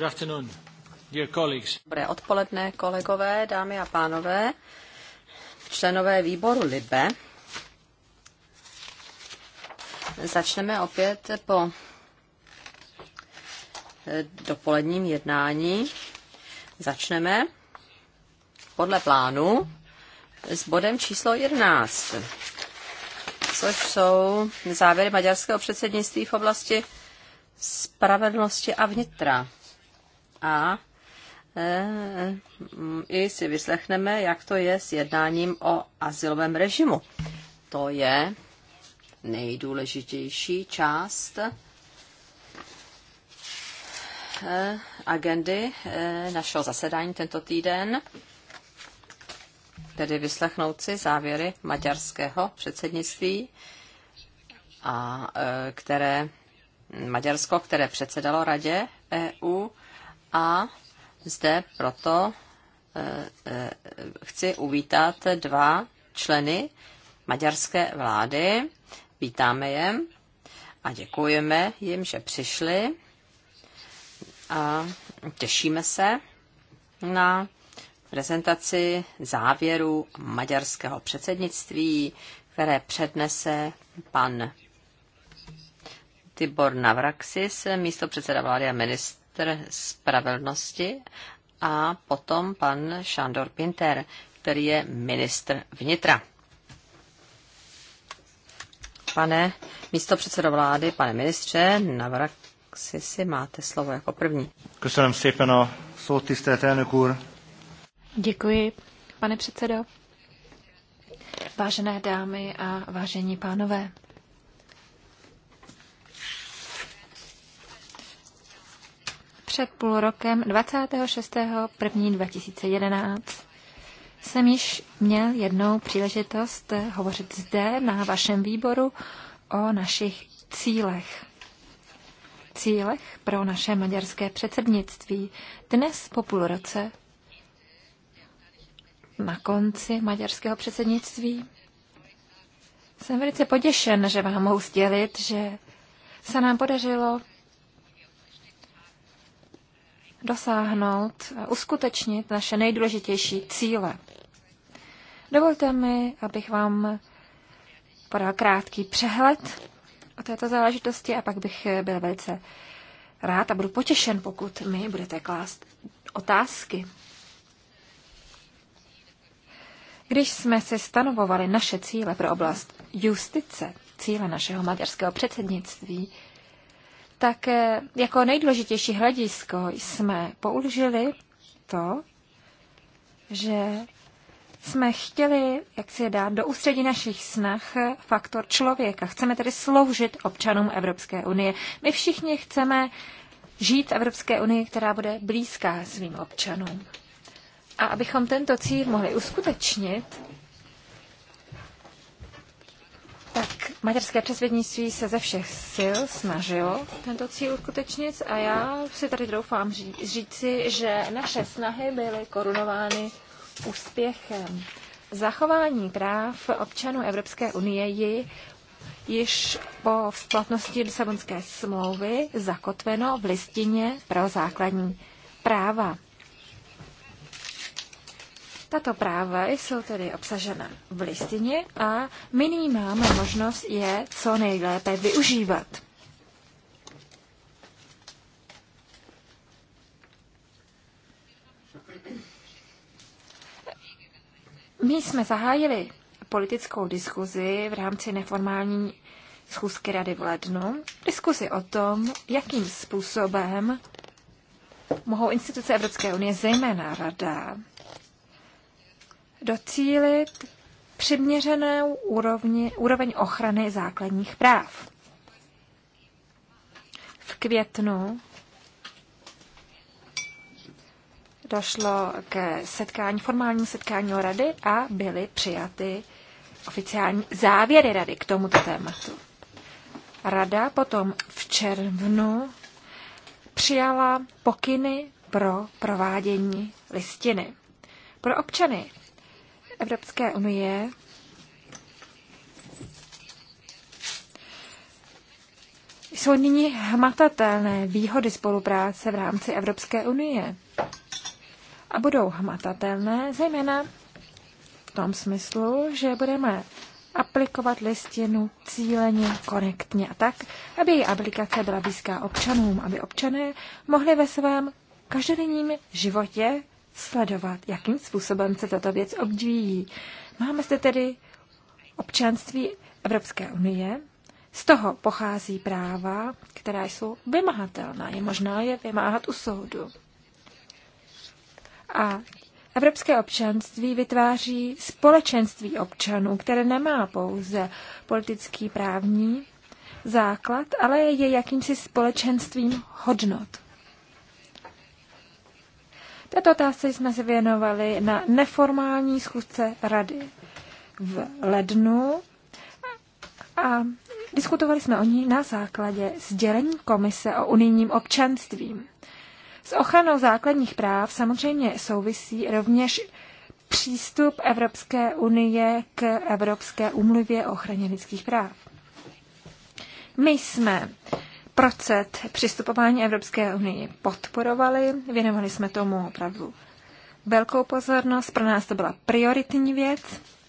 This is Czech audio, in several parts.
Good afternoon, dear colleagues. Dobré odpoledne, kolegové, dámy a pánové, členové výboru LIBE. Začneme opět po dopoledním jednání. Začneme podle plánu s bodem číslo 11, což jsou závěry maďarského předsednictví v oblasti spravedlnosti a vnitra a e, e, i si vyslechneme, jak to je s jednáním o asilovém režimu. To je nejdůležitější část e, agendy našeho zasedání tento týden, tedy vyslechnout si závěry maďarského předsednictví, a které Maďarsko, které předsedalo Radě EU a zde proto eh, eh, chci uvítat dva členy maďarské vlády. Vítáme je a děkujeme jim, že přišli a těšíme se na prezentaci závěru maďarského předsednictví, které přednese pan Tibor Navraxis, místo předseda vlády a ministr ministr spravedlnosti a potom pan Šandor Pinter, který je ministr vnitra. Pane místo předsedo vlády, pane ministře, si máte slovo jako první. Děkuji, pane předsedo. Vážené dámy a vážení pánové. před půl rokem 26.1.2011 jsem již měl jednou příležitost hovořit zde na vašem výboru o našich cílech. Cílech pro naše maďarské předsednictví. Dnes po půl roce, na konci maďarského předsednictví, jsem velice poděšen, že vám mohu sdělit, že se nám podařilo dosáhnout uskutečnit naše nejdůležitější cíle. Dovolte mi, abych vám podal krátký přehled o této záležitosti a pak bych byl velice rád a budu potěšen, pokud mi budete klást otázky. Když jsme si stanovovali naše cíle pro oblast justice, cíle našeho maďarského předsednictví, tak jako nejdůležitější hledisko jsme použili to, že jsme chtěli, jak si dá, dát, do ústředí našich snah faktor člověka. Chceme tedy sloužit občanům Evropské unie. My všichni chceme žít v Evropské unii, která bude blízká svým občanům. A abychom tento cíl mohli uskutečnit, tak maďarské předsednictví se ze všech sil snažilo tento cíl uskutečnit a já si tady doufám říci, že naše snahy byly korunovány úspěchem. Zachování práv občanů Evropské unie ji již po splatnosti Lisabonské smlouvy zakotveno v listině pro základní práva. Tato práva jsou tedy obsažena v listině a my nyní máme možnost je co nejlépe využívat. My jsme zahájili politickou diskuzi v rámci neformální schůzky rady v lednu, diskuzi o tom, jakým způsobem mohou instituce Evropské unie, zejména rada, docílit přiměřenou úrovni, úroveň ochrany základních práv. V květnu došlo k setkání, formálnímu setkání rady a byly přijaty oficiální závěry rady k tomuto tématu. Rada potom v červnu přijala pokyny pro provádění listiny. Pro občany Evropské unie jsou nyní hmatatelné výhody spolupráce v rámci Evropské unie. A budou hmatatelné zejména v tom smyslu, že budeme aplikovat listinu cíleně, korektně a tak, aby její aplikace byla blízká občanům, aby občané mohli ve svém každodenním životě sledovat, jakým způsobem se tato věc obdíjí. Máme zde tedy občanství Evropské unie, z toho pochází práva, která jsou vymahatelná. Je možná je vymáhat u soudu. A Evropské občanství vytváří společenství občanů, které nemá pouze politický právní základ, ale je jakýmsi společenstvím hodnot. Této otázce jsme se věnovali na neformální schůzce rady v lednu a diskutovali jsme o ní na základě sdělení komise o unijním občanství. S ochranou základních práv samozřejmě souvisí rovněž přístup Evropské unie k Evropské úmluvě o ochraně lidských práv. My jsme Procent přistupování Evropské unii podporovali, věnovali jsme tomu opravdu velkou pozornost, pro nás to byla prioritní věc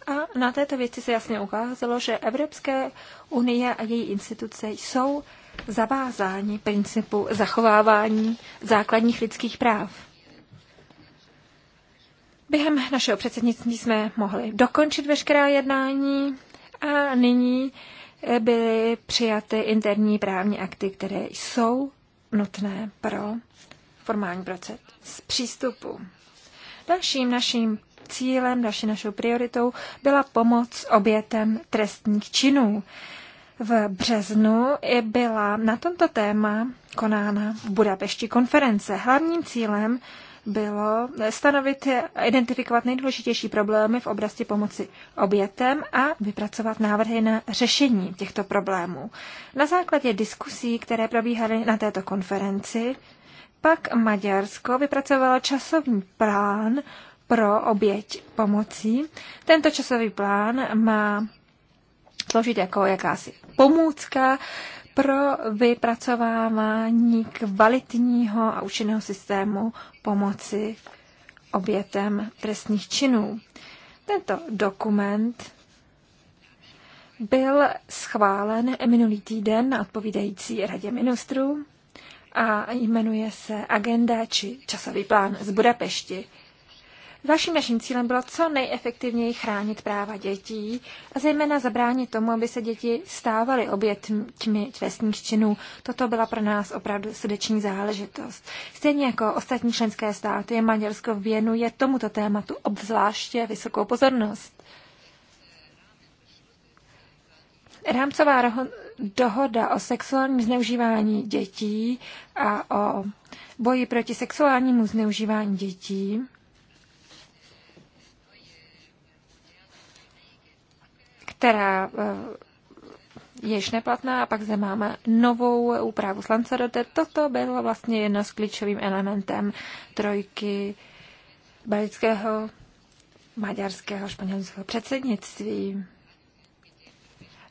a na této věci se jasně ukázalo, že Evropské unie a její instituce jsou zavázáni principu zachovávání základních lidských práv. Během našeho předsednictví jsme mohli dokončit veškerá jednání a nyní byly přijaty interní právní akty, které jsou nutné pro formální proces přístupu. Dalším naším cílem, další našou prioritou byla pomoc obětem trestních činů. V březnu byla na tomto téma konána v Budapešti konference. Hlavním cílem bylo stanovit a identifikovat nejdůležitější problémy v oblasti pomoci obětem a vypracovat návrhy na řešení těchto problémů. Na základě diskusí, které probíhaly na této konferenci, pak Maďarsko vypracovalo časový plán pro oběť pomocí. Tento časový plán má sloužit jako jakási pomůcka, pro vypracovávání kvalitního a účinného systému pomoci obětem trestních činů. Tento dokument byl schválen minulý týden na odpovídající radě ministrů a jmenuje se Agenda či časový plán z Budapešti. Vaším naším cílem bylo co nejefektivněji chránit práva dětí a zejména zabránit tomu, aby se děti stávaly obětmi trestních činů. Toto byla pro nás opravdu srdeční záležitost. Stejně jako ostatní členské státy, Maďarsko věnuje tomuto tématu obzvláště vysokou pozornost. Rámcová dohoda o sexuálním zneužívání dětí a o boji proti sexuálnímu zneužívání dětí která eh, je již neplatná a pak zde máme novou úpravu Lanzarote. Toto bylo vlastně jedno z klíčovým elementem trojky belgického, maďarského, španělského předsednictví.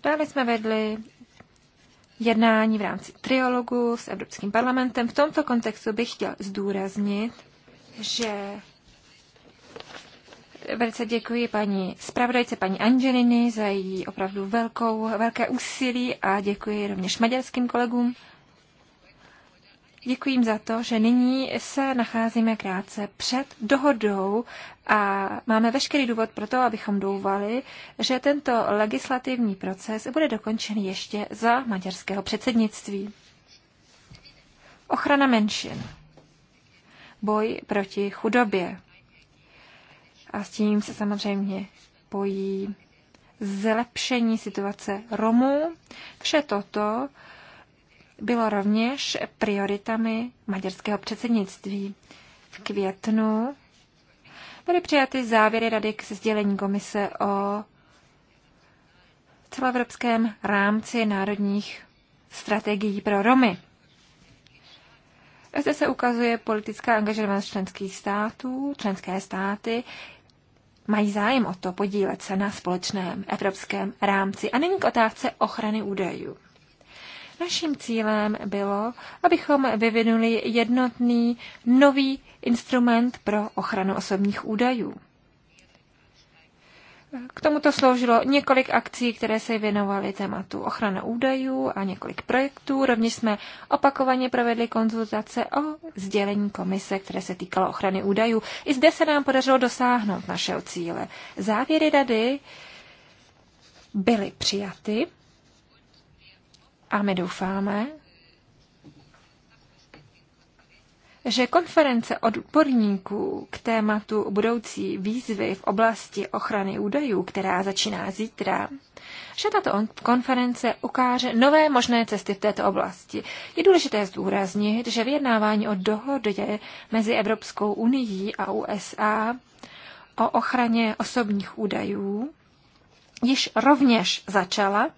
Dále jsme vedli jednání v rámci triologu s Evropským parlamentem. V tomto kontextu bych chtěl zdůraznit, že Velice děkuji paní zpravodajce, paní Angeliny, za její opravdu velkou, velké úsilí a děkuji rovněž maďarským kolegům. Děkuji jim za to, že nyní se nacházíme krátce před dohodou a máme veškerý důvod pro to, abychom douvali, že tento legislativní proces bude dokončen ještě za maďarského předsednictví. Ochrana menšin. Boj proti chudobě a s tím se samozřejmě pojí zlepšení situace Romů. Vše toto bylo rovněž prioritami maďarského předsednictví. V květnu byly přijaty závěry Rady k sdělení komise o celoevropském rámci národních strategií pro Romy. Zde se ukazuje politická angažovanost členských států, členské státy mají zájem o to podílet se na společném evropském rámci. A není k otázce ochrany údajů. Naším cílem bylo, abychom vyvinuli jednotný nový instrument pro ochranu osobních údajů. K tomuto sloužilo několik akcí, které se věnovaly tématu ochrana údajů a několik projektů. Rovněž jsme opakovaně provedli konzultace o sdělení komise, které se týkalo ochrany údajů. I zde se nám podařilo dosáhnout našeho cíle. Závěry rady byly přijaty a my doufáme, že konference odborníků k tématu budoucí výzvy v oblasti ochrany údajů, která začíná zítra, že tato konference ukáže nové možné cesty v této oblasti. Je důležité zdůraznit, že vyjednávání o dohodě mezi Evropskou unii a USA o ochraně osobních údajů již rovněž začala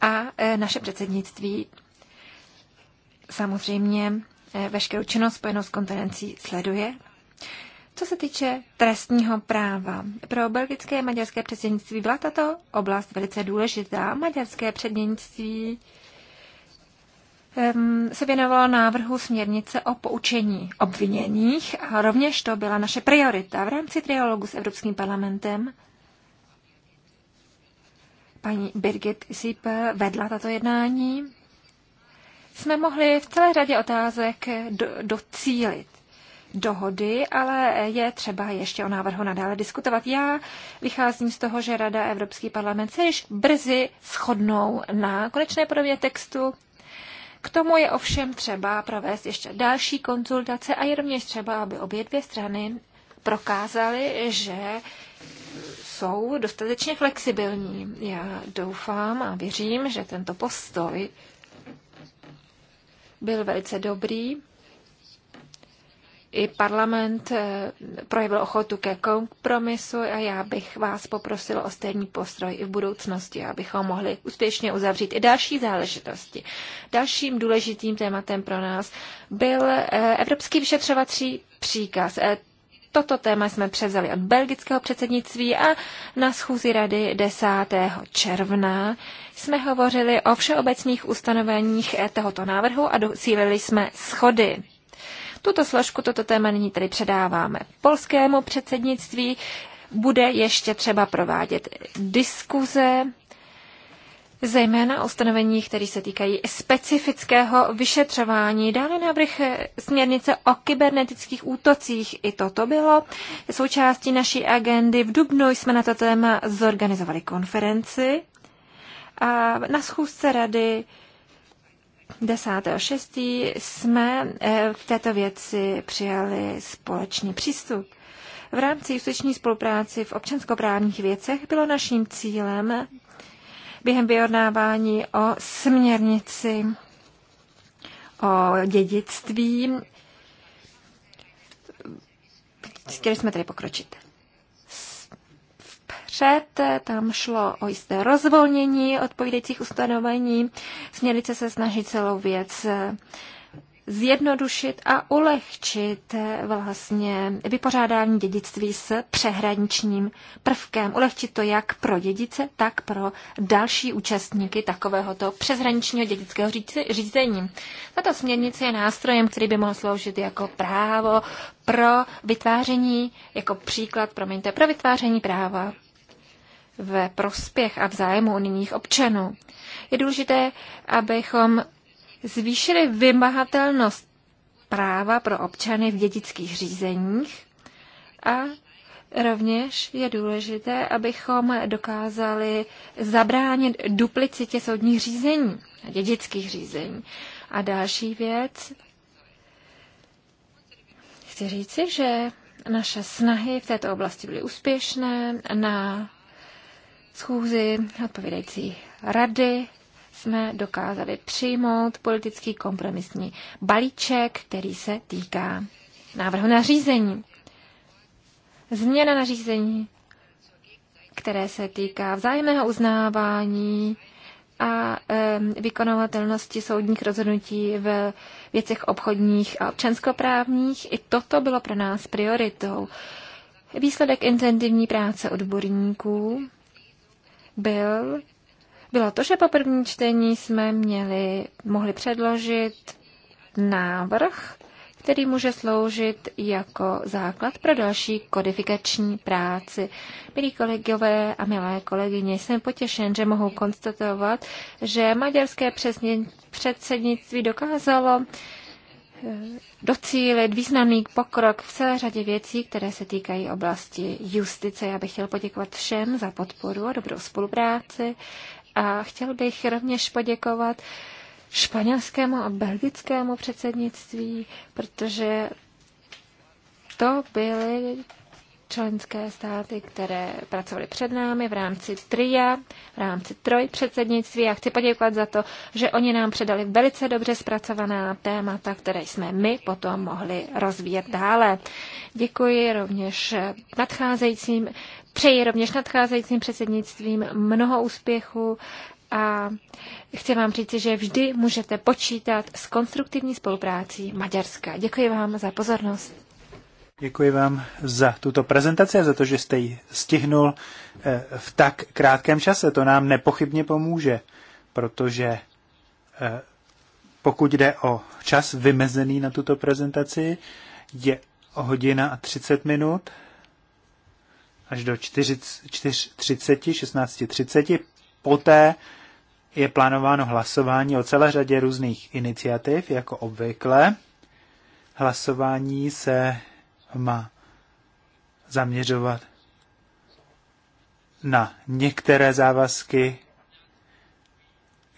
a e, naše předsednictví samozřejmě Eh, veškerou činnost spojenou s konferencí sleduje. Co se týče trestního práva, pro belgické a maďarské předsednictví byla tato oblast velice důležitá. Maďarské předsednictví se věnovalo návrhu směrnice o poučení obviněných a rovněž to byla naše priorita v rámci trialogu s Evropským parlamentem. Paní Birgit Sip vedla tato jednání jsme mohli v celé řadě otázek do, docílit dohody, ale je třeba ještě o návrhu nadále diskutovat. Já vycházím z toho, že Rada Evropský parlament se již brzy shodnou na konečné podobě textu. K tomu je ovšem třeba provést ještě další konzultace a je rovněž třeba, aby obě dvě strany prokázaly, že jsou dostatečně flexibilní. Já doufám a věřím, že tento postoj byl velice dobrý. I parlament eh, projevil ochotu ke kompromisu a já bych vás poprosila o stejný postroj i v budoucnosti, abychom mohli úspěšně uzavřít i další záležitosti. Dalším důležitým tématem pro nás byl eh, Evropský vyšetřovací příkaz. Eh, Toto téma jsme převzali od belgického předsednictví a na schůzi rady 10. června jsme hovořili o všeobecných ustanoveních tohoto návrhu a docílili jsme schody. Tuto složku, toto téma nyní tedy předáváme polskému předsednictví. Bude ještě třeba provádět diskuze zejména ustanovení, které se týkají specifického vyšetřování. Dále návrh směrnice o kybernetických útocích. I toto bylo součástí naší agendy. V Dubnu jsme na to téma zorganizovali konferenci a na schůzce rady 10.6. jsme eh, v této věci přijali společný přístup. V rámci justiční spolupráci v občanskoprávních věcech bylo naším cílem během vyjednávání o směrnici o dědictví. Chtěli jsme tady pokročit. Před tam šlo o jisté rozvolnění odpovídajících ustanovení. Směrnice se snaží celou věc zjednodušit a ulehčit eh, vlastně vypořádání dědictví s přehraničním prvkem. Ulehčit to jak pro dědice, tak pro další účastníky takovéhoto přeshraničního dědického řízení. Tato směrnice je nástrojem, který by mohl sloužit jako právo pro vytváření, jako příklad, promiňte, pro vytváření práva ve prospěch a v zájmu unijních občanů. Je důležité, abychom zvýšili vymahatelnost práva pro občany v dědických řízeních a Rovněž je důležité, abychom dokázali zabránit duplicitě soudních řízení, dědických řízení. A další věc, chci říci, že naše snahy v této oblasti byly úspěšné na schůzi odpovědající rady jsme dokázali přijmout politický kompromisní balíček, který se týká návrhu nařízení. Změna nařízení, které se týká vzájemného uznávání a e, vykonovatelnosti soudních rozhodnutí v věcech obchodních a občanskoprávních. I toto bylo pro nás prioritou. Výsledek intenzivní práce odborníků byl bylo to, že po prvním čtení jsme měli, mohli předložit návrh, který může sloužit jako základ pro další kodifikační práci. Milí kolegové a milé kolegyně, jsem potěšen, že mohu konstatovat, že maďarské předsednictví dokázalo eh, docílit významný pokrok v celé řadě věcí, které se týkají oblasti justice. Já bych chtěl poděkovat všem za podporu a dobrou spolupráci a chtěl bych rovněž poděkovat španělskému a belgickému předsednictví, protože to byly členské státy, které pracovaly před námi v rámci TRIA, v rámci TROJ předsednictví. A chci poděkovat za to, že oni nám předali velice dobře zpracovaná témata, které jsme my potom mohli rozvíjet dále. Děkuji rovněž nadcházejícím, přeji rovněž nadcházejícím předsednictvím mnoho úspěchu a chci vám říct, že vždy můžete počítat s konstruktivní spoluprácí Maďarska. Děkuji vám za pozornost. Děkuji vám za tuto prezentaci a za to, že jste ji stihnul eh, v tak krátkém čase. To nám nepochybně pomůže, protože eh, pokud jde o čas vymezený na tuto prezentaci, je hodina a 30 minut až do 4.30, 16.30. Poté je plánováno hlasování o celé řadě různých iniciativ, jako obvykle. Hlasování se má zaměřovat na některé závazky,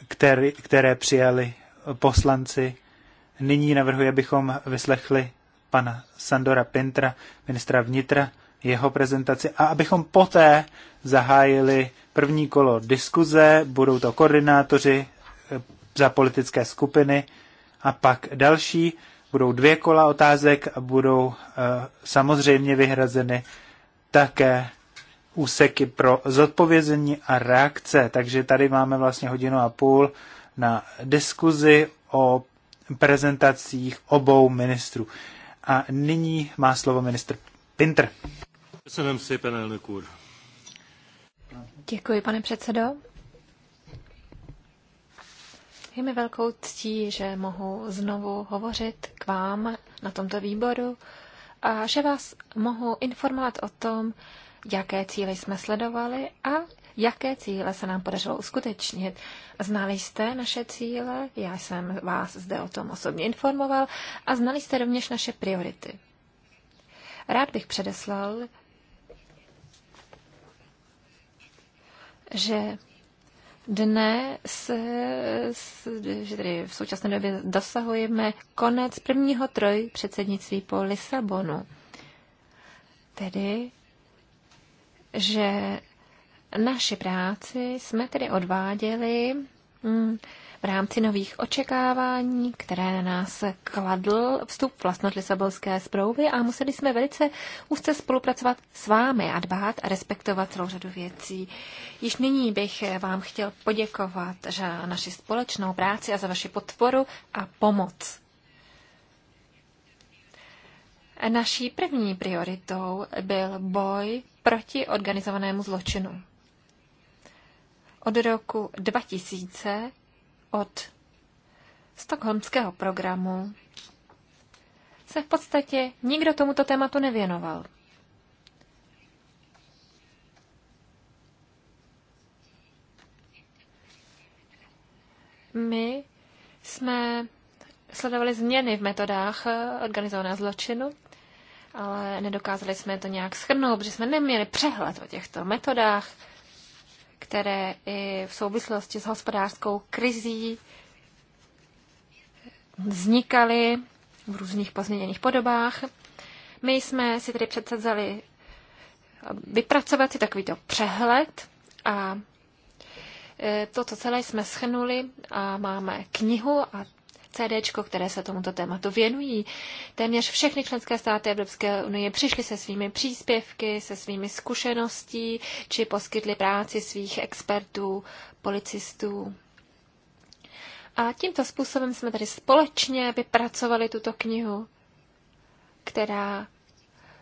který, které přijali poslanci. Nyní navrhuji, abychom vyslechli pana Sandora Pintra, ministra vnitra, jeho prezentaci a abychom poté zahájili první kolo diskuze, budou to koordinátoři eh, za politické skupiny a pak další budou dvě kola otázek a budou eh, samozřejmě vyhrazeny také úseky pro zodpovězení a reakce. Takže tady máme vlastně hodinu a půl na diskuzi o prezentacích obou ministrů. A nyní má slovo ministr Pinter. Děkuji, pane předsedo. Je mi velkou ctí, že mohu znovu hovořit k vám na tomto výboru a že vás mohu informovat o tom, jaké cíle jsme sledovali a jaké cíle se nám podařilo uskutečnit. Znali jste naše cíle, já jsem vás zde o tom osobně informoval a znali jste rovněž naše priority. Rád bych předeslal, že se, že tedy v současné době dosahujeme konec prvního troj předsednictví po Lisabonu. Tedy, že naši práci jsme tedy odváděli mm, v rámci nových očekávání, které na nás kladl vstup vlastnost Lisabonské zprouvy a museli jsme velice úzce spolupracovat s vámi a dbát a respektovat celou řadu věcí. Již nyní bych vám chtěl poděkovat za naši společnou práci a za vaši podporu a pomoc. Naší první prioritou byl boj proti organizovanému zločinu. Od roku 2000 od stokholmského programu se v podstatě nikdo tomuto tématu nevěnoval. My jsme sledovali změny v metodách organizovaného zločinu, ale nedokázali jsme to nějak schrnout, protože jsme neměli přehled o těchto metodách které i v souvislosti s hospodářskou krizí vznikaly v různých pozměněných podobách. My jsme si tedy předsedzali vypracovat si takovýto přehled a e, to, co celé jsme schnuli a máme knihu a CD, které se tomuto tématu věnují. Téměř všechny členské státy Evropské unie přišly se svými příspěvky, se svými zkušeností, či poskytly práci svých expertů, policistů. A tímto způsobem jsme tady společně vypracovali tuto knihu, která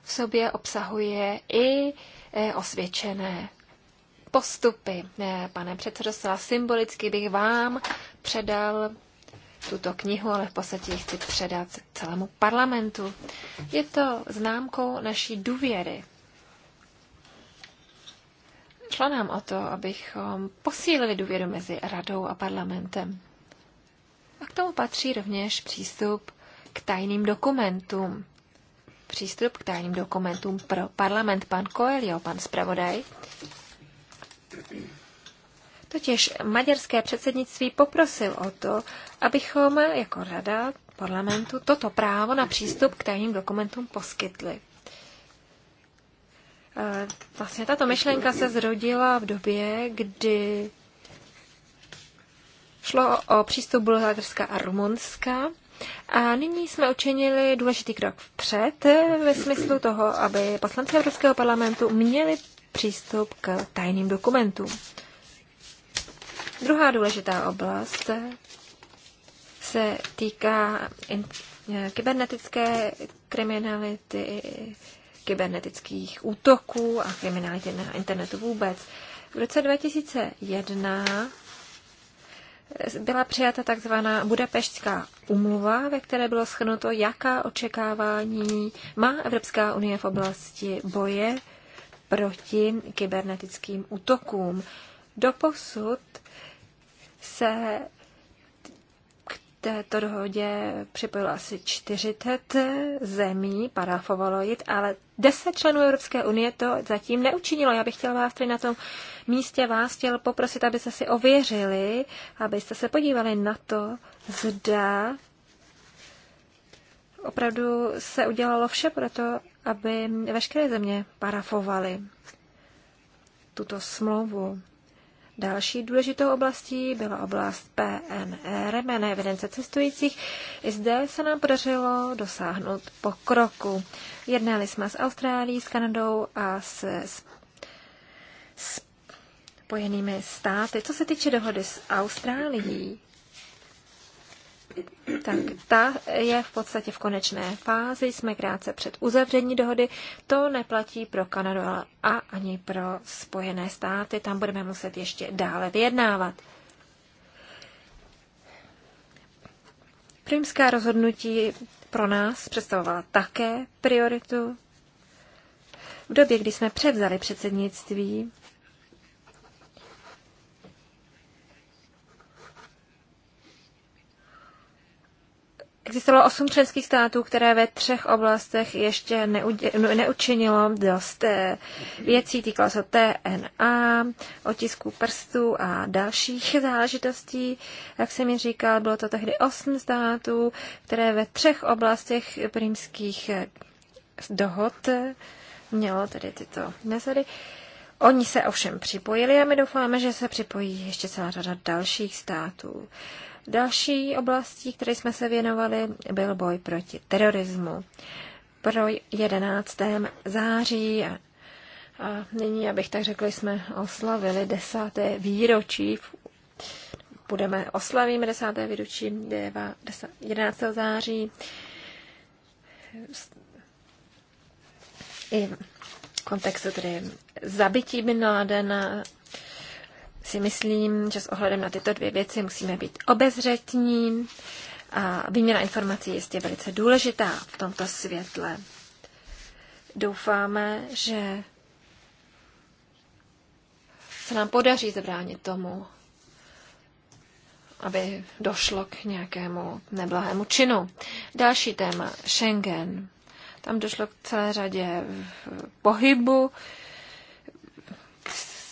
v sobě obsahuje i e, osvědčené postupy. E, pane předsedo, symbolicky bych vám předal tuto knihu, ale v podstatě ji chci předat celému parlamentu. Je to známkou naší důvěry. Šlo nám o to, abychom posílili důvěru mezi radou a parlamentem. A k tomu patří rovněž přístup k tajným dokumentům. Přístup k tajným dokumentům pro parlament. Pan Coelho, pan zpravodaj, Totiž maďarské předsednictví poprosil o to, abychom jako rada parlamentu toto právo na přístup k tajným dokumentům poskytli. E, vlastně tato myšlenka se zrodila v době, kdy šlo o přístup Bulharska a Rumunska a nyní jsme učinili důležitý krok vpřed ve smyslu toho, aby poslanci Evropského parlamentu měli přístup k tajným dokumentům. Druhá důležitá oblast se týká kybernetické kriminality, kybernetických útoků a kriminality na internetu vůbec. V roce 2001 byla přijata takzvaná Budapeštská umluva, ve které bylo schrnuto, jaká očekávání má Evropská unie v oblasti boje proti kybernetickým útokům. Doposud se k této dohodě připojilo asi 40 zemí, parafovalo jít, ale 10 členů Evropské unie to zatím neučinilo. Já bych chtěla vás tady na tom místě vás chtěl poprosit, abyste si ověřili, abyste se podívali na to, zda opravdu se udělalo vše pro to, aby veškeré země parafovaly tuto smlouvu. Další důležitou oblastí byla oblast PNR, jména evidence cestujících. I zde se nám podařilo dosáhnout pokroku. Jednali jsme s Austrálií, s Kanadou a s, spojenými státy. Co se týče dohody s Austrálií, tak ta je v podstatě v konečné fázi, jsme krátce před uzavření dohody. To neplatí pro Kanadu a ani pro Spojené státy, tam budeme muset ještě dále vyjednávat. Krymská rozhodnutí pro nás představovala také prioritu. V době, kdy jsme převzali předsednictví, Existovalo osm členských států, které ve třech oblastech ještě neudě, no, neučinilo dost eh, věcí. Týkalo se TNA, otisku prstů a dalších záležitostí. Jak jsem mi říkal, bylo to tehdy osm států, které ve třech oblastech primských eh, dohod eh, mělo tedy tyto nezady. Oni se ovšem připojili a my doufáme, že se připojí ještě celá řada dalších států. Další oblastí, které jsme se věnovali, byl boj proti terorismu. Pro 11. září a, nyní, abych tak řekl, jsme oslavili desáté výročí budeme oslavíme desáté výročí 11. září. I v kontextu tedy zabití Bin Ladena si myslím, že s ohledem na tyto dvě věci musíme být obezřetní a výměna informací je jistě velice důležitá v tomto světle. Doufáme, že se nám podaří zabránit tomu, aby došlo k nějakému neblahému činu. Další téma, Schengen. Tam došlo k celé řadě pohybu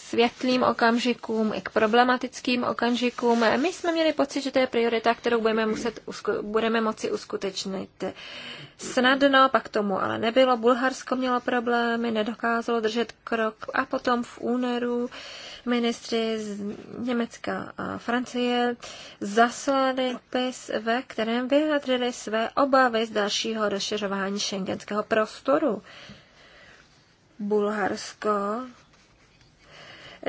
světlým okamžikům, i k problematickým okamžikům. My jsme měli pocit, že to je priorita, kterou budeme, muset, budeme moci uskutečnit snadno, pak tomu ale nebylo. Bulharsko mělo problémy, nedokázalo držet krok a potom v únoru ministři z Německa a Francie zaslali pis, ve kterém vyjadřili své obavy z dalšího rozšiřování šengenského prostoru. Bulharsko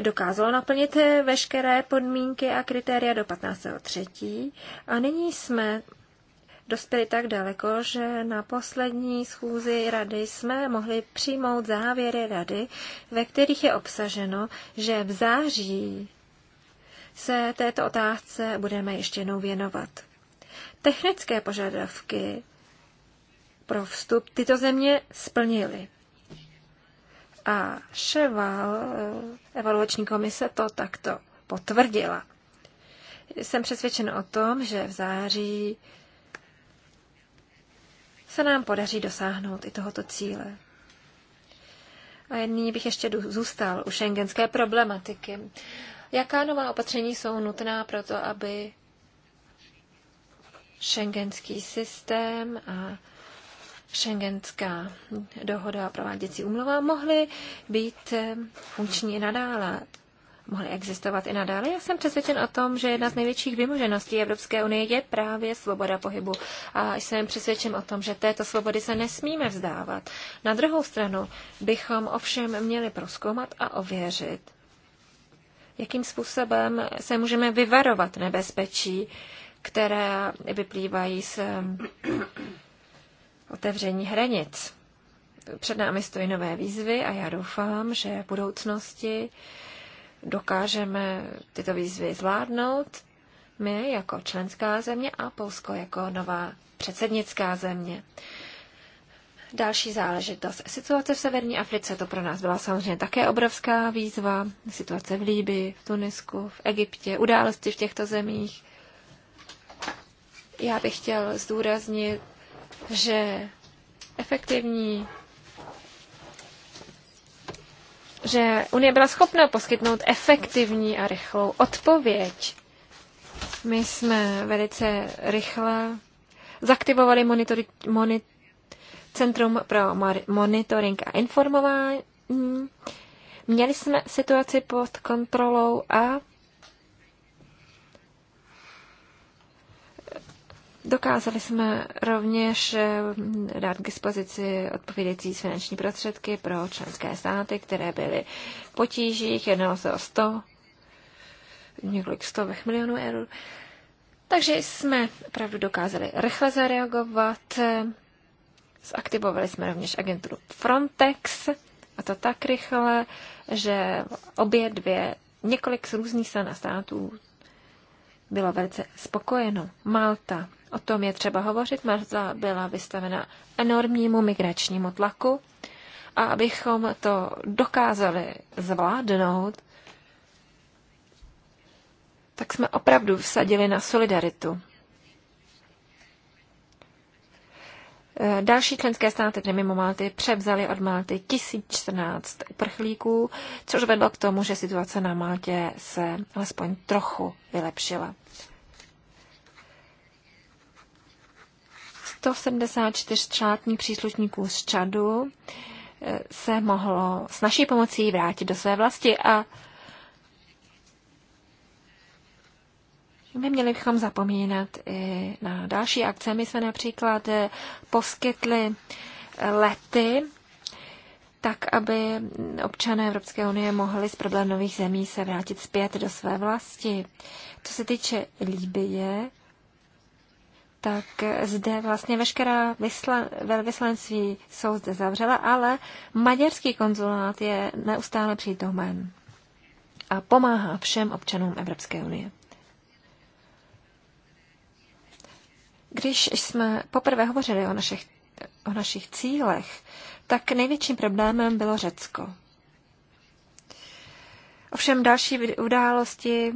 dokázalo naplnit veškeré podmínky a kritéria do 15.3. A nyní jsme dospěli tak daleko, že na poslední schůzi rady jsme mohli přijmout závěry rady, ve kterých je obsaženo, že v září se této otázce budeme ještě jednou věnovat. Technické požadavky pro vstup tyto země splnily. A Ševal, eh, evaluační komise, to takto potvrdila. Jsem přesvědčen o tom, že v září se nám podaří dosáhnout i tohoto cíle. A nyní bych ještě zůstal u šengenské problematiky. Jaká nová opatření jsou nutná pro to, aby šengenský systém a Schengenská dohoda a prováděcí umluva mohly být eh, funkční i nadále mohly existovat i nadále. Já jsem přesvědčen o tom, že jedna z největších vymožeností Evropské unie je právě svoboda pohybu. A jsem přesvědčen o tom, že této svobody se nesmíme vzdávat. Na druhou stranu bychom ovšem měli proskoumat a ověřit, jakým způsobem se můžeme vyvarovat nebezpečí, které vyplývají z otevření hranic. Před námi stojí nové výzvy a já doufám, že v budoucnosti dokážeme tyto výzvy zvládnout my jako členská země a Polsko jako nová předsednická země. Další záležitost. Situace v Severní Africe, to pro nás byla samozřejmě také obrovská výzva. Situace v Líbii, v Tunisku, v Egyptě, události v těchto zemích. Já bych chtěl zdůraznit že efektivní že Unie byla schopna poskytnout efektivní a rychlou odpověď. My jsme velice rychle zaktivovali monitori- moni- Centrum pro monitoring a informování. Měli jsme situaci pod kontrolou a Dokázali jsme rovněž eh, dát k dispozici odpovědějící finanční prostředky pro členské státy, které byly v potížích, jednalo se o 100, několik stovek milionů eur. Takže jsme opravdu dokázali rychle zareagovat, zaktivovali jsme rovněž agenturu Frontex, a to tak rychle, že obě dvě, několik z různých stran a států bylo velice spokojeno. Malta, O tom je třeba hovořit. Malta byla vystavena enormnímu migračnímu tlaku a abychom to dokázali zvládnout, tak jsme opravdu vsadili na solidaritu. Další členské státy, tedy mimo Malty, převzali od Malty 1014 uprchlíků, což vedlo k tomu, že situace na Maltě se alespoň trochu vylepšila. 174 státní příslušníků z Čadu eh, se mohlo s naší pomocí vrátit do své vlasti a my měli bychom zapomínat i na další akce. My jsme například eh, poskytli eh, lety, tak aby občané Evropské unie mohli z problémových zemí se vrátit zpět do své vlasti. Co se týče Líbie, tak zde vlastně veškerá velvyslanství jsou zde zavřela, ale maďarský konzulát je neustále přítomen a pomáhá všem občanům Evropské unie. Když jsme poprvé hovořili o našich, o našich cílech, tak největším problémem bylo Řecko. Ovšem další události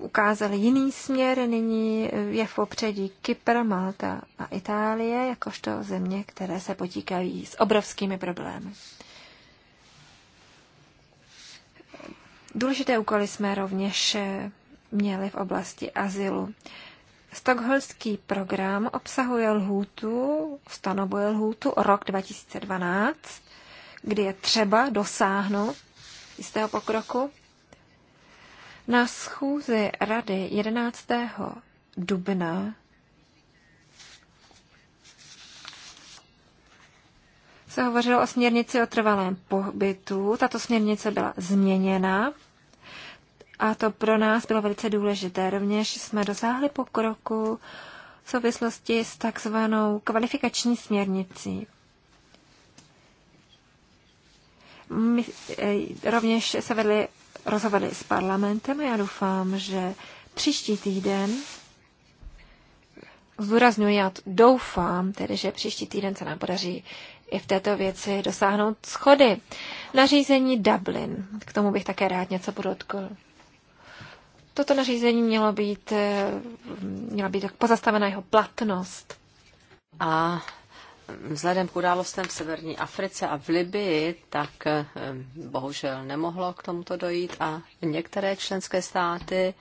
ukázal jiný směr. Nyní je v popředí Kypr, Malta a Itálie, jakožto země, které se potíkají s obrovskými problémy. Důležité úkoly jsme rovněž měli v oblasti azylu. Stockholmský program obsahuje lhůtu, stanovuje lhůtu o rok 2012, kdy je třeba dosáhnout jistého pokroku. Na schůzi rady 11. dubna se hovořilo o směrnici o trvalém pobytu. Tato směrnice byla změněna a to pro nás bylo velice důležité. Rovněž jsme dosáhli pokroku v souvislosti s takzvanou kvalifikační směrnicí. My, eh, rovněž se vedly rozhovory s parlamentem a já doufám, že příští týden zúraznuju, já doufám tedy, že příští týden se nám podaří i v této věci dosáhnout schody. Nařízení Dublin. K tomu bych také rád něco podotkl. Toto nařízení mělo být, eh, měla být pozastavena jeho platnost. A vzhledem k událostem v severní Africe a v Libii, tak eh, bohužel nemohlo k tomuto dojít a některé členské státy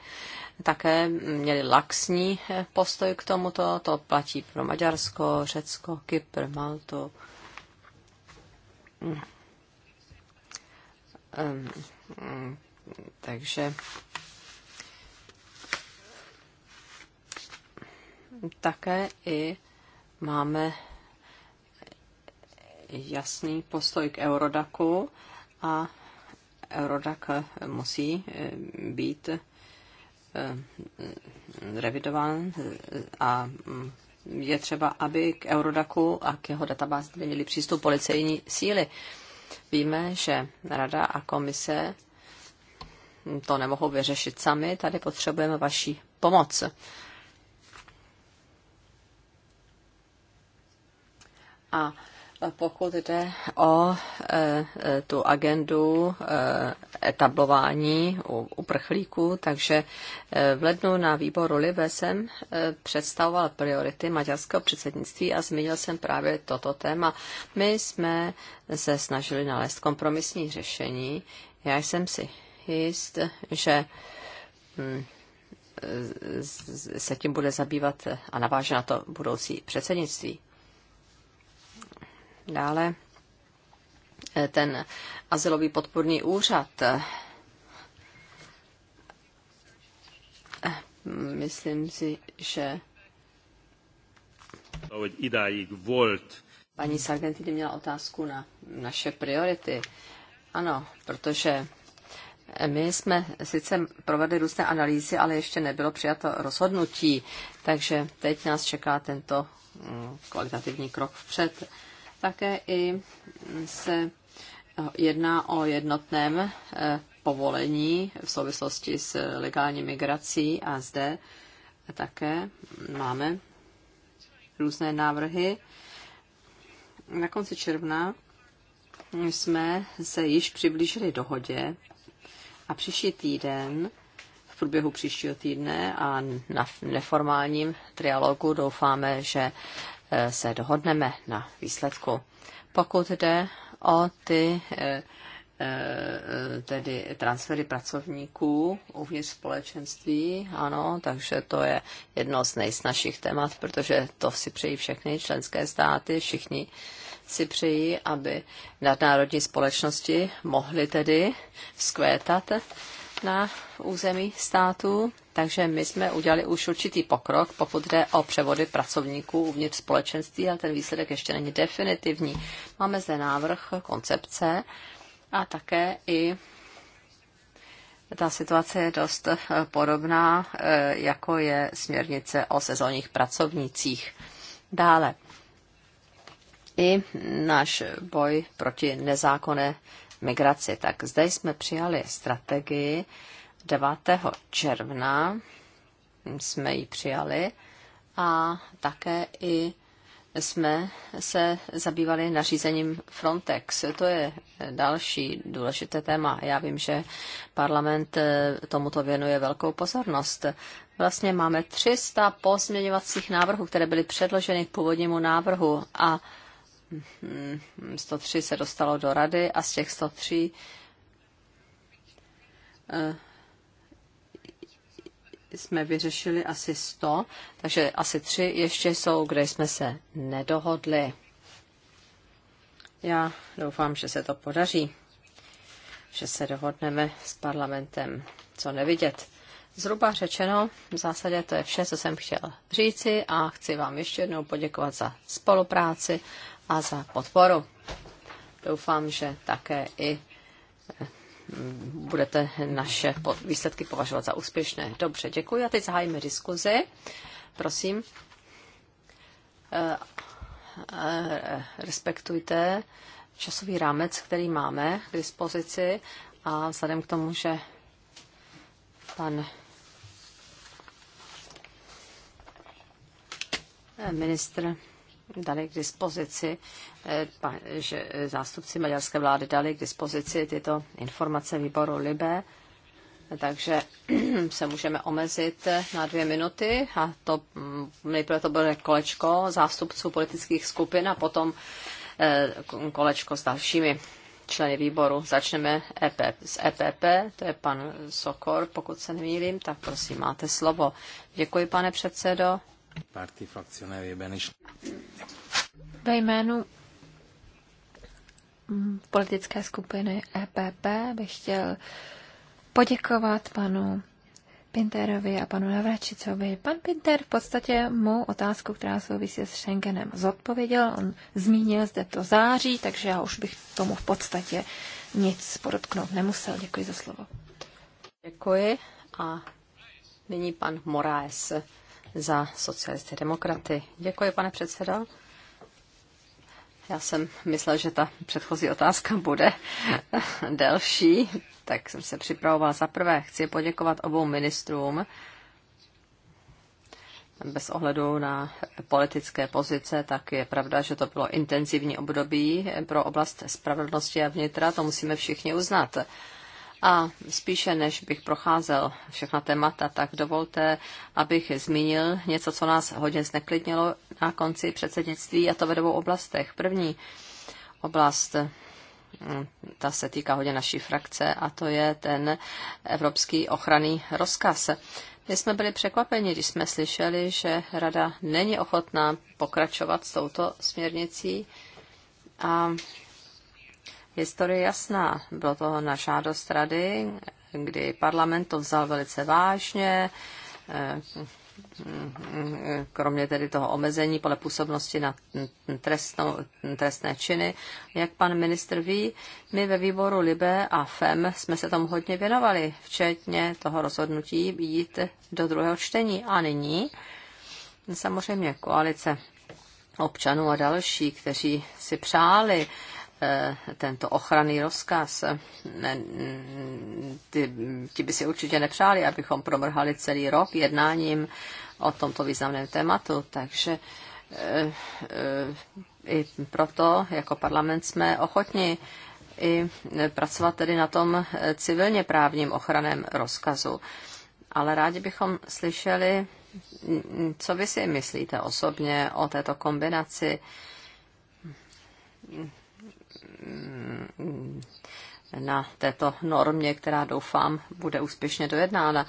také měly laxní eh, postoj k tomuto. To platí pro Maďarsko, Řecko, Kypr, Maltu. Ehm, takže také i máme jasný postoj k Eurodaku a Eurodak musí eh, být eh, revidován eh, a mm, je třeba, aby k Eurodaku a k jeho databázi měli přístup policejní síly. Víme, že Rada a komise hm, to nemohou vyřešit sami, tady potřebujeme vaší pomoc. A pokud jde o e, e, tu agendu e, etablování uprchlíků, takže v lednu na výboru Libe jsem představoval priority maďarského předsednictví a zmínil jsem právě toto téma. My jsme se snažili nalézt kompromisní řešení. Já jsem si jist, že hm, se tím bude zabývat a naváže na to budoucí předsednictví. Dále eh, ten azylový podporný úřad. Eh, myslím si, že Paní Sargentini měla otázku na naše priority. Ano, protože eh, my jsme sice provedli různé analýzy, ale ještě nebylo přijato rozhodnutí, takže teď nás čeká tento mm, kvalitativní krok vpřed. Také i se eh, jedná o jednotném eh, povolení v souvislosti s legální migrací a zde také máme různé návrhy. Na konci června jsme se již přiblížili dohodě a příští týden, v průběhu příštího týdne a na neformálním trialogu doufáme, že se dohodneme na výsledku. Pokud jde o ty eh, eh, tedy transfery pracovníků uvnitř společenství, ano, takže to je jedno z nejsnažších témat, protože to si přejí všechny členské státy, všichni si přejí, aby nadnárodní společnosti mohly tedy vzkvétat na území státu, takže my jsme udělali už určitý pokrok, pokud jde o převody pracovníků uvnitř společenství, ale ten výsledek ještě není definitivní. Máme zde návrh koncepce a také i ta situace je dost eh, podobná, eh, jako je směrnice o sezónních pracovnících. Dále i náš boj proti nezákonné migraci. Tak zde jsme přijali strategii 9. června, jsme ji přijali a také i jsme se zabývali nařízením Frontex. To je další důležité téma. Já vím, že parlament eh, tomuto věnuje velkou pozornost. Vlastně máme 300 pozměňovacích návrhů, které byly předloženy k původnímu návrhu a 103 mhm. se dostalo do rady a z těch 103 eh, jsme vyřešili asi 100, takže asi 3 ještě jsou, kde jsme se nedohodli. Já doufám, že se to podaří, že se dohodneme s parlamentem, co nevidět. Zhruba řečeno, v zásadě to je vše, co jsem chtěl říci a chci vám ještě jednou poděkovat za spolupráci a za podporu. Doufám, že také i eh, budete naše výsledky považovat za úspěšné. Dobře, děkuji a teď zahájíme diskuzi. Prosím, eh, eh, respektujte časový rámec, který máme k dispozici a vzhledem k tomu, že pan ministr dali k dispozici, eh, že eh, zástupci maďarské vlády dali k dispozici tyto informace výboru Libe, takže se můžeme omezit eh, na dvě minuty a to mm, nejprve to bude kolečko zástupců politických skupin a potom kolečko s dalšími členy výboru. Začneme EP, s EPP, to je pan Sokor, pokud se nemýlím, tak prosím, máte slovo. Děkuji, pane předsedo. Party is. E Ve jménu politické skupiny EPP bych chtěl poděkovat panu Pinterovi a panu Navračicovi. Pan Pinter v podstatě mu otázku, která souvisí s Schengenem, zodpověděl. On zmínil zde to září, takže já už bych tomu v podstatě nic podotknout nemusel. Děkuji za slovo. Děkuji a nyní pan Moraes za socialisty demokraty. Děkuji, pane předsedo. Já jsem myslel, že ta předchozí otázka bude delší, tak jsem se připravoval. Za prvé chci poděkovat obou ministrům bez ohledu na politické pozice, tak je pravda, že to bylo intenzivní období pro oblast spravedlnosti a vnitra, to musíme všichni uznat. A spíše než bych procházel všechna témata, tak dovolte, abych zmínil něco, co nás hodně zneklidnilo na konci předsednictví, a to ve dvou oblastech. První oblast, mm, ta se týká hodně naší frakce, a to je ten Evropský ochranný rozkaz. My jsme byli překvapeni, když jsme slyšeli, že Rada není ochotná pokračovat s touto směrnicí a Historie jasná. Bylo toho na žádost rady, kdy parlament to vzal velice vážně, kromě tedy toho omezení podle působnosti na trestnou, trestné činy. Jak pan ministr ví, my ve výboru Libe a FEM jsme se tomu hodně věnovali, včetně toho rozhodnutí jít do druhého čtení. A nyní samozřejmě koalice občanů a další, kteří si přáli Eh, tento ochranný rozkaz, eh, ty, ti by si určitě nepřáli, abychom promrhali celý rok jednáním o tomto významném tématu, takže eh, i proto jako parlament jsme ochotni i pracovat tedy na tom civilně právním ochraném rozkazu. Ale rádi bychom slyšeli, co vy si myslíte osobně o této kombinaci Mm, na této normě, která doufám bude úspěšně dojednána.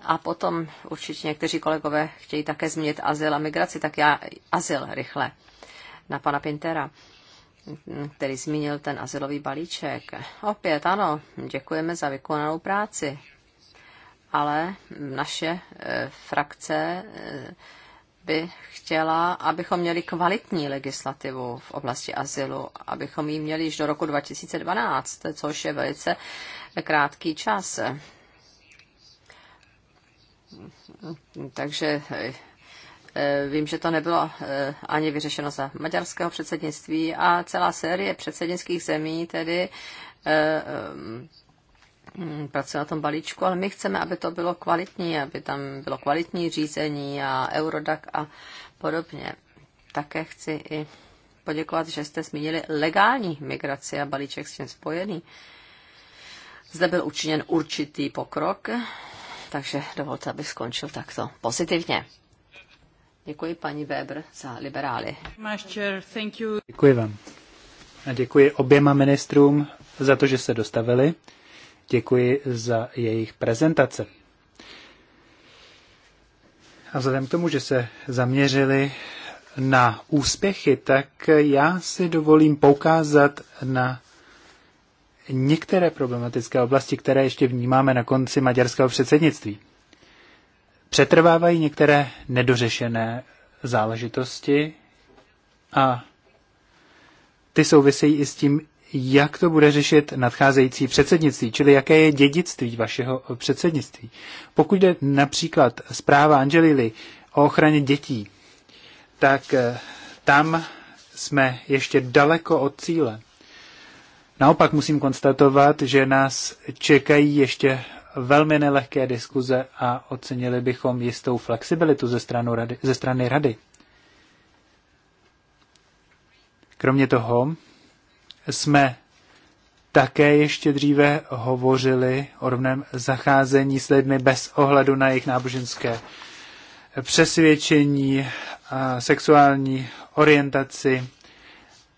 A potom určitě někteří kolegové chtějí také změnit azyl a migraci, tak já azyl rychle na pana Pintera který zmínil ten asilový balíček. Opět ano, děkujeme za vykonanou práci, ale naše eh, frakce eh, by chtěla, abychom měli kvalitní legislativu v oblasti azylu, abychom ji měli již do roku 2012, což je velice krátký čas. Takže eh, Vím, že to nebylo eh, ani vyřešeno za maďarského předsednictví a celá série předsednických zemí tedy eh, Hm, pracuje na tom balíčku, ale my chceme, aby to bylo kvalitní, aby tam bylo kvalitní řízení a Eurodac a podobně. Také chci i poděkovat, že jste zmínili legální migraci a balíček s tím spojený. Zde byl učiněn určitý pokrok, takže dovolte, abych skončil takto pozitivně. Děkuji paní Weber za liberály. Děkuji vám. A děkuji oběma ministrům za to, že se dostavili děkuji za jejich prezentace. A vzhledem k tomu, že se zaměřili na úspěchy, tak já si dovolím poukázat na některé problematické oblasti, které ještě vnímáme na konci maďarského předsednictví. Přetrvávají některé nedořešené záležitosti a ty souvisejí i s tím jak to bude řešit nadcházející předsednictví, čili jaké je dědictví vašeho předsednictví. Pokud jde například zpráva Angelily o ochraně dětí, tak eh, tam jsme ještě daleko od cíle. Naopak musím konstatovat, že nás čekají ještě velmi nelehké diskuze a ocenili bychom jistou flexibilitu ze, stranu rady, ze strany rady. Kromě toho jsme také ještě dříve hovořili o rovném zacházení s lidmi bez ohledu na jejich náboženské přesvědčení, sexuální orientaci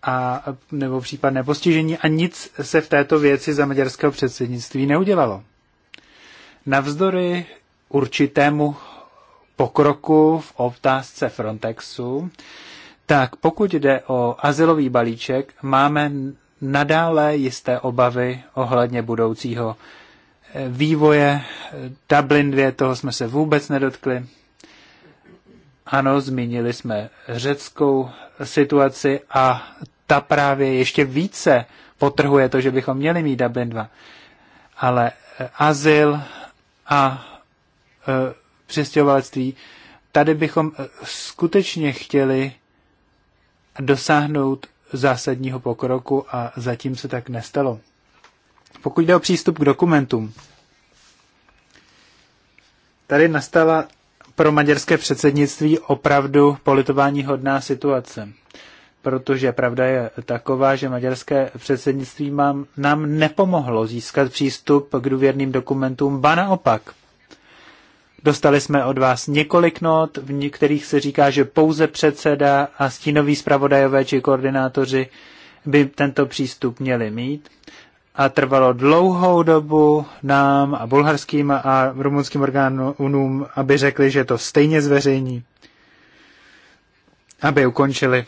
a, nebo případné postižení a nic se v této věci za maďarského předsednictví neudělalo. Navzdory určitému pokroku v otázce Frontexu, tak pokud jde o azylový balíček, máme nadále jisté obavy ohledně budoucího eh, vývoje. Dublin 2, toho jsme se vůbec nedotkli. Ano, zmínili jsme řeckou situaci a ta právě ještě více potrhuje to, že bychom měli mít Dublin 2. Ale eh, azyl a e, eh, přestěhovalectví, tady bychom skutečně chtěli dosáhnout zásadního pokroku a zatím se tak nestalo. Pokud jde o přístup k dokumentům, tady nastala pro maďarské předsednictví opravdu politování hodná situace. Protože pravda je taková, že maďarské předsednictví mám, nám nepomohlo získat přístup k důvěrným dokumentům, ba naopak. Dostali jsme od vás několik not, v některých se říká, že pouze předseda a stínoví zpravodajové či koordinátoři by tento přístup měli mít. A trvalo dlouhou dobu nám a bulharským a rumunským orgánům, aby řekli, že to stejně zveřejní, aby ukončili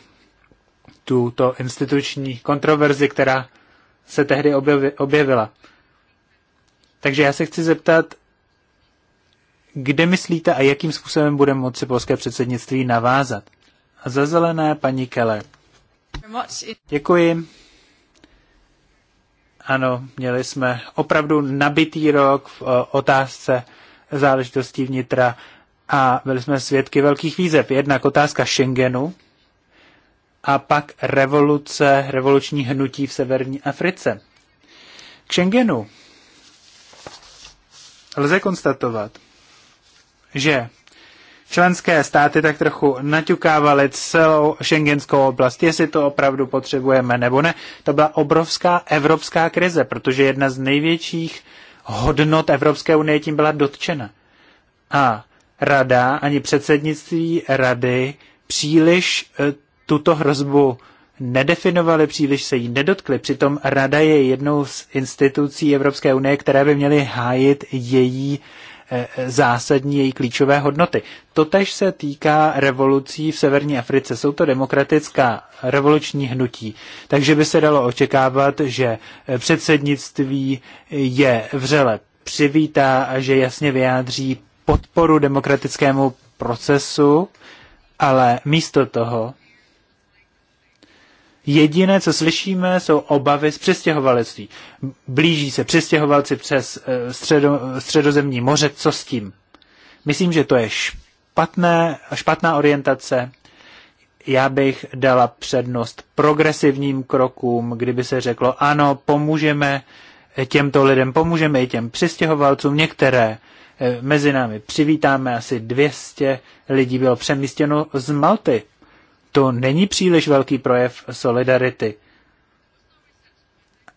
tuto instituční kontroverzi, která se tehdy objevila. Takže já se chci zeptat, kde myslíte a jakým způsobem bude moci polské předsednictví navázat? A za zelené paní Keller. Děkuji. Ano, měli jsme opravdu nabitý rok v eh, otázce záležitostí vnitra a byli jsme svědky velkých výzev. Jednak otázka Schengenu a pak revoluce, revoluční hnutí v severní Africe. K Schengenu lze konstatovat, že členské státy tak trochu naťukávaly celou šengenskou oblast, jestli to opravdu potřebujeme nebo ne. To byla obrovská evropská krize, protože jedna z největších hodnot Evropské unie tím byla dotčena. A rada ani předsednictví rady příliš eh, tuto hrozbu nedefinovali, příliš se jí nedotkli. Přitom rada je jednou z institucí Evropské unie, které by měly hájit její Eh, zásadní její klíčové hodnoty. Totež se týká revolucí v severní Africe. Jsou to demokratická revoluční hnutí, takže by se dalo očekávat, že eh, předsednictví je vřele přivítá a že jasně vyjádří podporu demokratickému procesu, ale místo toho Jediné, co slyšíme, jsou obavy z přestěhovalectví. Blíží se přestěhovalci přes eh, středo, středozemní moře, co s tím? Myslím, že to je špatné, špatná orientace. Já bych dala přednost progresivním krokům, kdyby se řeklo, ano, pomůžeme těmto lidem, pomůžeme i těm přistěhovalcům. Některé eh, mezi námi přivítáme, asi 200 lidí bylo přemístěno z Malty to není příliš velký projev solidarity.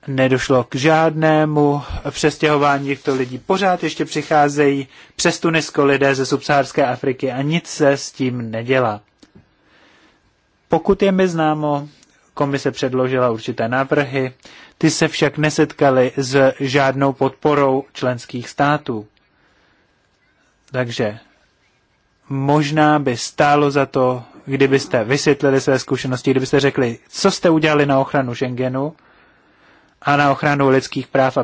Nedošlo k žádnému přestěhování těchto lidí. Pořád ještě přicházejí přes Tunisko lidé ze subsaharské Afriky a nic se s tím nedělá. Pokud je mi známo, komise předložila určité návrhy, ty se však nesetkaly s žádnou podporou členských států. Takže možná by stálo za to kdybyste vysvětlili své zkušenosti, kdybyste řekli, co jste udělali na ochranu Schengenu a na ochranu lidských práv a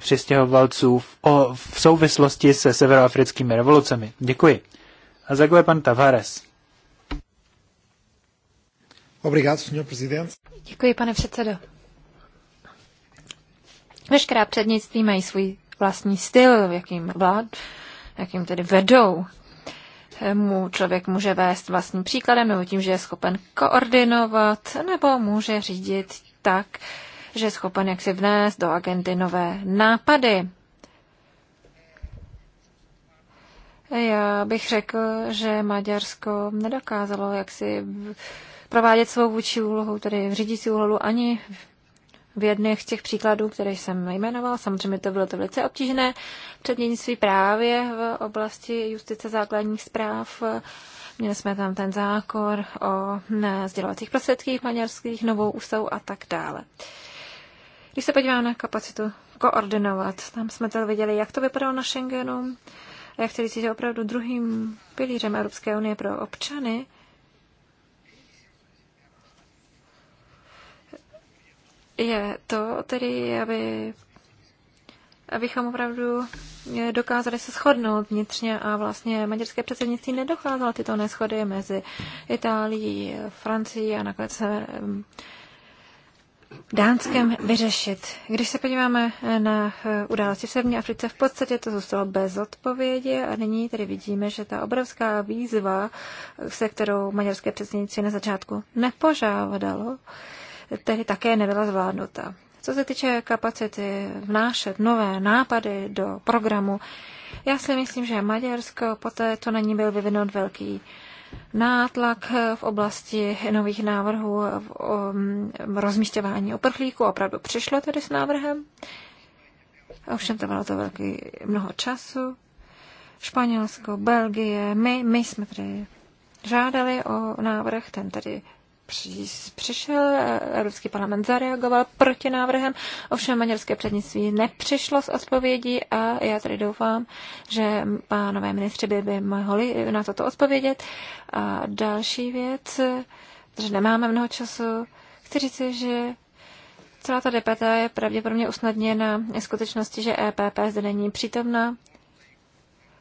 přistěhovalců v, o, v souvislosti se severoafrickými revolucemi. Děkuji. A zaguje pan Tavares. Obrigado, senhor presidente. Děkuji, pane předsedo. Veškerá přednictví mají svůj vlastní styl, jakým vlád, jakým tedy vedou mu člověk může vést vlastním příkladem nebo tím, že je schopen koordinovat nebo může řídit tak, že je schopen jak si vnést do agendy nové nápady. Já bych řekl, že Maďarsko nedokázalo si provádět svou vůči úlohu, tedy řídící úlohu ani v jedných z těch příkladů, které jsem jmenoval. Samozřejmě to bylo to velice obtížné svý právě v oblasti justice základních zpráv. Měli jsme tam ten zákon o sdělovacích prostředcích maďarských, novou ústavu a tak dále. Když se podívám na kapacitu koordinovat, tam jsme to viděli, jak to vypadalo na Schengenu, jak chci říct, že opravdu druhým pilířem Evropské unie pro občany je to tedy, aby, abychom opravdu dokázali se shodnout vnitřně a vlastně maďarské předsednictví nedocházelo tyto neschody mezi Itálií, Francií a nakonec mm, Dánskem vyřešit. Když se podíváme na eh, události v Severní Africe, v podstatě to zůstalo bez odpovědi a nyní tedy vidíme, že ta obrovská výzva, se kterou maďarské předsednictví na začátku nepožádalo, tedy také nebyla zvládnuta. Co se týče kapacity vnášet nové nápady do programu, já si myslím, že Maďarsko poté, co na ní byl vyvinut velký nátlak v oblasti nových návrhů v, rozmístěvání oprchlíků, opravdu přišlo tedy s návrhem. Ovšem bylo to velký mnoho času. Španělsko, Belgie, my, my jsme tedy žádali o návrh, ten tedy přišel, eh, Evropský parlament zareagoval proti návrhem, ovšem maďarské přednictví nepřišlo s odpovědí a já tedy doufám, že pánové ministři by, by mohli na toto odpovědět. A další věc, že nemáme mnoho času, chci říct, že celá ta debata je pravděpodobně usnadněna skutečnosti, že EPP zde není přítomna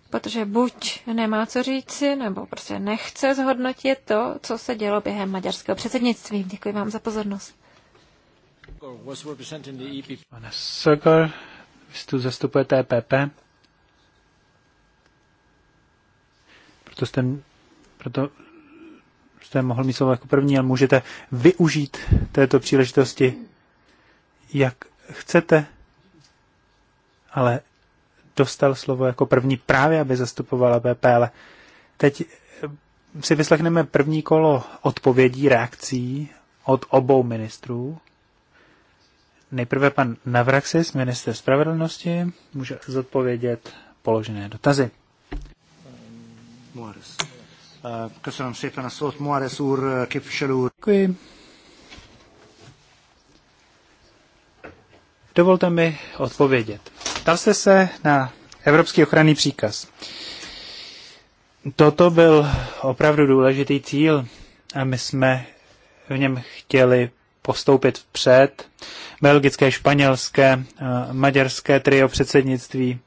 protože buď nemá co říci, nebo prostě nechce zhodnotit to, co se dělo během maďarského předsednictví. Děkuji vám za pozornost. Pane Sogor, vy tu zastupujete EPP. Proto jste, proto jste mohl mít slovo jako první, ale můžete využít této příležitosti, jak chcete, ale dostal slovo jako první právě, aby zastupovala BPL. Teď eh, si vyslechneme první kolo odpovědí, reakcí od obou ministrů. Nejprve pan Navraxis, minister spravedlnosti, může zodpovědět položené dotazy. Eh, eh, Děkuji. Dovolte mi odpovědět. Ptal jste se na Evropský ochranný příkaz. Toto byl opravdu důležitý cíl a my jsme v něm chtěli postoupit vpřed. Belgické, španělské, eh, maďarské trio předsednictví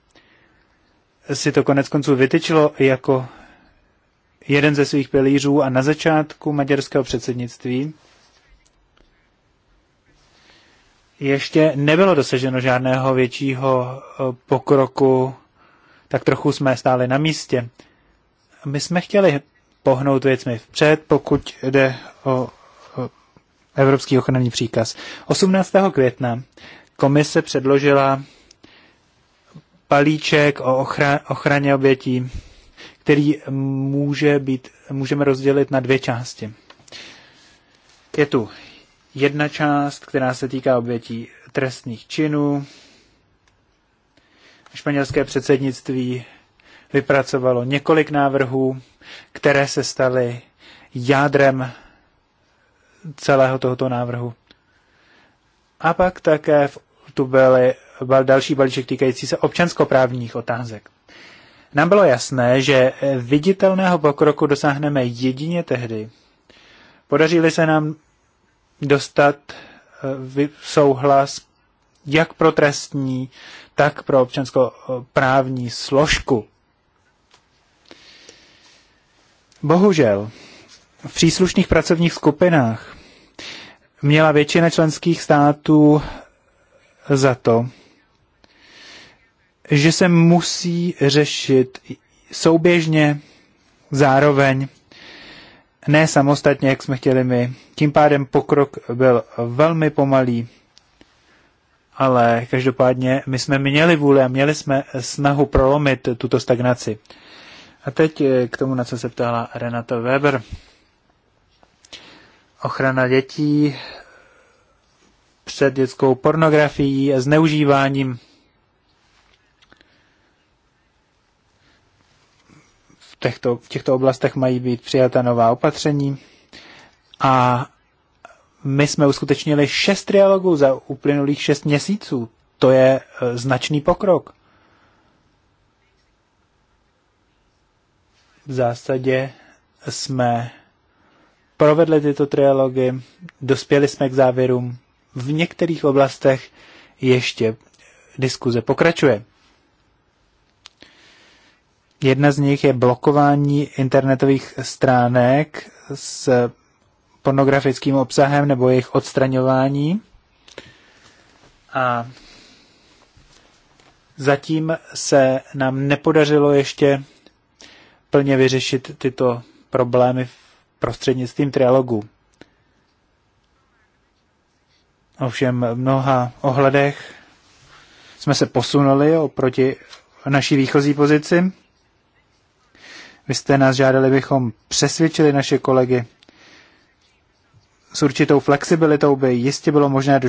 si to konec konců vytyčilo jako jeden ze svých pilířů a na začátku maďarského předsednictví ještě nebylo dosaženo žádného většího eh, pokroku, tak trochu jsme stáli na místě. My jsme chtěli pohnout věcmi vpřed, pokud jde o evropský ochranný příkaz. 18. května komise předložila balíček o ochra- ochraně obětí, který může být, můžeme rozdělit na dvě části. Je tu Jedna část, která se týká obětí trestných činů. Španělské předsednictví vypracovalo několik návrhů, které se staly jádrem celého tohoto návrhu. A pak také v, tu byly další balíček týkající se občanskoprávních otázek. Nám bylo jasné, že viditelného pokroku dosáhneme jedině tehdy, podaří se nám dostat eh, souhlas jak pro trestní, tak pro občanskoprávní eh, složku. Bohužel, v příslušných pracovních skupinách měla většina členských států za to, že se musí řešit souběžně, zároveň ne samostatně, jak jsme chtěli my. Tím pádem pokrok byl velmi pomalý, ale každopádně my jsme měli vůli a měli jsme snahu prolomit tuto stagnaci. A teď eh, k tomu, na co se ptala Renata Weber. Ochrana dětí před dětskou pornografií a zneužíváním těchto, v těchto oblastech mají být přijata nová opatření. A my jsme uskutečnili šest trialogů za uplynulých šest měsíců. To je e, značný pokrok. V zásadě jsme provedli tyto trialogy, dospěli jsme k závěrům. V některých oblastech ještě diskuze pokračuje. Jedna z nich je blokování internetových stránek s pornografickým obsahem nebo jejich odstraňování. A zatím se nám nepodařilo ještě plně vyřešit tyto problémy prostřednictvím trialogu. Ovšem v mnoha ohledech jsme se posunuli oproti naší výchozí pozici vy jste nás žádali, bychom přesvědčili naše kolegy. S určitou flexibilitou by jistě bylo možné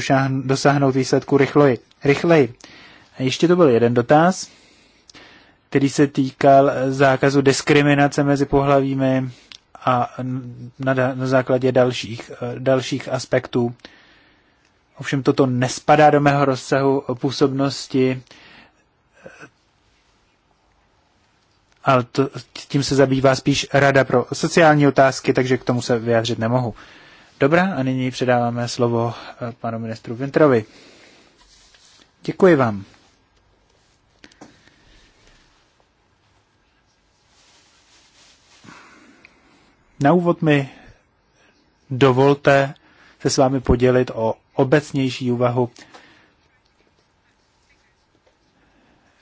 dosáhnout výsledku rychleji. rychleji. A ještě to byl jeden dotaz, který se týkal eh, zákazu diskriminace mezi pohlavími a na, na základě dalších, eh, dalších aspektů. Ovšem toto nespadá do mého rozsahu působnosti ale to, tím se zabývá spíš Rada pro sociální otázky, takže k tomu se vyjádřit nemohu. Dobrá, a nyní předáváme slovo eh, panu ministru Vintrovi. Děkuji vám. Na úvod mi dovolte se s vámi podělit o obecnější úvahu.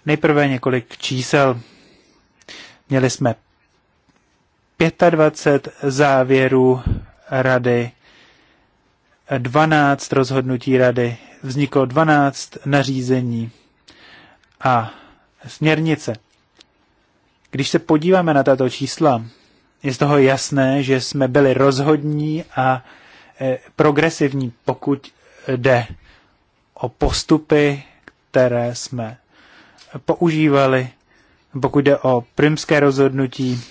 Nejprve několik čísel Měli jsme 25 závěrů rady, 12 rozhodnutí rady, vzniklo 12 nařízení a směrnice. Když se podíváme na tato čísla, je z toho jasné, že jsme byli rozhodní a e, progresivní, pokud jde o postupy, které jsme používali pokud jde o primské rozhodnutí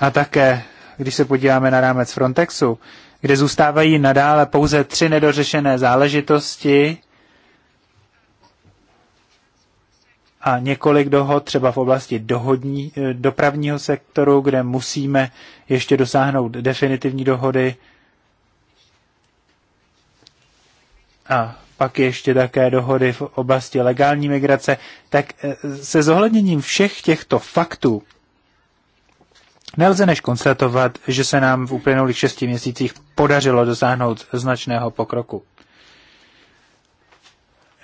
a také, když se podíváme na rámec Frontexu, kde zůstávají nadále pouze tři nedořešené záležitosti a několik dohod, třeba v oblasti dohodní, eh, dopravního sektoru, kde musíme ještě dosáhnout definitivní dohody. A pak ještě také dohody v oblasti legální migrace, tak eh, se zohledněním všech těchto faktů nelze než konstatovat, že se nám v uplynulých šesti měsících podařilo dosáhnout značného pokroku.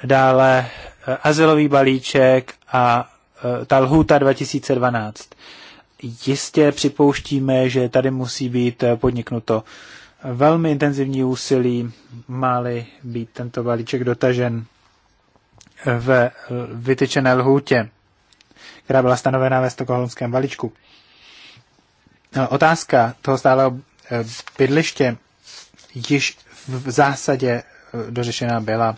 Dále eh, azylový balíček a eh, ta lhůta 2012. Jistě připouštíme, že tady musí být podniknuto velmi intenzivní úsilí, máli být tento balíček dotažen v eh, vytyčené lhůtě, která byla stanovená ve stokoholmském balíčku. No, otázka toho stáleho eh, bydliště již v zásadě eh, dořešená byla.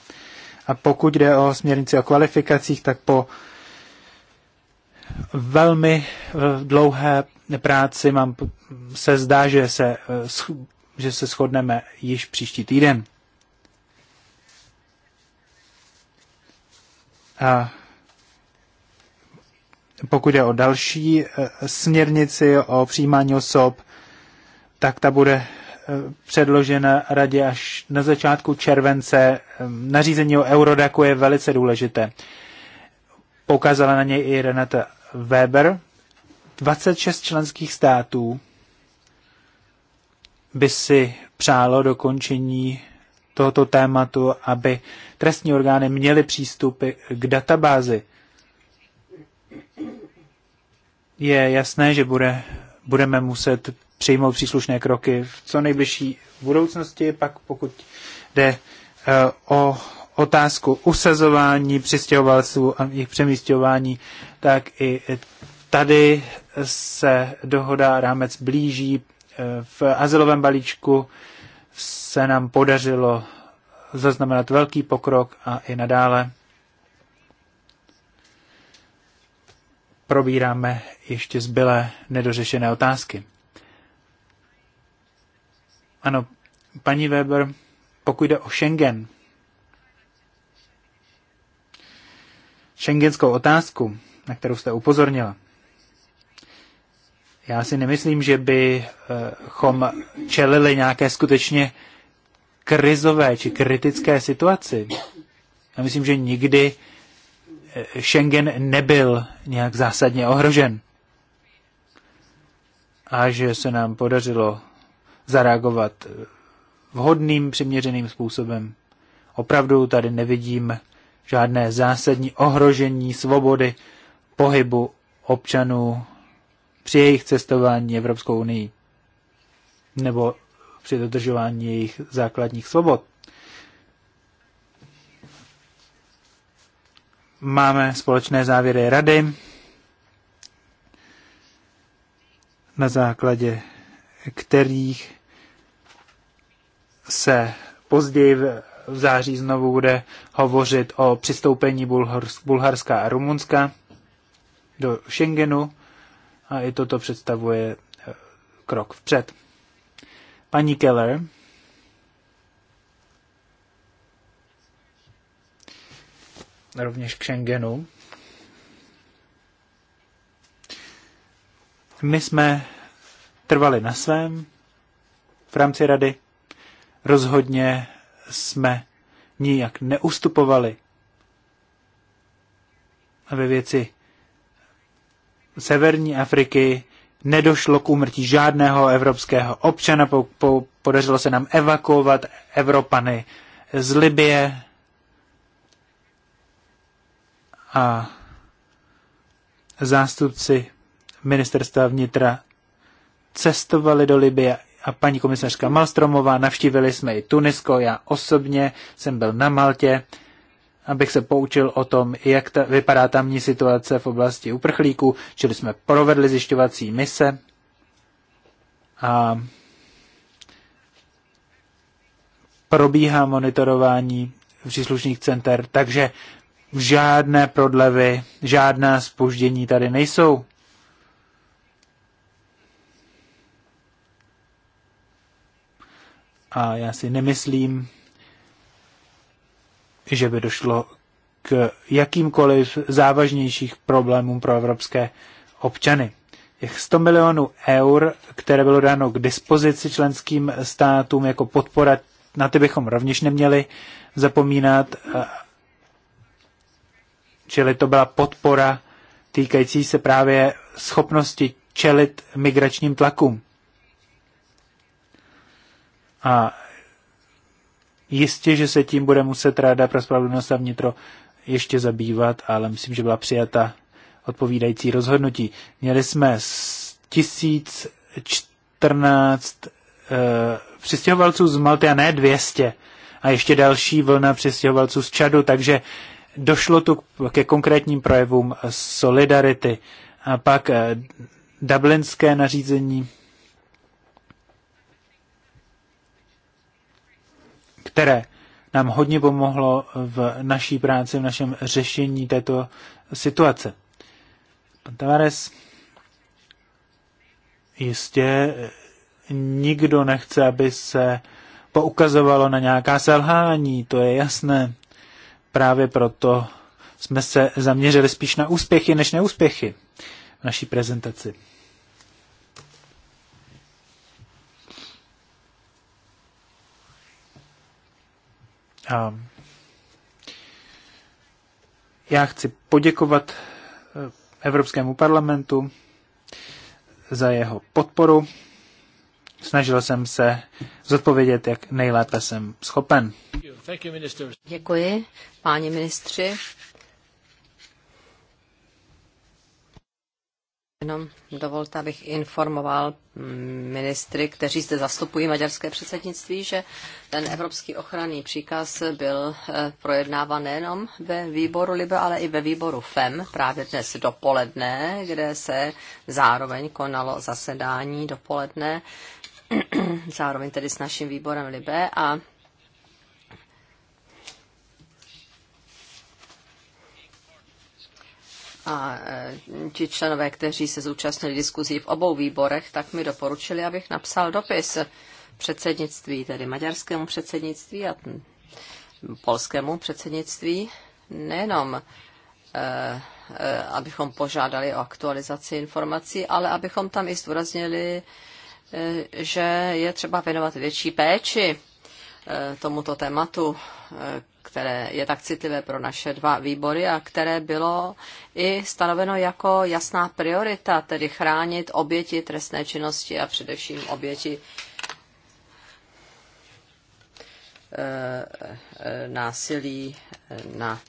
A pokud jde o směrnici o kvalifikacích, tak po velmi dlouhé práci mám, se zdá, že se že se shodneme již příští týden. A pokud je o další e, směrnici o přijímání osob, tak ta bude e, předložena radě až na začátku července. E, nařízení o Eurodaku je velice důležité. Poukázala na něj i Renata Weber. 26 členských států by si přálo dokončení tohoto tématu, aby trestní orgány měly přístupy k databázi. Je jasné, že bude, budeme muset přijmout příslušné kroky v co nejbližší budoucnosti, pak pokud jde eh, o otázku usazování přistěhovalců a jejich přemístěvání, tak i tady se dohoda rámec blíží v azylovém balíčku se nám podařilo zaznamenat velký pokrok a i nadále probíráme ještě zbylé nedořešené otázky. Ano, paní Weber, pokud jde o Schengen, Schengenskou otázku, na kterou jste upozornila, já si nemyslím, že bychom čelili nějaké skutečně krizové či kritické situaci. Já myslím, že nikdy eh, Schengen nebyl nějak zásadně ohrožen. A že se nám podařilo zareagovat eh, vhodným, přiměřeným způsobem. Opravdu tady nevidím žádné zásadní ohrožení svobody pohybu občanů při jejich cestování Evropskou unii nebo při dodržování jejich základních svobod. Máme společné závěry rady, na základě kterých se později v září znovu bude hovořit o přistoupení Bulharska a Rumunska do Schengenu a i toto představuje eh, krok vpřed. Paní Keller rovněž k Schengenu. My jsme trvali na svém v rámci rady. Rozhodně jsme nijak neustupovali ve věci severní Afriky nedošlo k úmrtí žádného evropského občana, po, po, podařilo se nám evakuovat Evropany z Libie a zástupci ministerstva vnitra cestovali do Libie a paní komisařka Malstromová, navštívili jsme i Tunisko, já osobně jsem byl na Maltě, abych se poučil o tom, jak ta, vypadá tamní situace v oblasti uprchlíků, čili jsme provedli zjišťovací mise a probíhá monitorování příslušných center, takže žádné prodlevy, žádná spoždění tady nejsou. A já si nemyslím, že by došlo k jakýmkoliv závažnějších problémům pro evropské občany. Těch 100 milionů eur, které bylo dáno k dispozici členským státům jako podpora, na ty bychom rovněž neměli zapomínat, čili to byla podpora týkající se právě schopnosti čelit migračním tlakům. A Jistě, že se tím bude muset ráda pro spravedlnost a vnitro ještě zabývat, ale myslím, že byla přijata odpovídající rozhodnutí. Měli jsme 1014 e, eh, přistěhovalců z Malty a ne 200 a ještě další vlna přistěhovalců z Čadu, takže došlo tu ke konkrétním projevům solidarity. A pak eh, dublinské nařízení které nám hodně pomohlo v naší práci, v našem řešení této situace. Pan Tavares, jistě nikdo nechce, aby se poukazovalo na nějaká selhání, to je jasné. Právě proto jsme se zaměřili spíš na úspěchy než neúspěchy v naší prezentaci. A já chci poděkovat eh, Evropskému parlamentu za jeho podporu. Snažil jsem se zodpovědět, jak nejlépe jsem schopen. Děkuji, páni ministři. Jenom dovolte, abych informoval ministry, kteří zde zastupují maďarské předsednictví, že ten evropský ochranný příkaz byl eh, projednáván nejenom ve výboru LIBE, ale i ve výboru FEM právě dnes dopoledne, kde se zároveň konalo zasedání dopoledne, zároveň tedy s naším výborem LIBE a a e, ti členové, kteří se zúčastnili diskuzí v obou výborech, tak mi doporučili, abych napsal dopis předsednictví, tedy maďarskému předsednictví a polskému předsednictví, nejenom e, e, abychom požádali o aktualizaci informací, ale abychom tam i zdůraznili, že je třeba věnovat větší péči tomuto tématu, které je tak citlivé pro naše dva výbory a které bylo i stanoveno jako jasná priorita, tedy chránit oběti trestné činnosti a především oběti eh, eh, násilí na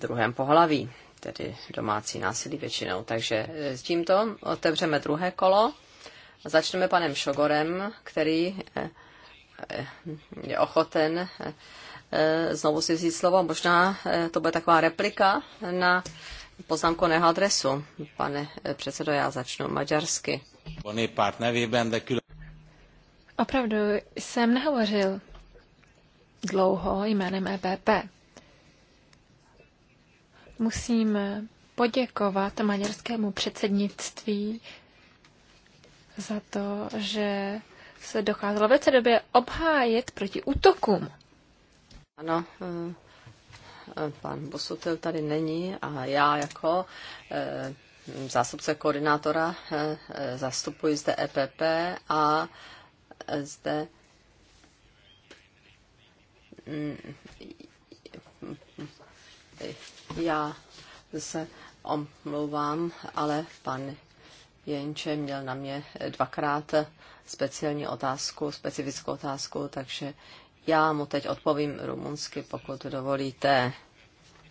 druhém pohlaví, tedy domácí násilí většinou. Takže eh, s tímto otevřeme druhé kolo. Začneme panem Šogorem, který je ochoten Eh, znovu si vzít slovo. Možná eh, to bude taková replika na poznámku na adresu. Pane eh, předsedo, já začnu maďarsky. Opravdu jsem nehovořil dlouho jménem EPP. Musím poděkovat maďarskému předsednictví za to, že se dokázalo velice době obhájit proti útokům ano, eh, eh, pan Bosutil tady není a já jako eh, zástupce koordinátora zastupuji zde EPP a zde mm, já se omlouvám, ale pan Jenče měl na mě dvakrát speciální otázku, specifickou otázku, takže já mu teď odpovím rumunsky, pokud dovolíte.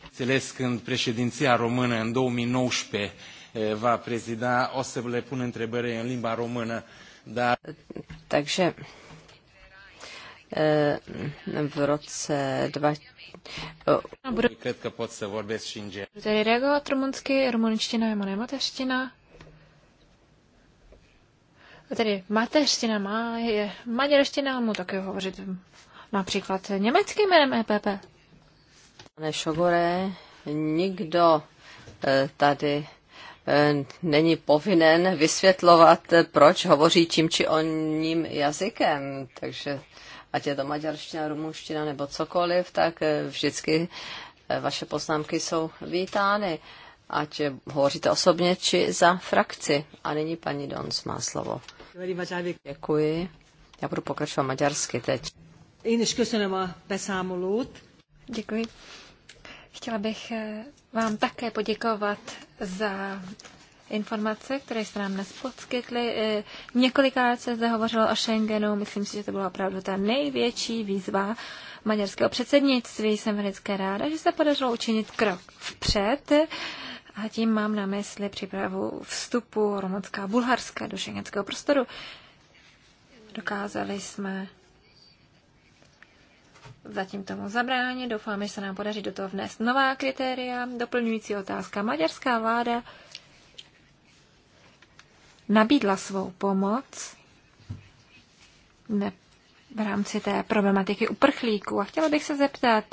Înțeles când președinția română în 2019 eh, va prezida, o să le pun întrebări în limba română, dar... Takže eh, v roce dva... 2000... Cred că pot să vorbesc și în germană. Tedy reagovat rumunsky, rumunština je moje mateřština. Tedy mateřština má je maďarština, mu také hovořit například německým jménem EPP. Pane Šogore, nikdo eh, tady eh, není povinen vysvětlovat, proč hovoří tím či oním jazykem. Takže ať je to maďarština, rumunština nebo cokoliv, tak eh, vždycky vaše poznámky jsou vítány, ať hovoříte osobně či za frakci. A nyní paní Dons má slovo. Děkuji. Já budu pokračovat maďarsky teď. Én is köszönöm a beszámolót. Děkuji. Chtěla bych eh, vám také poděkovat za informace, které jste nám dnes poskytli. Eh, Několikrát se zde hovořilo o Schengenu, myslím si, že to byla opravdu ta největší výzva maďarského předsednictví. Jsem velice ráda, že se podařilo učinit krok vpřed. A tím mám na mysli přípravu vstupu Rumunská a Bulharska do šengenského prostoru. Dokázali jsme zatím tomu zabráně. Doufám, že se nám podaří do toho vnést nová kritéria. Doplňující otázka. Maďarská vláda nabídla svou pomoc ne, v rámci té problematiky uprchlíků. A chtěla bych se zeptat,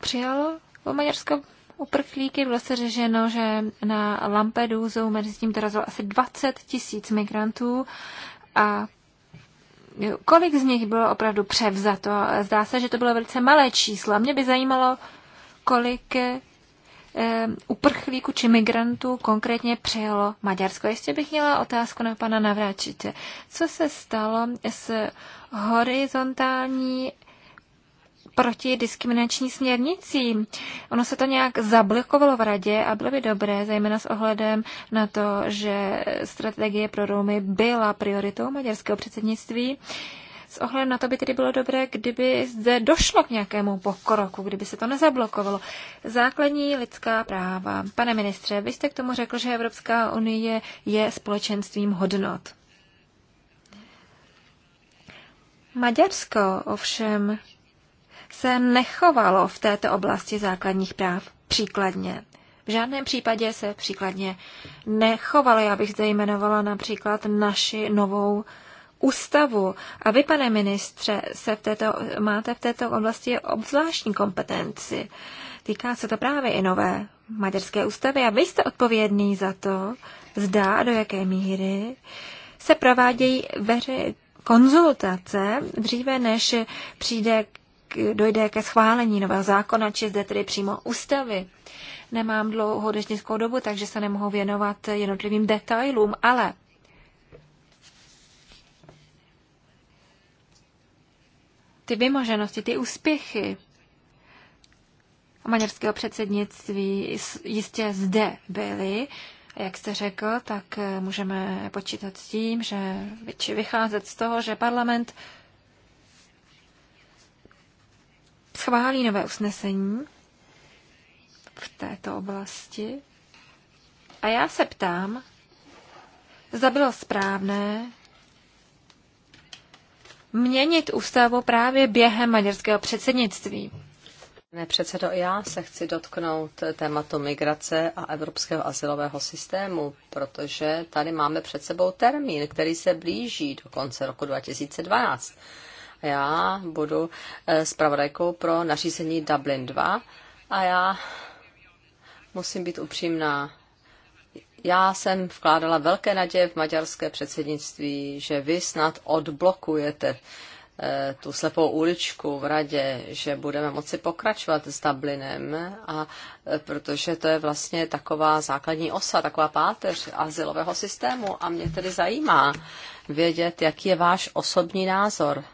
přijalo o Maďarsko uprchlíky bylo se řeženo, že na Lampedusu mezi tím dorazilo asi 20 tisíc migrantů a kolik z nich bylo opravdu převzato. Zdá se, že to bylo velice malé číslo. A mě by zajímalo, kolik eh, uprchlíků či migrantů konkrétně přijelo Maďarsko. Ještě bych měla otázku na pana Navráčiče. Co se stalo s horizontální proti diskriminační směrnicí. Ono se to nějak zablokovalo v radě a bylo by dobré, zejména s ohledem na to, že strategie pro Romy byla prioritou maďarského předsednictví. S ohledem na to by tedy bylo dobré, kdyby zde došlo k nějakému pokroku, kdyby se to nezablokovalo. Základní lidská práva. Pane ministře, vy jste k tomu řekl, že Evropská unie je společenstvím hodnot. Maďarsko ovšem se nechovalo v této oblasti základních práv příkladně. V žádném případě se příkladně nechovalo. Já bych zde jmenovala například naši novou ústavu. A vy, pane ministře, se v této, máte v této oblasti obzvláštní kompetenci. Týká se to právě i nové maďarské ústavy a vy jste odpovědný za to, zda do jaké míry se provádějí veře, konzultace dříve, než přijde dojde ke schválení nového zákona, či zde tedy přímo ústavy. Nemám dlouhou dnešnickou dobu, takže se nemohu věnovat jednotlivým detailům, ale ty vymoženosti, ty úspěchy maďarského předsednictví jistě zde byly. Jak jste řekl, tak můžeme počítat s tím, že vycházet z toho, že parlament schválí nové usnesení v této oblasti. A já se ptám, zda bylo správné měnit ústavu právě během maďarského předsednictví. Ne, předsedo, já se chci dotknout tématu migrace a evropského asilového systému, protože tady máme před sebou termín, který se blíží do konce roku 2012. Já budu eh, zpravodajkou pro nařízení Dublin 2 a já musím být upřímná. Já jsem vkládala velké naděje v maďarské předsednictví, že vy snad odblokujete eh, tu slepou uličku v radě, že budeme moci pokračovat s Dublinem, a, eh, protože to je vlastně taková základní osa, taková páteř asilového systému. A mě tedy zajímá vědět, jaký je váš osobní názor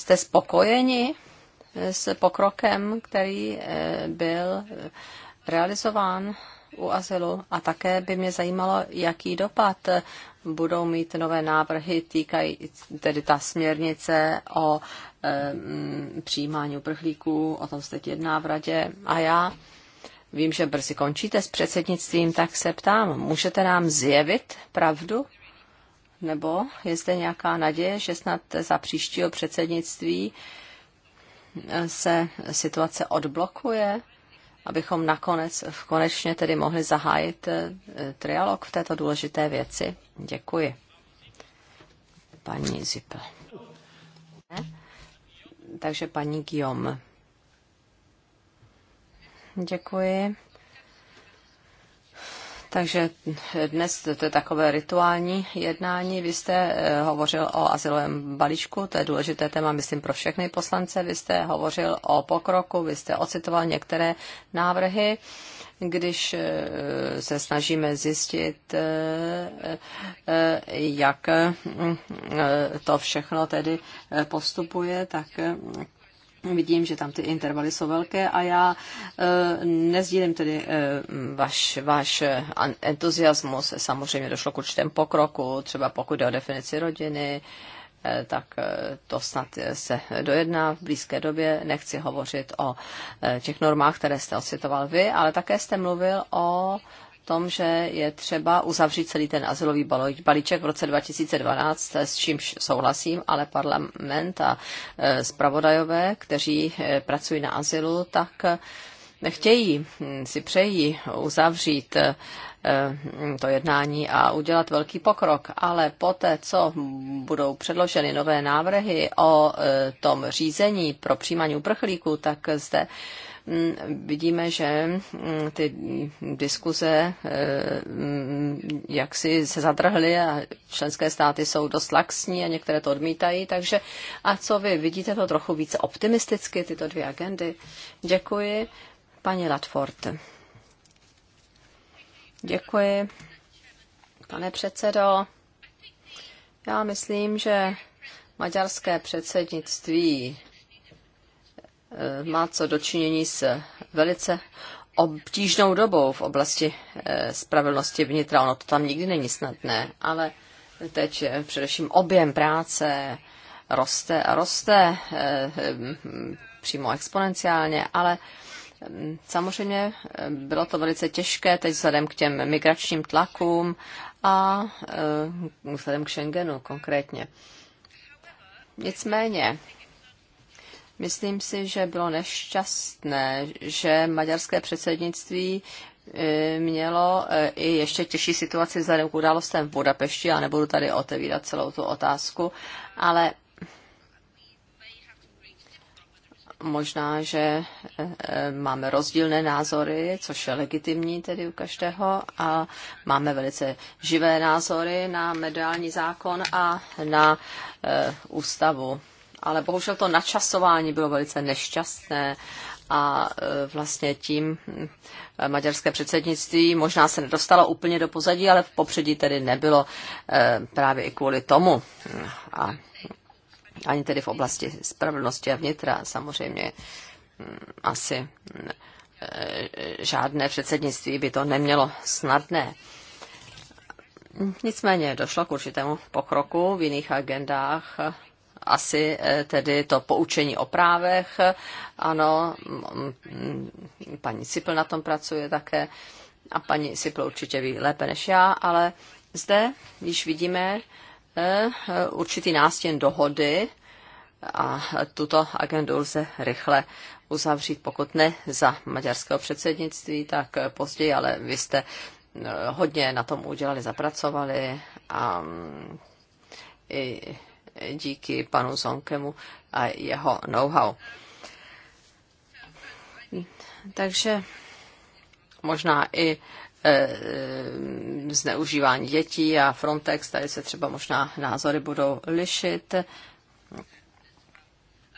Jste spokojeni s pokrokem, který eh, byl eh, realizován u asilu? A také by mě zajímalo, jaký dopad eh, budou mít nové návrhy, týkají tedy ta směrnice o e, přijímání uprchlíků, o tom jste jedná v radě. A já vím, že brzy končíte s předsednictvím, tak se ptám, můžete nám zjevit pravdu nebo je zde nějaká naděje, že snad za příštího předsednictví eh, se situace odblokuje, abychom nakonec konečně tedy mohli zahájit eh, trialog v této důležité věci? Děkuji. Paní Zipel. Takže paní Guillaume. Děkuji. Takže dnes to je takové rituální jednání. Vy jste eh, hovořil o asilovém balíčku, to je důležité téma, myslím, pro všechny poslance. Vy jste hovořil o pokroku, vy jste ocitoval některé návrhy když eh, se snažíme zjistit, eh, jak mm, to všechno tedy postupuje, tak No, vidím, že tam ty intervaly jsou velké a já e, eh, nezdílím tedy e, váš, váš eh, entuziasmus. Samozřejmě došlo k určitém pokroku, třeba pokud jde o definici rodiny, e, tak e, to snad se dojedná v blízké době. Nechci hovořit o e, těch normách, které jste ocitoval vy, ale také jste mluvil o tom, že je třeba uzavřít celý ten asilový balíček v roce 2012, s čímž souhlasím, ale parlament a e, zpravodajové, kteří e, pracují na asilu, tak e, nechtějí, hm, si přejí uzavřít hm, to jednání a udělat velký pokrok, ale poté, co budou předloženy nové návrhy o tom řízení pro přijímání uprchlíků, tak zde Mm, vidíme, že mm, ty diskuze eh, mm, jaksi se zadrhly a členské státy jsou dost laxní a některé to odmítají, takže a co vy, vidíte to trochu více optimisticky, tyto dvě agendy? Děkuji, Pani Latford. Děkuji, pane předsedo. Já myslím, že maďarské předsednictví Eh, má co dočinění s velice obtížnou dobou v oblasti eh, spravedlnosti vnitra. Ono to tam nikdy není snadné, ale teď eh, především objem práce roste a roste přímo exponenciálně, ale hm, samozřejmě bylo to velice těžké teď vzhledem k těm migračním tlakům a vzhledem k Schengenu konkrétně. Nicméně Myslím si, že bylo nešťastné, že maďarské předsednictví e, mělo e, i ještě těžší situaci vzhledem k událostem v Budapešti. a nebudu tady otevírat celou tu otázku, ale možná, že e, máme rozdílné názory, což je legitimní tedy u každého a máme velice živé názory na mediální zákon a na ústavu ale bohužel to načasování bylo velice nešťastné a e, vlastně tím e, maďarské předsednictví možná se nedostalo úplně do pozadí, ale v popředí tedy nebylo e, právě i kvůli tomu. A ani tedy v oblasti spravedlnosti a vnitra samozřejmě mm, asi žádné předsednictví by to nemělo snadné. Nicméně došlo k určitému pokroku v jiných agendách asi eh, tedy to poučení o právech. Ano, mm, mm, paní Cipl na tom pracuje také a paní Sipl určitě ví lépe než já, ale zde když vidíme eh, určitý nástěn dohody a tuto agendu lze rychle uzavřít, pokud ne za maďarského předsednictví, tak později, ale vy jste eh, hodně na tom udělali, zapracovali a mm, i díky panu Zonkemu a jeho know-how. Takže možná i e, e, zneužívání dětí a Frontex, tady se třeba možná názory budou lišit,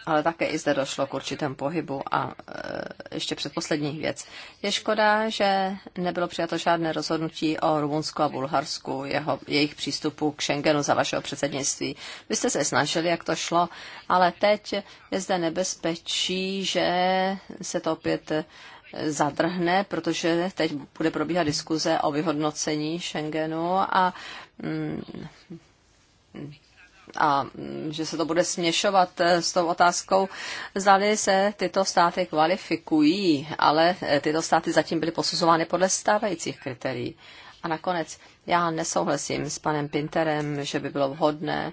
ale také i zde došlo k určitému pohybu. A e, ještě předposlední věc. Je škoda, že nebylo přijato žádné rozhodnutí o Rumunsku a Bulharsku, jeho, jejich přístupu k Schengenu za vašeho předsednictví. Vy jste se snažili, jak to šlo, ale teď je zde nebezpečí, že se to opět e, zadrhne, protože teď bude probíhat diskuze o vyhodnocení Schengenu a mm, a mm, že se to bude směšovat eh, s tou otázkou, zdali se tyto státy kvalifikují, ale eh, tyto státy zatím byly posuzovány podle stávajících kritérií. A nakonec já nesouhlasím s panem Pinterem, že by bylo vhodné,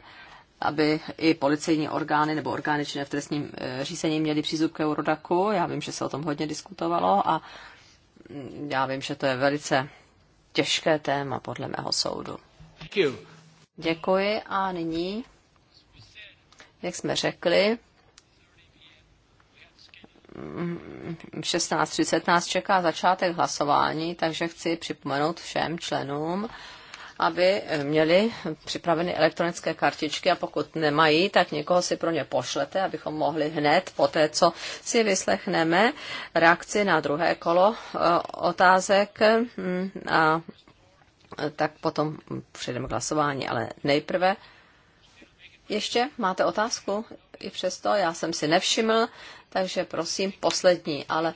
aby i policejní orgány nebo orgány činné v trestním eh, řízení měly přístup k Eurodaku. Já vím, že se o tom hodně diskutovalo a mm, já vím, že to je velice těžké téma podle mého soudu. Děkuji. Děkuji a nyní, jak jsme řekli, 16.30 mm, nás čeká začátek hlasování, takže chci připomenout všem členům, aby měli připraveny elektronické kartičky a pokud nemají, tak někoho si pro ně pošlete, abychom mohli hned po té, co si vyslechneme reakci na druhé kolo eh, otázek mm, a tak potom přejdeme k hlasování. Ale nejprve ještě máte otázku? I přesto já jsem si nevšiml, takže prosím poslední, ale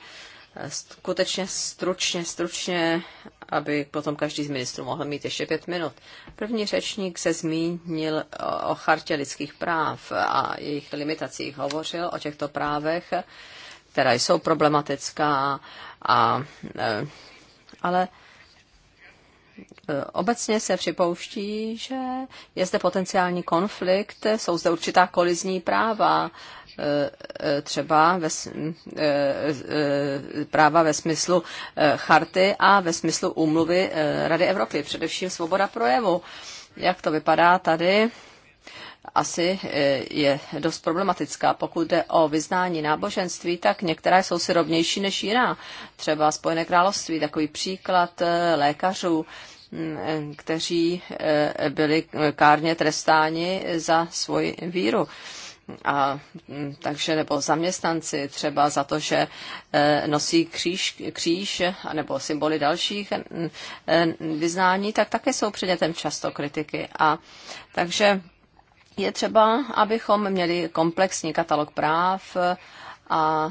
eh, skutečně stručně, stručně, aby potom každý z ministrů mohl mít ještě pět minut. První řečník se zmínil o chartě lidských práv a jejich limitacích. Hovořil o těchto právech, která jsou problematická, a, eh, ale Eh, obecně se připouští, že je zde potenciální konflikt, jsou zde určitá kolizní práva, eh, eh, třeba ve, mm, práva ve smyslu charty a ve smyslu úmluvy Rady Evropy, především svoboda projevu. Jak to vypadá tady asi e, je dost problematická. Pokud jde o vyznání náboženství, tak některé jsou si rovnější než jiná. Třeba Spojené království, takový příklad e, lékařů, e, kteří byli kárně trestáni za svoji víru. A, takže nebo zaměstnanci třeba za to, že nosí kříž, kříž nebo symboly dalších vyznání, tak také jsou předmětem často kritiky. A takže je třeba, abychom měli komplexní katalog práv a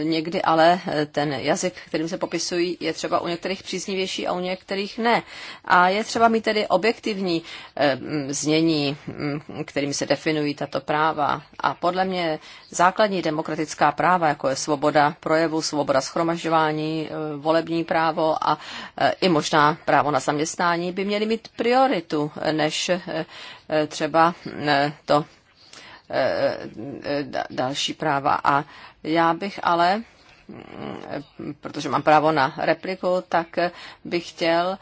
e, někdy ale ten jazyk, kterým se popisují, je třeba u některých příznivější a u některých ne. A je třeba mít tedy objektivní e, znění, kterými se definují tato práva. A podle mě základní demokratická práva, jako je svoboda projevu, svoboda schromažďování, e, volební právo a e, i možná právo na zaměstnání, by měly mít prioritu než e, e třeba e, to Eh, eh, další práva. A já bych ale mm, protože mám právo na repliku, tak bych chtěl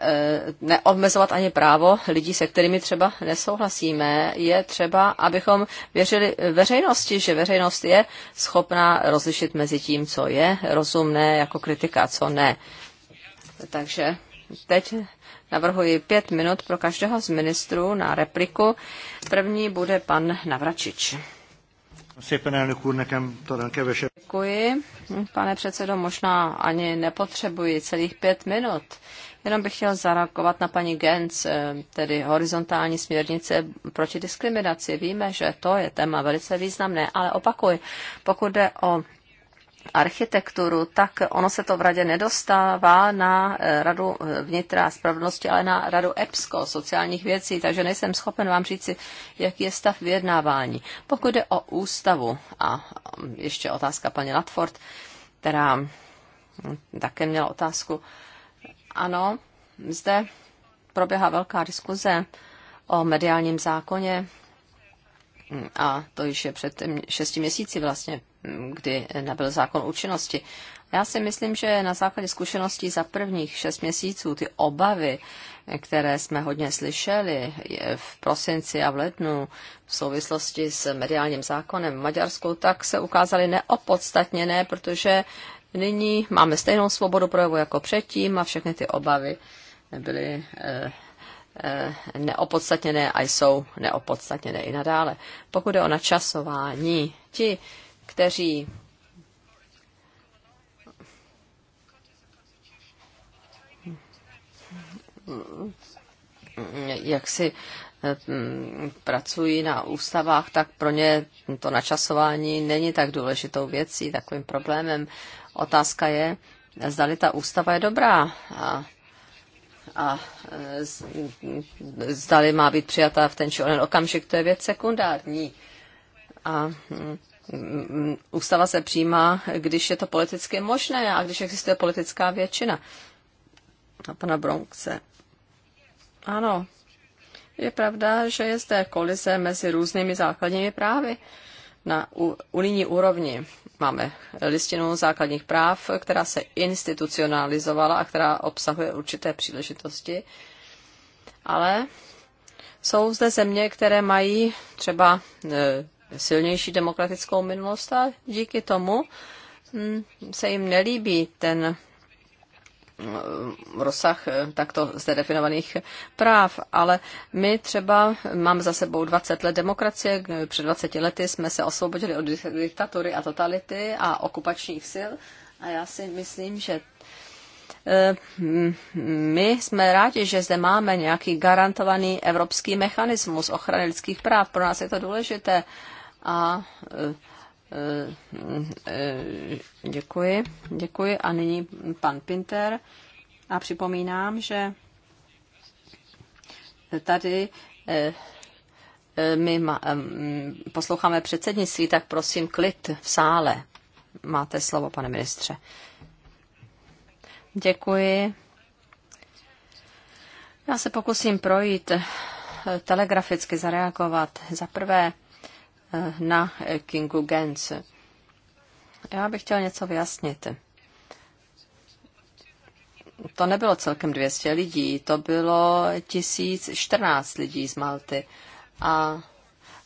eh, neobmezovat ani právo lidí, se kterými třeba nesouhlasíme. Je třeba, abychom věřili veřejnosti, že veřejnost je schopná rozlišit mezi tím, co je rozumné jako kritika, co ne. Takže teď Navrhuji pět minut pro každého z ministrů na repliku. První bude pan Navračič. Děkuji, pane předsedo, možná ani nepotřebuji celých pět minut. Jenom bych chtěl zareagovat na paní Gens, eh, tedy horizontální směrnice proti diskriminaci. Víme, že to je téma velice významné, ale opakuj, pokud jde o architekturu, tak ono se to v radě nedostává na eh, radu eh, vnitra a spravedlnosti, ale na radu EPSCO, sociálních věcí, takže nejsem schopen vám říci, jaký je stav vyjednávání. Pokud jde o ústavu a mm, ještě otázka paní Latford, která mm, také měla otázku. Ano, zde proběhá velká diskuze o mediálním zákoně mm, a to již je před šesti měsíci vlastně kdy nabyl zákon účinnosti. Já si myslím, že na základě zkušeností za prvních šest měsíců ty obavy, které jsme hodně slyšeli v prosinci a v lednu v souvislosti s mediálním zákonem v Maďarsku, tak se ukázaly neopodstatněné, protože nyní máme stejnou svobodu projevu jako předtím a všechny ty obavy byly eh, eh, neopodstatněné a jsou neopodstatněné i nadále. Pokud je o načasování, ti kteří jak si eh, pracují na ústavách, tak pro ně to načasování není tak důležitou věcí, takovým problémem. Otázka je, zdali ta ústava je dobrá a, a eh, zdali má být přijata v ten či onen okamžik, to je věc sekundární. A hm, ústava se přijímá, když je to politicky možné a když existuje politická většina. A pana Bronkce. Ano, je pravda, že je zde kolize mezi různými základními právy. Na unijní úrovni máme listinu základních práv, která se institucionalizovala a která obsahuje určité příležitosti. Ale jsou zde země, které mají třeba e, silnější demokratickou minulost a díky tomu hm, se jim nelíbí ten hm, rozsah eh, takto zde definovaných práv, ale my třeba máme za sebou 20 let demokracie, před 20 lety jsme se osvobodili od diktatury a totality a okupačních sil a já si myslím, že eh, my jsme rádi, že zde máme nějaký garantovaný evropský mechanismus ochrany lidských práv. Pro nás je to důležité a e, e, e, děkuji, děkuji. A nyní pan Pinter. A připomínám, že tady my posloucháme předsednictví, tak prosím klid v sále. Máte slovo, pane ministře. Děkuji. Já se pokusím projít telegraficky zareagovat. Za prvé, Eh, na Kingu Gens. Já bych chtěl něco vyjasnit. To nebylo celkem 200 lidí, to bylo 1014 lidí z Malty a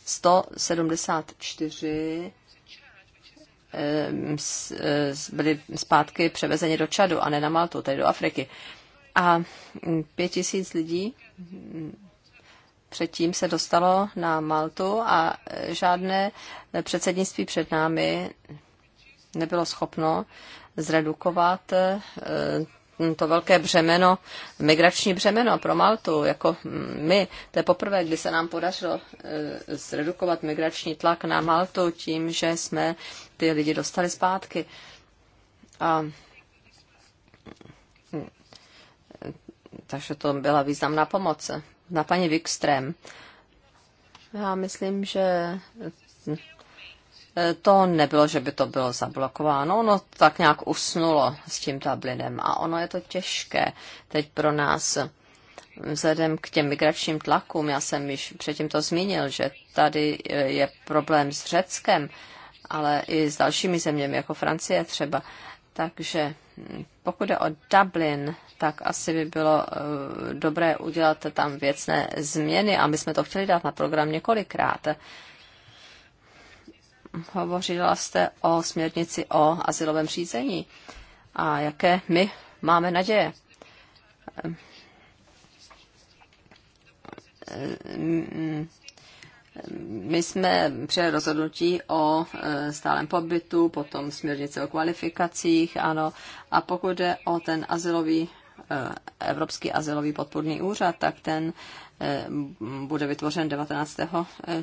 174 eh, eh, byli zpátky převezeni do Čadu a ne na Maltu, tedy do Afriky. A pět tisíc lidí předtím se dostalo na Maltu a žádné předsednictví před námi nebylo schopno zredukovat eh, to velké břemeno, migrační břemeno pro Maltu, jako my. To je poprvé, kdy se nám podařilo eh, zredukovat migrační tlak na Maltu tím, že jsme ty lidi dostali zpátky. A hm, takže to byla významná pomoc na paní Wikström. Já myslím, že to nebylo, že by to bylo zablokováno, ono tak nějak usnulo s tím tablinem a ono je to těžké teď pro nás vzhledem k těm migračním tlakům. Já jsem již předtím to zmínil, že tady je problém s Řeckem, ale i s dalšími zeměmi, jako Francie třeba. Takže pokud je o Dublin, tak asi by bylo eh, dobré udělat tam věcné změny a my jsme to chtěli dát na program několikrát. Hovořila jste o směrnici o asilovém řízení a jaké my máme naděje. My jsme přijeli rozhodnutí o eh, stálem pobytu, potom směrnice o kvalifikacích, ano. A pokud jde o ten asilový Eh, Evropský azylový podpůrný úřad, tak ten eh, bude vytvořen 19. Eh,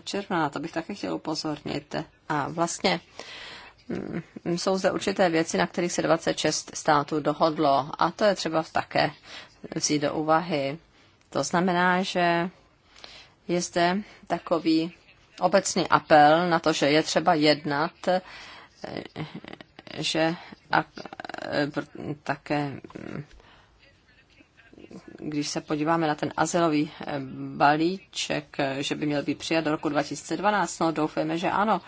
června. To bych také chtěl upozornit. A vlastně mm, jsou zde určité věci, na kterých se 26 států dohodlo a to je třeba také vzít do úvahy. To znamená, že je zde takový obecný apel na to, že je třeba jednat, že a, také mm, když se podíváme na ten azylový eh, balíček, eh, že by měl být přijat do roku 2012, no doufejme, že ano.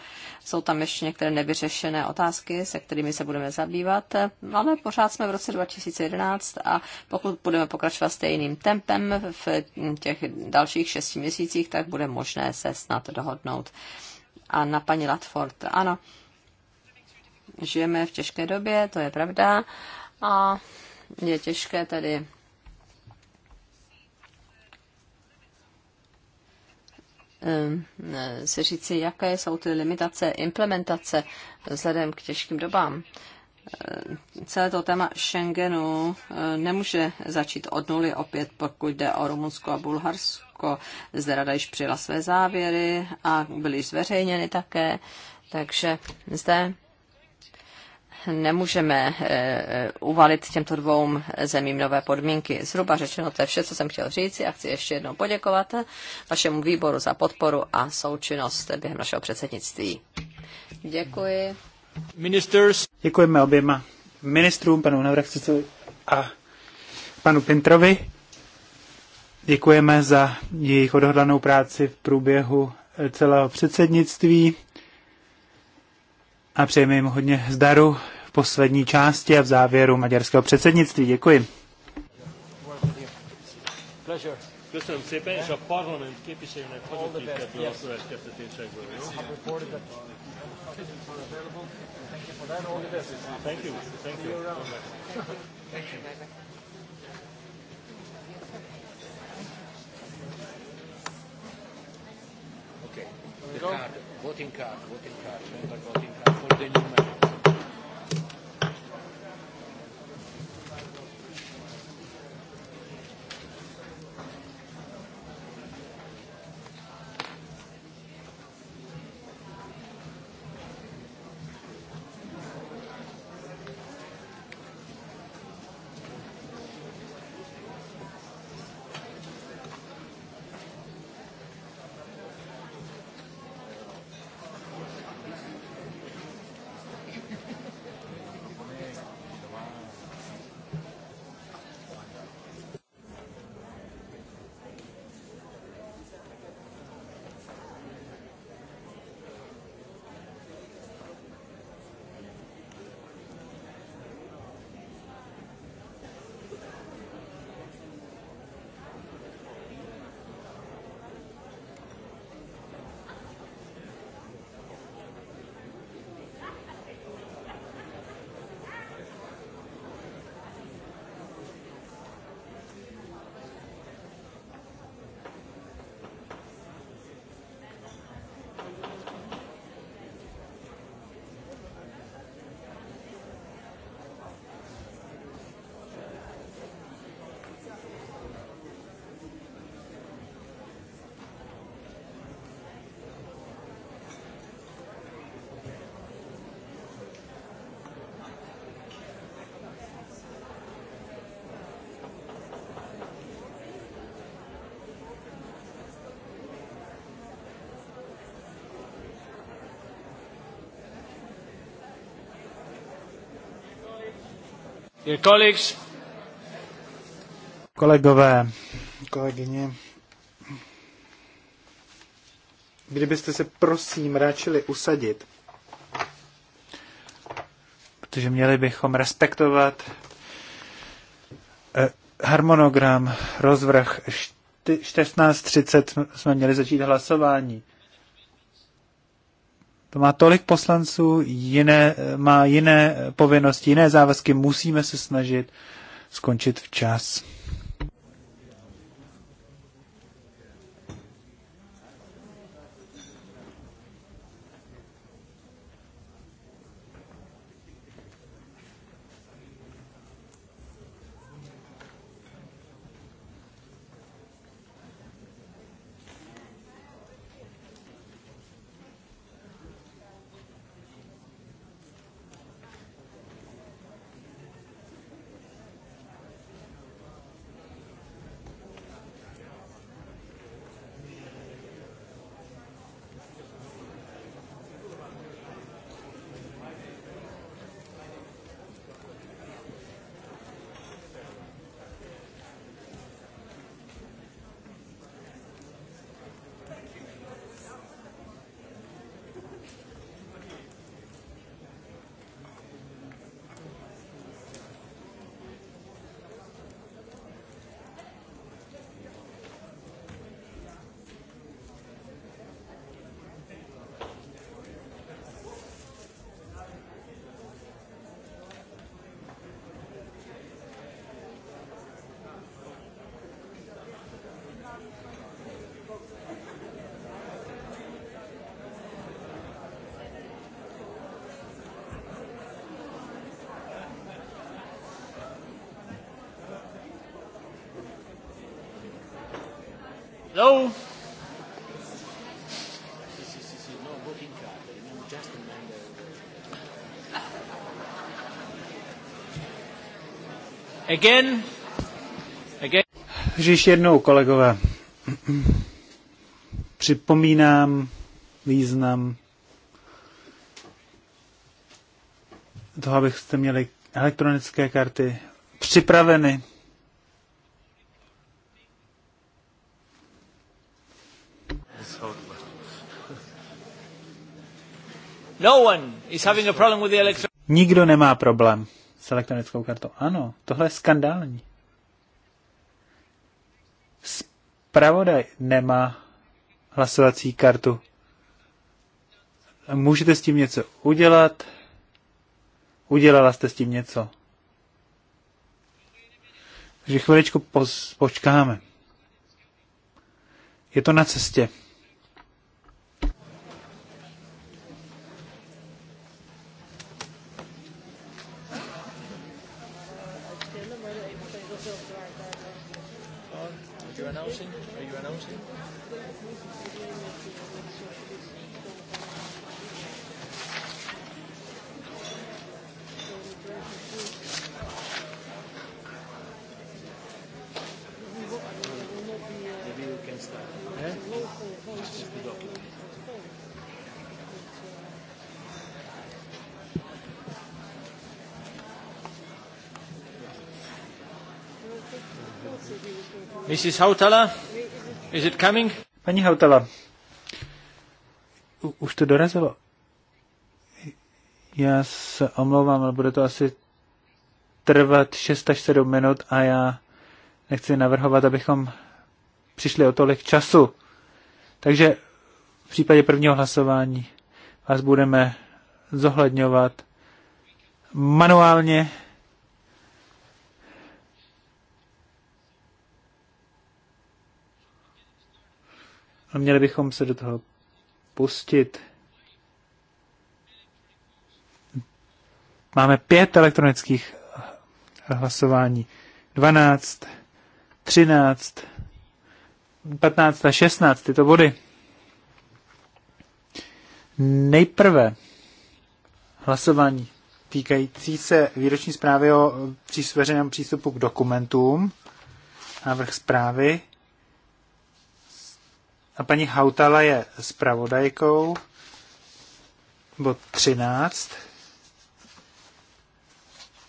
Jsou tam ještě některé nevyřešené otázky, se kterými se budeme zabývat, ale pořád jsme v roce 2011 a pokud budeme pokračovat stejným tempem v těch dalších šesti měsících, tak bude možné se snad dohodnout. A na paní Latford, ano, žijeme v těžké době, to je pravda. A je těžké tedy Eh, si říci, jaké jsou ty limitace implementace vzhledem k těžkým dobám. Eh, celé to téma Schengenu eh, nemůže začít od nuly opět, pokud jde o Rumunsko a Bulharsko. Zde rada již přijela své závěry a byly již zveřejněny také. Takže zde nemůžeme eh, eh, uvalit těmto dvou zemím nové podmínky. Zhruba řečeno, to je vše, co jsem chtěl říct a chci ještě jednou poděkovat vašemu výboru za podporu a součinnost během našeho předsednictví. Děkuji. Ministers. Děkujeme oběma ministrům, panu Navracicovi a panu Pintrovi. Děkujeme za jejich odhodlanou práci v průběhu celého předsednictví a přejeme jim hodně zdaru v poslední části a v závěru maďarského předsednictví. Děkuji. Köszönöm szépen, és a parlament képviselőnek a következtetésekből. Thank you. Thank you. Thank you. voting card, voting card, mental voting card for the new member. Kolegové, kolegyně, kdybyste se prosím ráčili usadit, protože měli bychom respektovat eh, harmonogram rozvrh 14.30 jsme měli začít hlasování to má tolik poslanců, jiné, má jiné povinnosti, jiné závazky, musíme se snažit skončit včas. Again. Again. jednou, kolegové. Připomínám význam toho, abyste měli elektronické karty připraveny. No one is having a problem with the Nikdo nemá problém s elektronickou kartou. Ano, tohle je skandální. Spravodaj nemá hlasovací kartu. Můžete s tím něco udělat? Udělala jste s tím něco? Takže chviličku poz, počkáme. Je to na cestě. Mrs. Hautala? Is it coming? Paní Hautala, u, už to dorazilo. Já se omlouvám, ale bude to asi trvat 6 až 7 minut a já nechci navrhovat, abychom přišli o tolik času. Takže v případě prvního hlasování vás budeme zohledňovat manuálně A měli bychom se do toho pustit. Máme pět elektronických hlasování. 12, 13, 15 a 16 tyto body. Nejprve hlasování týkající se výroční zprávy o veřejném přístupu k dokumentům, návrh zprávy. A paní Hautala je zpravodajkou, bod 13,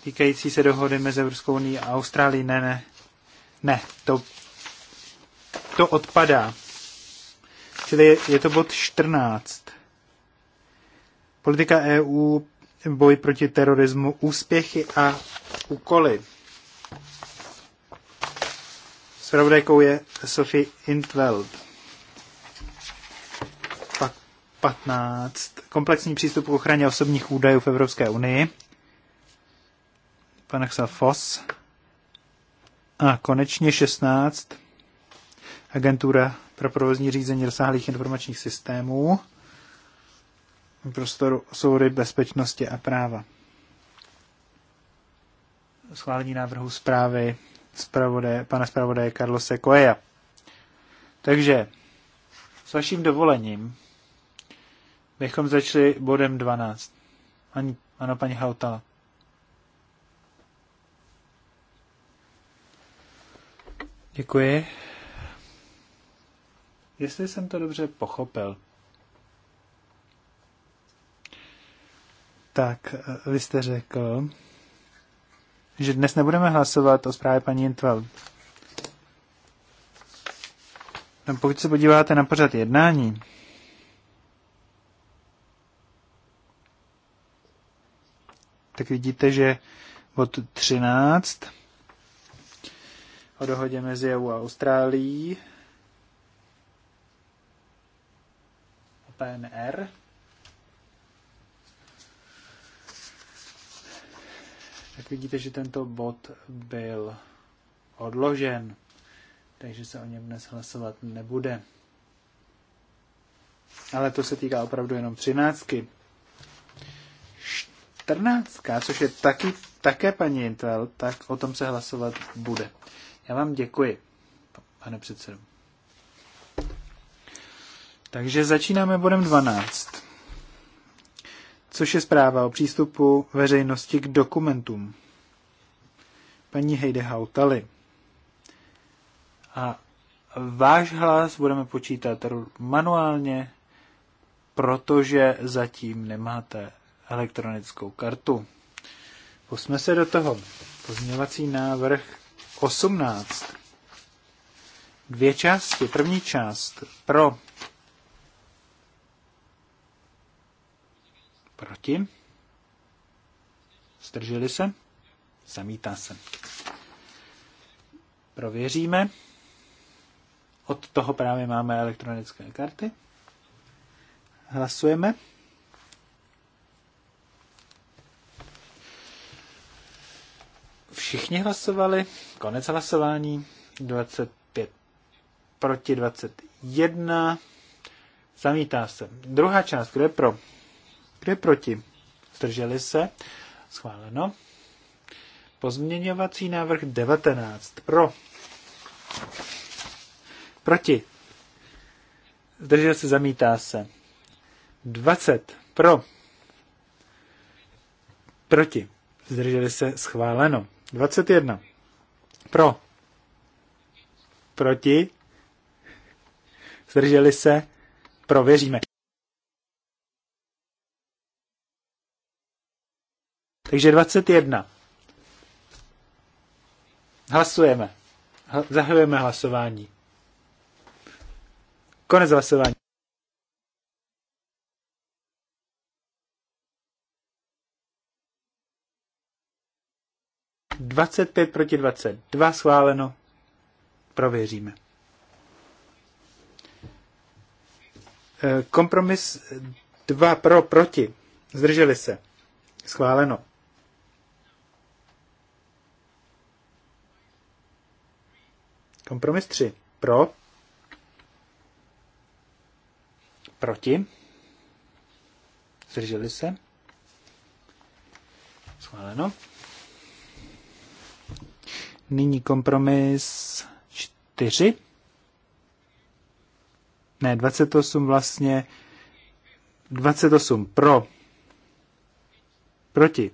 týkající se dohody mezi Evropskou unii a Austrálií. Ne, ne, ne, to, to odpadá. Čili je, je to bod 14. Politika EU, boj proti terorismu, úspěchy a úkoly. Spravodajkou je Sophie Intveld. 15. Komplexní přístup k ochraně osobních údajů v Evropské unii. Pan Axel Foss. A konečně 16. Agentura pro provozní řízení rozsáhlých informačních systémů prostoru soudy bezpečnosti a práva. Schválení návrhu zprávy zpravodaje, pana zpravodaje Carlose Coeja. Takže s vaším dovolením bychom začali bodem 12. Ani, ano, paní Hautala. Děkuji. Jestli jsem to dobře pochopil, tak eh, vy jste řekl, že dnes nebudeme hlasovat o zprávě paní Intval. No, pokud se podíváte na pořad jednání, tak vidíte, že od 13 o dohodě mezi EU a Austrálií o PNR tak vidíte, že tento bod byl odložen, takže se o něm dnes hlasovat nebude. Ale to se týká opravdu jenom třináctky. 14, což je taky, také paní Intel, tak o tom se hlasovat bude. Já vám děkuji, pane předsedo. Takže začínáme bodem 12, což je zpráva o přístupu veřejnosti k dokumentům. Paní Heide Hautali. A váš hlas budeme počítat manuálně, protože zatím nemáte elektronickou kartu. Pusme se do toho. Pozměňovací návrh 18. Dvě části. První část pro. Proti. Zdrželi se? Zamítá se. Prověříme. Od toho právě máme elektronické karty. Hlasujeme. Všichni hlasovali. Konec hlasování. 25 proti 21. Zamítá se. Druhá část. Kdo je pro? Kdo je proti? Zdrželi se. Schváleno. Pozměňovací návrh 19. Pro. Proti. Zdržel se, zamítá se. 20. Pro. Proti. Zdrželi se, schváleno. 21. Pro. Proti. Zdrželi se. Prověříme. Takže 21. Hlasujeme. Zahajujeme hlasování. Konec hlasování. 25 proti 22 schváleno. Prověříme. E, kompromis 2 pro, proti. Zdrželi se. Schváleno. Kompromis 3 pro. Proti. Zdrželi se. Schváleno. Nyní kompromis 4. Ne, 28 vlastně. 28 pro. Proti.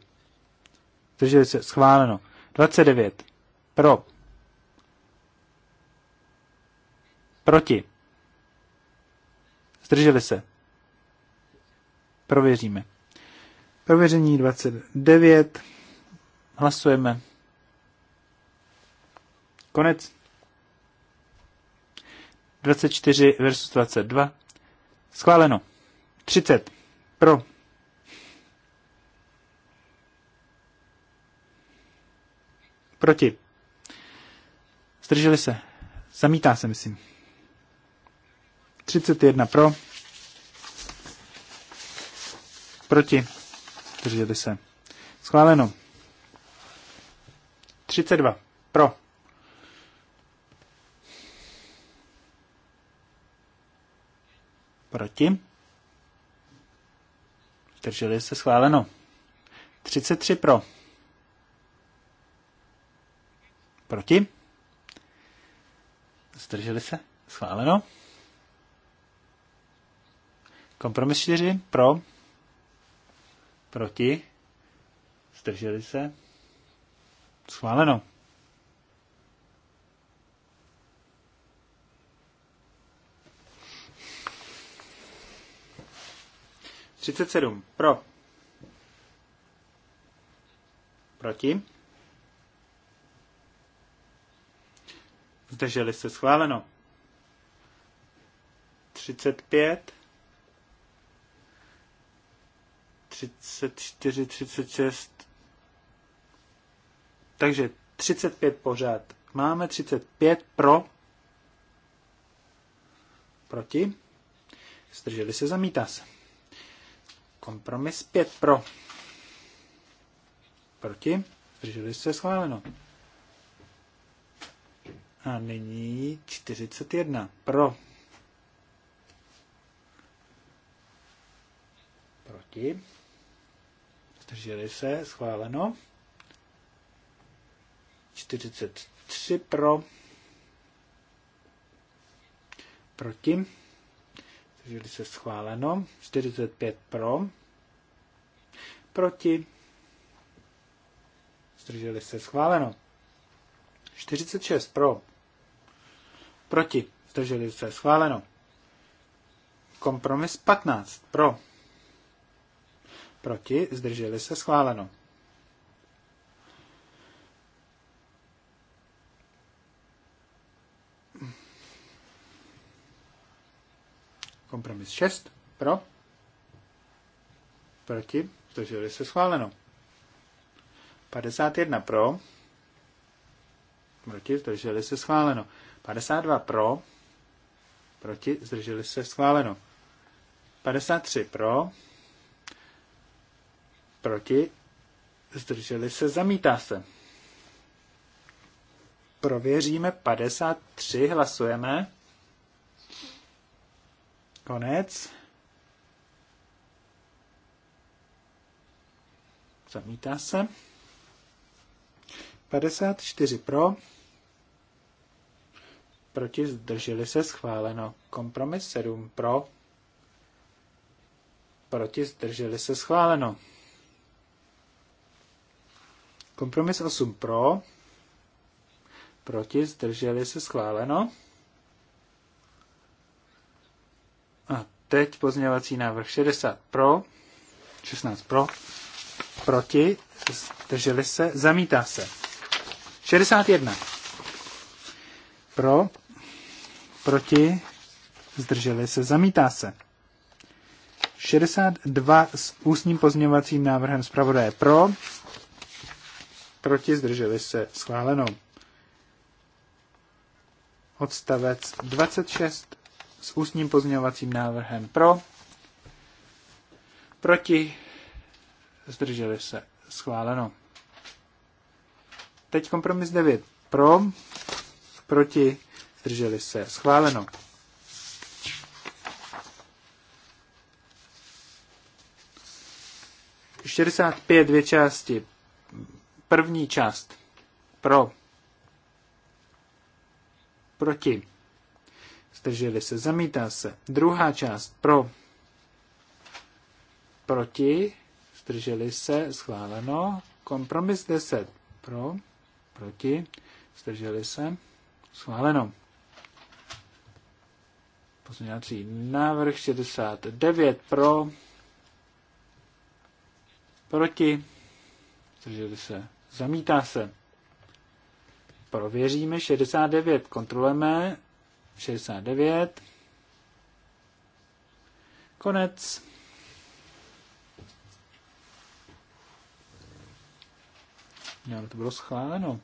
Drželi se. Schváleno. 29 pro. Proti. Zdrželi se. Prověříme. Prověření 29. Hlasujeme. Konec. 24 versus 22. Schváleno. 30. Pro. Proti. Zdrželi se. Zamítá se, myslím. 31 pro. Proti. Zdrželi se. Schváleno. 32 pro. Proti? Drželi se schváleno. 33 pro. Proti? Zdrželi se? Schváleno. Kompromis 4 pro. Proti? Zdrželi se? Schváleno. 37 pro. Proti. Zdrželi se schváleno. 35. 34, 36. Takže 35 pořád. Máme 35 pro. Proti. Zdrželi se, zamítá se. Kompromis 5 pro. Proti. Zdrželi se schváleno. A nyní 41 pro. Proti. Zdrželi se schváleno. 43 pro. Proti Zdrželi se schváleno. 45 pro. Proti. Zdrželi se schváleno. 46 pro. Proti. Zdrželi se schváleno. Kompromis 15 pro. Proti. Zdrželi se schváleno. Kompromis 6 pro, proti, zdrželi se schváleno. 51 pro, proti, zdrželi se schváleno. 52 pro, proti, zdrželi se schváleno. 53 pro, proti, zdrželi se, zamítá se. Prověříme 53, hlasujeme. Konec. Zamítá se. 54 pro. Proti zdrželi se schváleno. Kompromis 7 pro. Proti zdrželi se schváleno. Kompromis 8 pro. Proti zdrželi se schváleno. A teď pozměňovací návrh 60 pro, 16 pro, proti, zdrželi se, zamítá se. 61 pro, proti, zdrželi se, zamítá se. 62 s ústním pozměňovacím návrhem zpravodaje pro, proti, zdrželi se, schváleno. Odstavec 26 s ústním pozměňovacím návrhem pro, proti, zdrželi se, schváleno. Teď kompromis 9 pro, proti, zdrželi se, schváleno. Šedesát pět dvě části. První část pro, proti zdrželi se, zamítá se. Druhá část pro, proti, zdrželi se, schváleno. Kompromis 10 pro, proti, zdrželi se, schváleno. Pozměňovací návrh 69 pro, proti, zdrželi se, zamítá se. Prověříme 69, kontrolujeme 69. Konec. No, to bylo schváleno.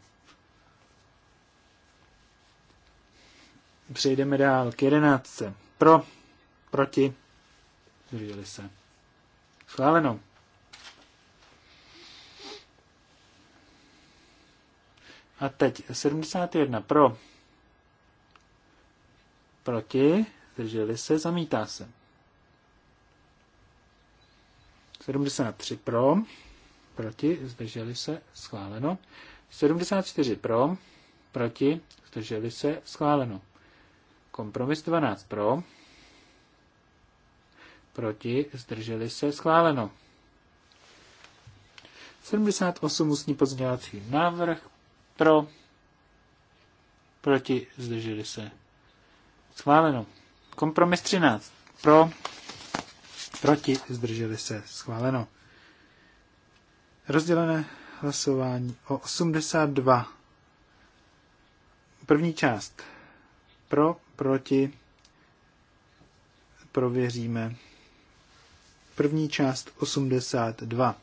Přejdeme dál k jedenáctce. Pro, proti, zdrželi se. Schváleno. A teď 71 pro, proti, zdrželi se, zamítá se. 73 pro, proti, zdrželi se, schváleno. 74 pro, proti, zdrželi se, schváleno. Kompromis 12 pro, proti, zdrželi se, schváleno. 78 ústní pozměňovací návrh pro, proti, zdrželi se, Schváleno. Kompromis 13. Pro. Proti. Zdrželi se. Schváleno. Rozdělené hlasování o 82. První část. Pro. Proti. Prověříme. První část 82.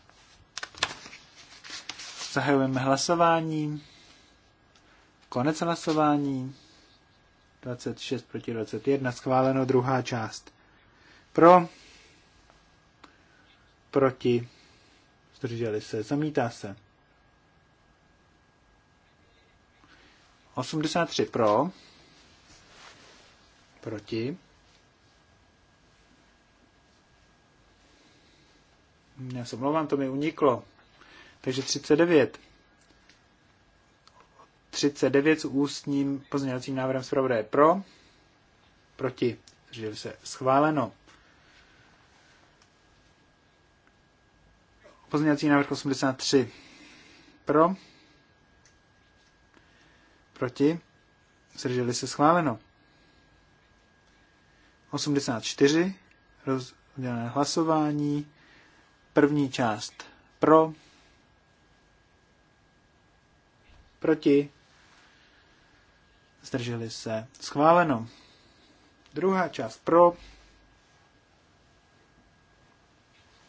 Zahajujeme hlasování. Konec hlasování. 26 proti 21, schváleno druhá část. Pro, proti, zdrželi se, zamítá se. 83 pro, proti, já se omlouvám, to mi uniklo. Takže 39 39 s ústním pozměňovacím návrhem zpravodaje pro, proti, zdrželi se, schváleno. Pozměňovací návrh 83 pro, proti, zdrželi se, schváleno. 84 rozdělené hlasování, první část pro, proti, zdrželi se, schváleno. Druhá část pro,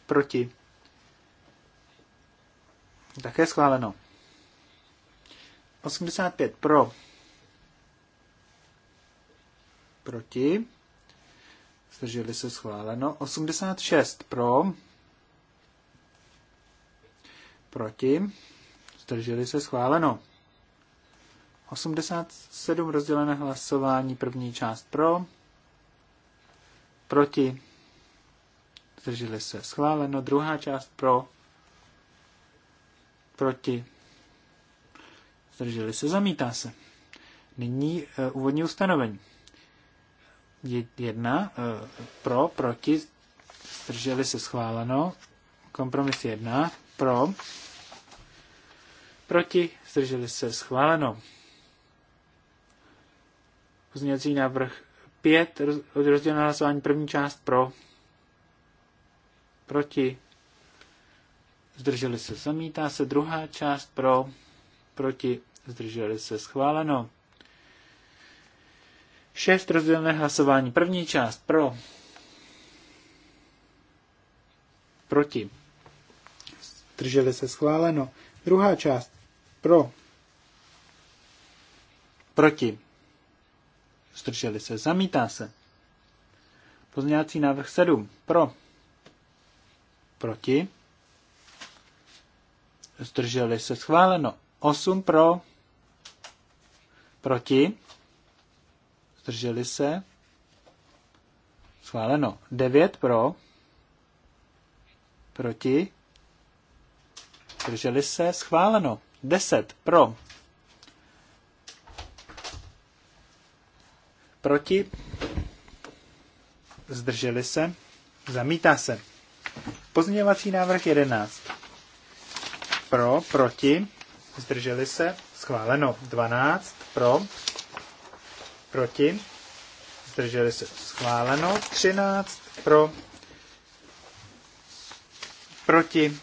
proti, také schváleno. 85 pro, proti, zdrželi se schváleno. 86 pro, proti, zdrželi se schváleno. 87 rozdělené hlasování, první část pro, proti, zdrželi se schváleno, druhá část pro, proti, zdrželi se, zamítá se. Nyní e, úvodní ustanovení. Jedna, e, pro, proti, zdrželi se schváleno, kompromis jedna, pro, proti, zdrželi se schváleno. Pozměňovací návrh 5, rozdělené hlasování, první část pro, proti, zdrželi se, zamítá se, druhá část pro, proti, zdrželi se, schváleno. 6, rozdělené hlasování, první část pro, proti, zdrželi se, schváleno. Druhá část pro, proti, zdrželi se, zamítá se. Pozměňovací návrh 7. Pro. Proti. Zdrželi se schváleno. 8 pro. Proti. Zdrželi se. Schváleno. 9 pro. Proti. Zdrželi se. Schváleno. 10 pro. Proti? Zdrželi se? Zamítá se. Pozměňovací návrh 11. Pro, proti, zdrželi se, schváleno. 12, pro, proti, zdrželi se, schváleno. 13, pro, proti,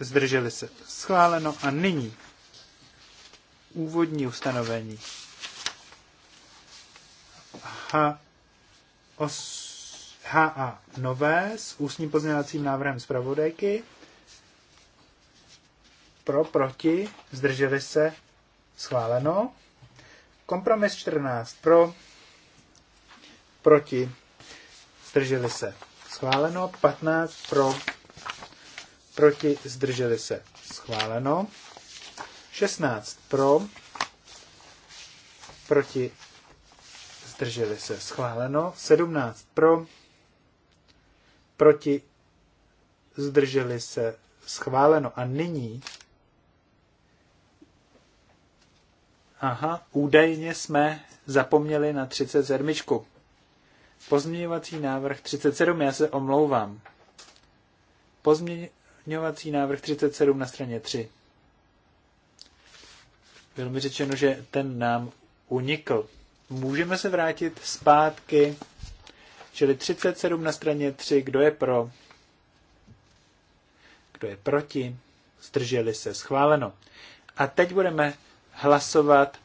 zdrželi se, schváleno. A nyní úvodní ustanovení H, os, HA nové s ústním pozměňovacím návrhem zpravodajky. Pro, proti, zdrželi se, schváleno. Kompromis 14 pro, proti, zdrželi se, schváleno. 15 pro, proti, zdrželi se, schváleno. 16 pro, proti, zdrželi se, schváleno. 17 pro, proti, zdrželi se, schváleno. A nyní, aha, údajně jsme zapomněli na 37. Pozměňovací návrh 37, já se omlouvám. Pozměňovací návrh 37 na straně 3. Bylo mi řečeno, že ten nám unikl. Můžeme se vrátit zpátky, čili 37 na straně 3, kdo je pro, kdo je proti, zdrželi se, schváleno. A teď budeme hlasovat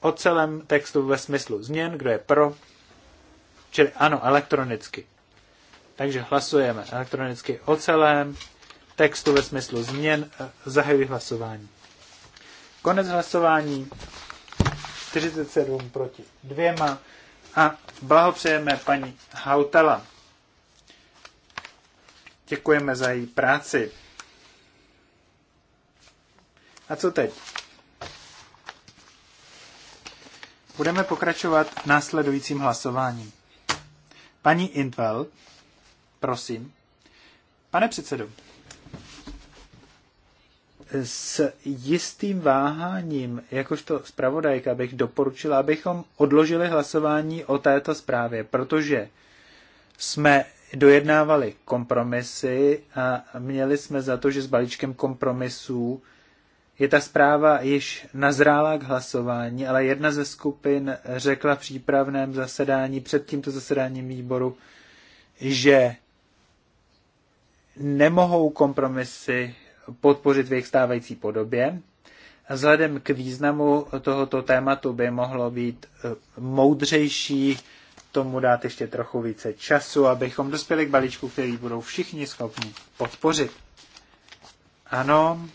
o celém textu ve smyslu změn, kdo je pro, čili ano, elektronicky. Takže hlasujeme elektronicky o celém textu ve smyslu změn, zahajuji hlasování. Konec hlasování. 47 proti dvěma a blahopřejeme paní Hautala. Děkujeme za její práci. A co teď? Budeme pokračovat následujícím hlasováním. Paní Intvel, prosím. Pane předsedo, s jistým váháním, jakožto zpravodajka, bych doporučila, abychom odložili hlasování o této zprávě, protože jsme dojednávali kompromisy a měli jsme za to, že s balíčkem kompromisů je ta zpráva již nazrála k hlasování, ale jedna ze skupin řekla v přípravném zasedání před tímto zasedáním výboru, že nemohou kompromisy podpořit v jejich stávající podobě. vzhledem k významu tohoto tématu by mohlo být eh, moudřejší tomu dát ještě trochu více času, abychom dospěli k balíčku, který budou všichni schopni podpořit. Ano,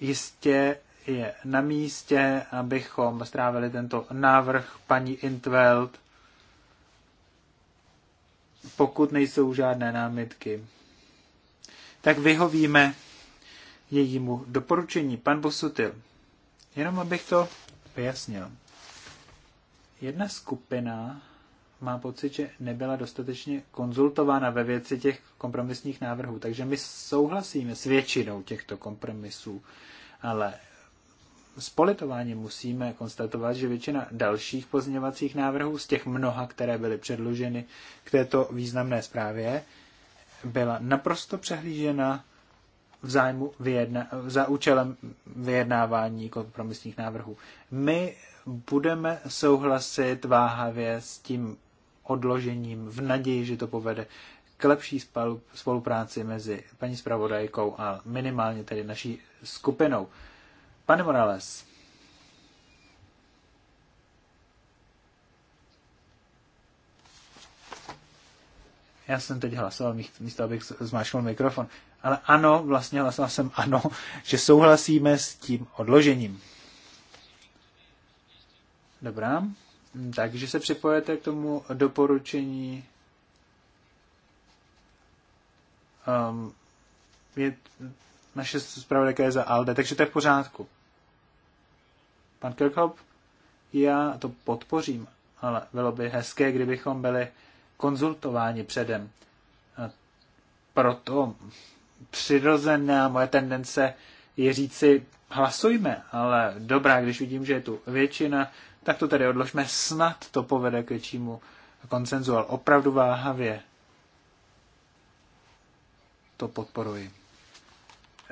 jistě je na místě, abychom strávili tento návrh paní Intveld, pokud nejsou žádné námitky tak vyhovíme jejímu doporučení. Pan Busutil, jenom abych to vyjasnil. Jedna skupina má pocit, že nebyla dostatečně konzultována ve věci těch kompromisních návrhů. Takže my souhlasíme s většinou těchto kompromisů, ale s politováním musíme konstatovat, že většina dalších pozměňovacích návrhů z těch mnoha, které byly předloženy k této významné zprávě, byla naprosto přehlížena v zájmu vyjedna, za účelem vyjednávání kompromisních návrhů. My budeme souhlasit váhavě s tím odložením v naději, že to povede k lepší spolupráci mezi paní zpravodajkou a minimálně tedy naší skupinou. Pane Morales, Já jsem teď hlasoval místo, abych zmáčknul mikrofon. Ale ano, vlastně hlasoval jsem ano, že souhlasíme s tím odložením. Dobrá. Takže se připojete k tomu doporučení. Um, je naše zpravodajka je za ALDE, takže to je v pořádku. Pan Kirchhoff, já to podpořím, ale bylo by hezké, kdybychom byli konzultováni předem. A proto přirozená moje tendence je říci, hlasujme, ale dobrá, když vidím, že je tu většina, tak to tedy odložme, snad to povede k většímu koncenzu, ale opravdu váhavě to podporuji.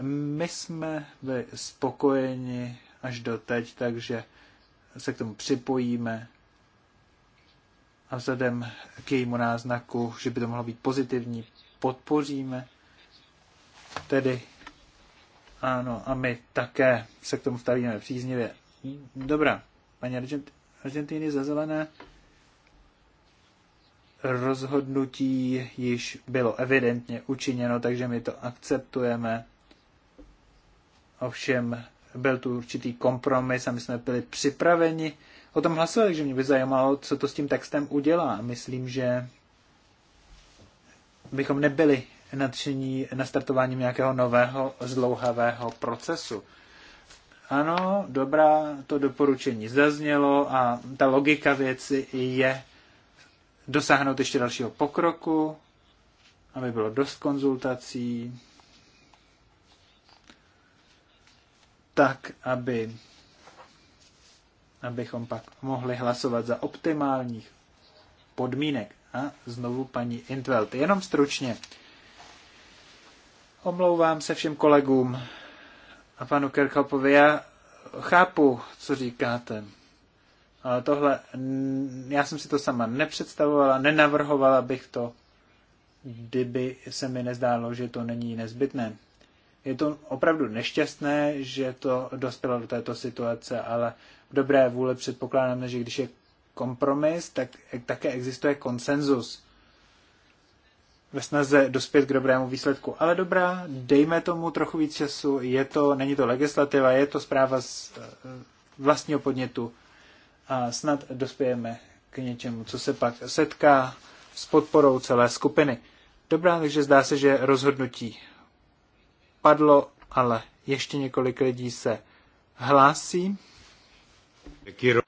My jsme byli spokojeni až doteď, takže se k tomu připojíme a vzhledem k jejímu náznaku, že by to mohlo být pozitivní, podpoříme. Tedy ano, a my také se k tomu stavíme příznivě. Dobrá, paní Argent, Argentíny za zelené rozhodnutí již bylo evidentně učiněno, takže my to akceptujeme. Ovšem byl tu určitý kompromis a my jsme byli připraveni o tom hlasovali, že mě by zajímalo, co to s tím textem udělá. Myslím, že bychom nebyli nadšení nastartováním nějakého nového zlouhavého procesu. Ano, dobrá, to doporučení zaznělo a ta logika věci je dosáhnout ještě dalšího pokroku, aby bylo dost konzultací, tak, aby abychom pak mohli hlasovat za optimálních podmínek. A znovu paní Intveld, jenom stručně. Omlouvám se všem kolegům a panu Kerkalpovi. Já chápu, co říkáte. Ale tohle, já jsem si to sama nepředstavovala, nenavrhovala bych to, kdyby se mi nezdálo, že to není nezbytné. Je to opravdu nešťastné, že to dospělo do této situace, ale dobré vůle předpokládáme, že když je kompromis, tak e- také existuje konsenzus ve snaze dospět k dobrému výsledku. Ale dobrá, dejme tomu trochu víc času, je to, není to legislativa, je to zpráva z e, vlastního podnětu a snad dospějeme k něčemu, co se pak setká s podporou celé skupiny. Dobrá, takže zdá se, že rozhodnutí padlo, ale ještě několik lidí se hlásí.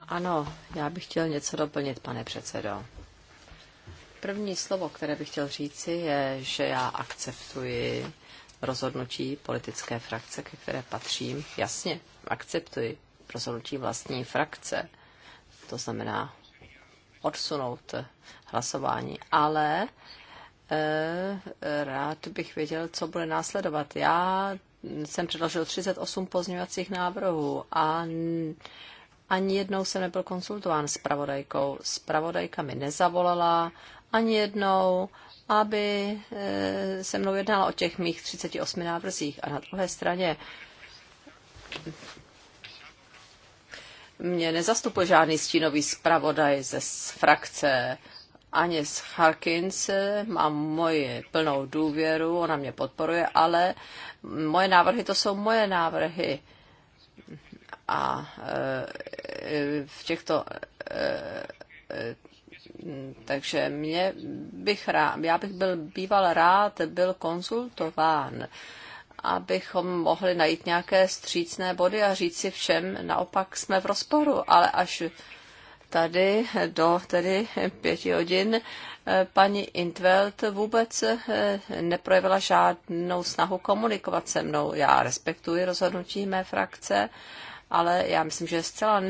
Ano, já bych chtěl něco doplnit, pane předsedo. První slovo, které bych chtěl říci, je, že já akceptuji rozhodnutí politické frakce, ke které patřím. Jasně, akceptuji rozhodnutí vlastní frakce. To znamená odsunout hlasování. Ale e, rád bych věděl, co bude následovat. Já jsem předložil 38 pozměňovacích návrhů a ani jednou jsem nebyl konsultován s pravodajkou. Spravodajka mi nezavolala ani jednou, aby eh, se mnou jednala o těch mých 38 návrzích. A na druhé straně mě nezastupuje žádný stínový zpravodaj ze frakce ani z Harkins, mám moji plnou důvěru, ona mě podporuje, ale moje návrhy to jsou moje návrhy. A e, v těchto e, e, takže mě bych rád, já bych byl býval rád, byl konzultován, abychom mohli najít nějaké střícné body a říct si, v čem naopak jsme v rozporu. Ale až tady do tedy pěti hodin paní Intveld vůbec neprojevila žádnou snahu komunikovat se mnou. Já respektuji rozhodnutí mé frakce ale já myslím, že je zcela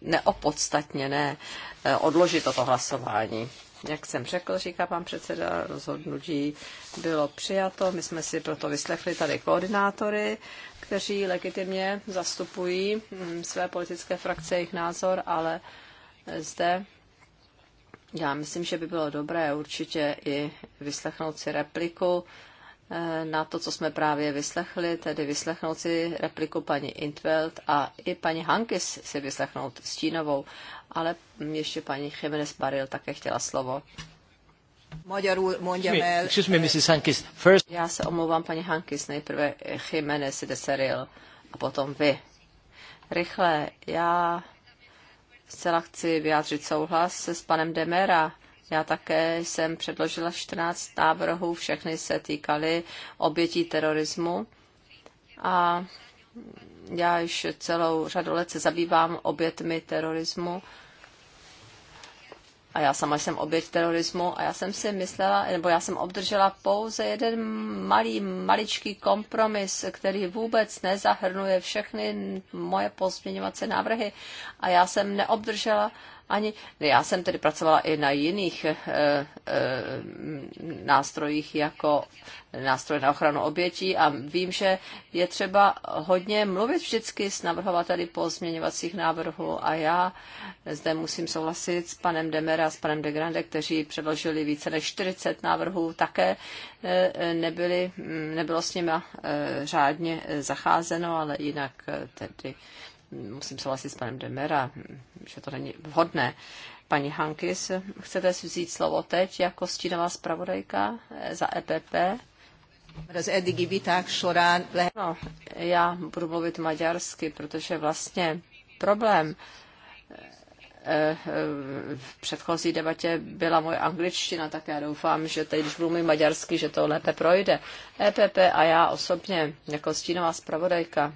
neopodstatněné ne, eh, odložit toto hlasování. Jak jsem řekl, říká pan předseda, rozhodnutí bylo přijato. My jsme si proto vyslechli tady koordinátory, kteří legitimně zastupují mm, své politické frakce, jejich názor, ale eh, zde já myslím, že by bylo dobré určitě i vyslechnout si repliku na to, co jsme právě vyslechli, tedy vyslechnout si repliku paní Intveld a i paní Hankis si vyslechnout s Čínovou, ale ještě paní Jiménez Baril také chtěla slovo. Magyarul mondjam el. Excuse me, Mrs. Hankis. First... Já se omlouvám, paní Hankis, nejprve Jiménez de Seril a potom vy. Rychle, já zcela chci vyjádřit souhlas s panem Demera já také jsem předložila 14 návrhů, všechny se týkaly obětí terorismu. A já již celou řadu let se zabývám obětmi terorismu. A já sama jsem oběť terorismu a já jsem si myslela, nebo já jsem obdržela pouze jeden malý, maličký kompromis, který vůbec nezahrnuje všechny moje pozměňovací návrhy. A já jsem neobdržela ani já jsem tedy pracovala i na jiných e, e, nástrojích jako nástroj na ochranu obětí a vím, že je třeba hodně mluvit vždycky s navrhovateli pozměňovacích návrhů a já zde musím souhlasit s panem Demera a s panem Degrande, kteří předložili více než 40 návrhů, také eh, nebyly, mm, nebylo s nimi řádně zacházeno, ale jinak tedy musím souhlasit s panem Demera, že to není vhodné. Paní Hankis, chcete si vzít slovo teď jako stínová zpravodajka za EPP? viták No, já budu mluvit maďarsky, protože vlastně problém eh, eh, v předchozí debatě byla moje angličtina, tak já doufám, že teď, když budu mít maďarsky, že to lépe projde. EPP a já osobně jako stínová zpravodajka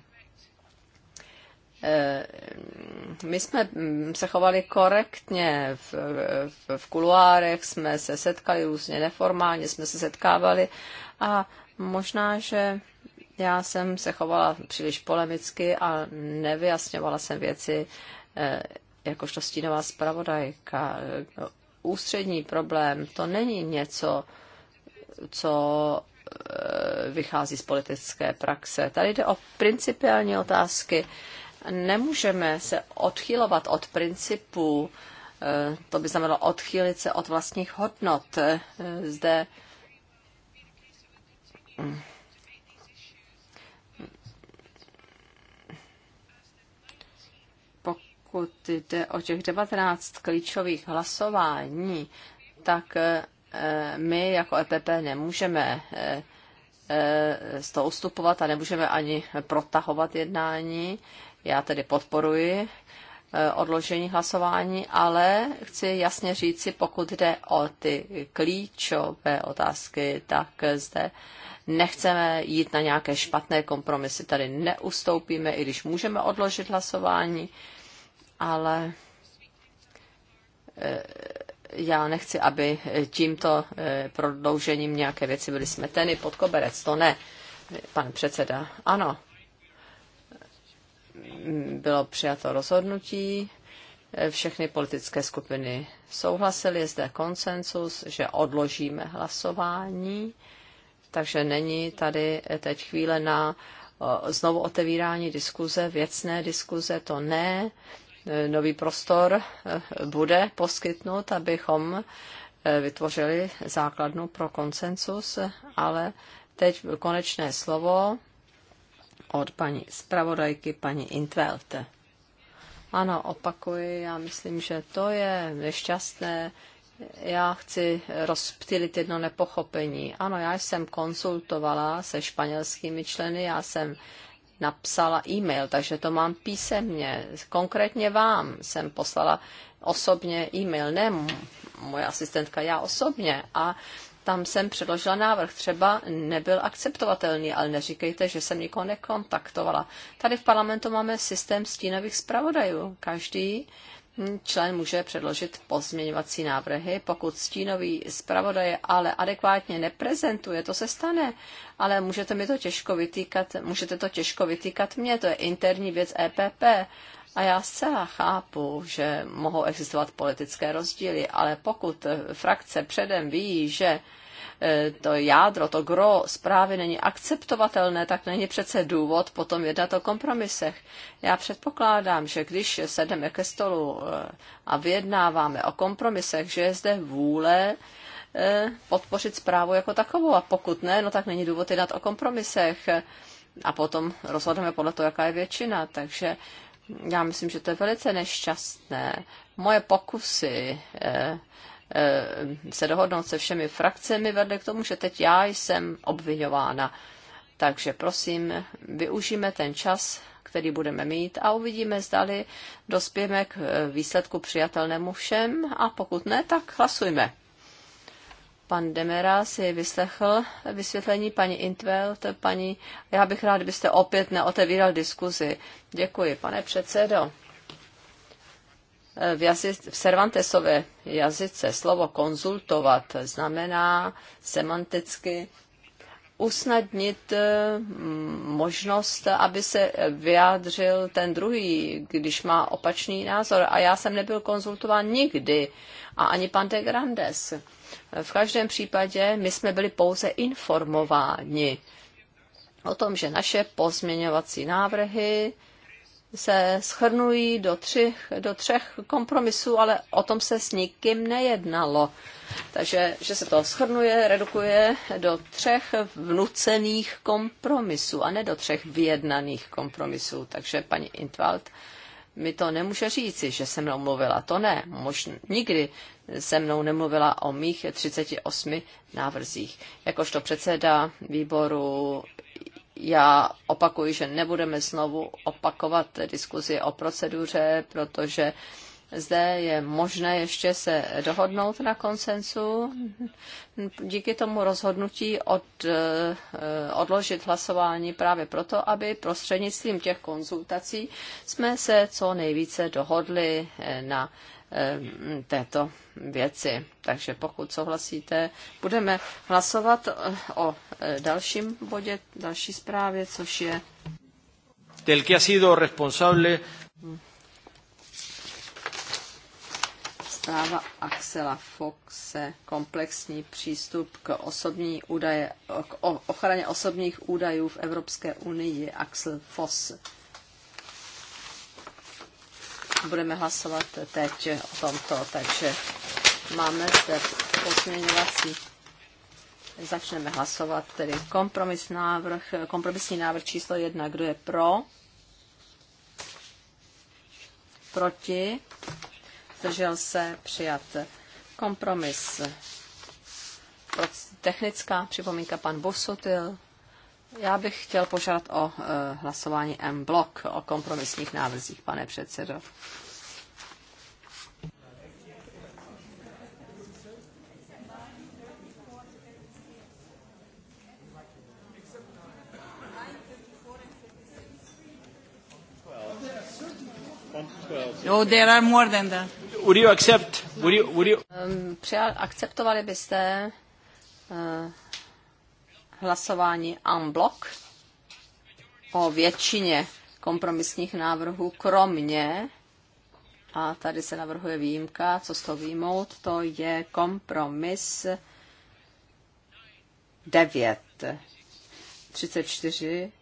Eh, my jsme mm, se chovali korektně v, v, v kuluárech, jsme se setkali různě neformálně, jsme se setkávali a možná, že já jsem se chovala příliš polemicky a nevyjasňovala jsem věci eh, jakožto stínová zpravodajka. Eh, ústřední problém to není něco, co vychází z politické praxe. Tady jde o principiální otázky nemůžeme se odchylovat od principů, eh, to by znamenalo odchylit se od vlastních hodnot. Eh, zde pokud jde o těch 19 klíčových hlasování, tak eh, my jako EPP nemůžeme z toho ustupovat a nemůžeme ani protahovat jednání. Já tedy podporuji e, odložení hlasování, ale chci jasně říci, pokud jde o ty klíčové otázky, tak zde nechceme jít na nějaké špatné kompromisy. Tady neustoupíme, i když můžeme odložit hlasování, ale e, já nechci, aby tímto e, prodloužením nějaké věci byly smeteny pod koberec. To ne, pan předseda. Ano, bylo přijato rozhodnutí, všechny politické skupiny souhlasily, je zde konsensus, že odložíme hlasování, takže není tady teď chvíle na znovu otevírání diskuze, věcné diskuze, to ne. Nový prostor eh, bude poskytnut, abychom eh, vytvořili základnu pro konsensus, ale teď konečné slovo od paní zpravodajky, paní Intvelte. Ano, opakuji, já myslím, že to je nešťastné. Já chci rozptýlit jedno nepochopení. Ano, já jsem konsultovala se španělskými členy, já jsem napsala e-mail, takže to mám písemně. Konkrétně vám jsem poslala osobně e-mail, ne moje asistentka, já osobně. A tam jsem předložila návrh. Třeba nebyl akceptovatelný, ale neříkejte, že jsem nikoho nekontaktovala. Tady v parlamentu máme systém stínových zpravodajů. Každý člen může předložit pozměňovací návrhy. Pokud stínový zpravodaj ale adekvátně neprezentuje, to se stane. Ale můžete mi to těžko vytýkat, můžete to těžko vytýkat mně, to je interní věc EPP. A já zcela chápu, že mohou existovat politické rozdíly, ale pokud frakce předem ví, že e, to jádro, to gro zprávy není akceptovatelné, tak není přece důvod potom jednat o kompromisech. Já předpokládám, že když sedeme ke stolu e, a vyjednáváme o kompromisech, že je zde vůle e, podpořit zprávu jako takovou a pokud ne, no tak není důvod jednat o kompromisech a potom rozhodneme podle toho, jaká je většina. Takže já myslím, že to je velice nešťastné. Moje pokusy eh, eh, se dohodnout se všemi frakcemi vedly k tomu, že teď já jsem obvinována. Takže prosím, využijeme ten čas, který budeme mít a uvidíme, zdali dospějeme k eh, výsledku přijatelnému všem a pokud ne, tak hlasujme. Pan Demera si vyslechl vysvětlení paní Intveld. Paní, já bych rád, byste opět neotevíral diskuzi. Děkuji, pane předsedo. V, jazyc, v Cervantesově jazyce slovo konzultovat znamená semanticky usnadnit eh, možnost, aby se vyjádřil ten druhý, když má opačný názor. A já jsem nebyl konzultován nikdy a ani pan de Grandes. V každém případě my jsme byli pouze informováni o tom, že naše pozměňovací návrhy se schrnují do, třech do třech kompromisů, ale o tom se s nikým nejednalo. Takže že se to schrnuje, redukuje do třech vnucených kompromisů a ne do třech vyjednaných kompromisů. Takže paní Intwald mi to nemůže říci, že se mnou mluvila. To ne, možná nikdy se mnou nemluvila o mých 38 návrzích. Jakožto předseda výboru já opakuji, že nebudeme znovu opakovat diskuzi o proceduře, protože zde je možné ještě se dohodnout na konsensu. Díky tomu rozhodnutí od, eh, odložit hlasování právě proto, aby prostřednictvím těch konzultací jsme se co nejvíce dohodli eh, na Eh, této věci. Takže pokud souhlasíte, budeme hlasovat eh, o eh, dalším bodě, další zprávě, což je del que ha sido responsable zpráva Axela Foxe, komplexní přístup k, osobní údaje, k ochraně osobních údajů v Evropské unii, Axel Foss budeme hlasovat teď o tomto, takže máme zde pozměňovací. Začneme hlasovat, tedy kompromis návrh, kompromisní návrh číslo jedna. Kdo je pro? Proti? Zdržel se přijat kompromis. Technická připomínka pan Bosotil. Já bych chtěl požádat o eh, hlasování M blok o kompromisních návrzích, pane předsedo. No, there are more than that. Would you accept? Would you, would you... Um, přijal, akceptovali byste uh, hlasování en bloc o většině kompromisních návrhů, kromě, a tady se navrhuje výjimka, co z toho výjmout, to je kompromis 9, 34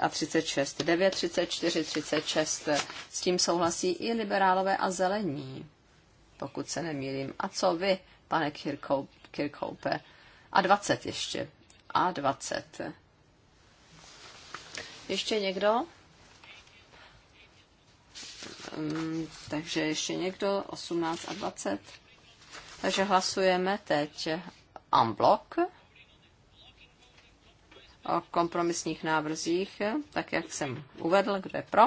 a 36. 9, 34, 36. S tím souhlasí i liberálové a zelení, pokud se nemýlím. A co vy, pane Kirkoupe? A 20 ještě a 20. Ještě někdo? Mm, takže ještě někdo? 18 a 20. Takže hlasujeme teď unblock o kompromisních návrzích, tak jak jsem uvedl, kdo je pro.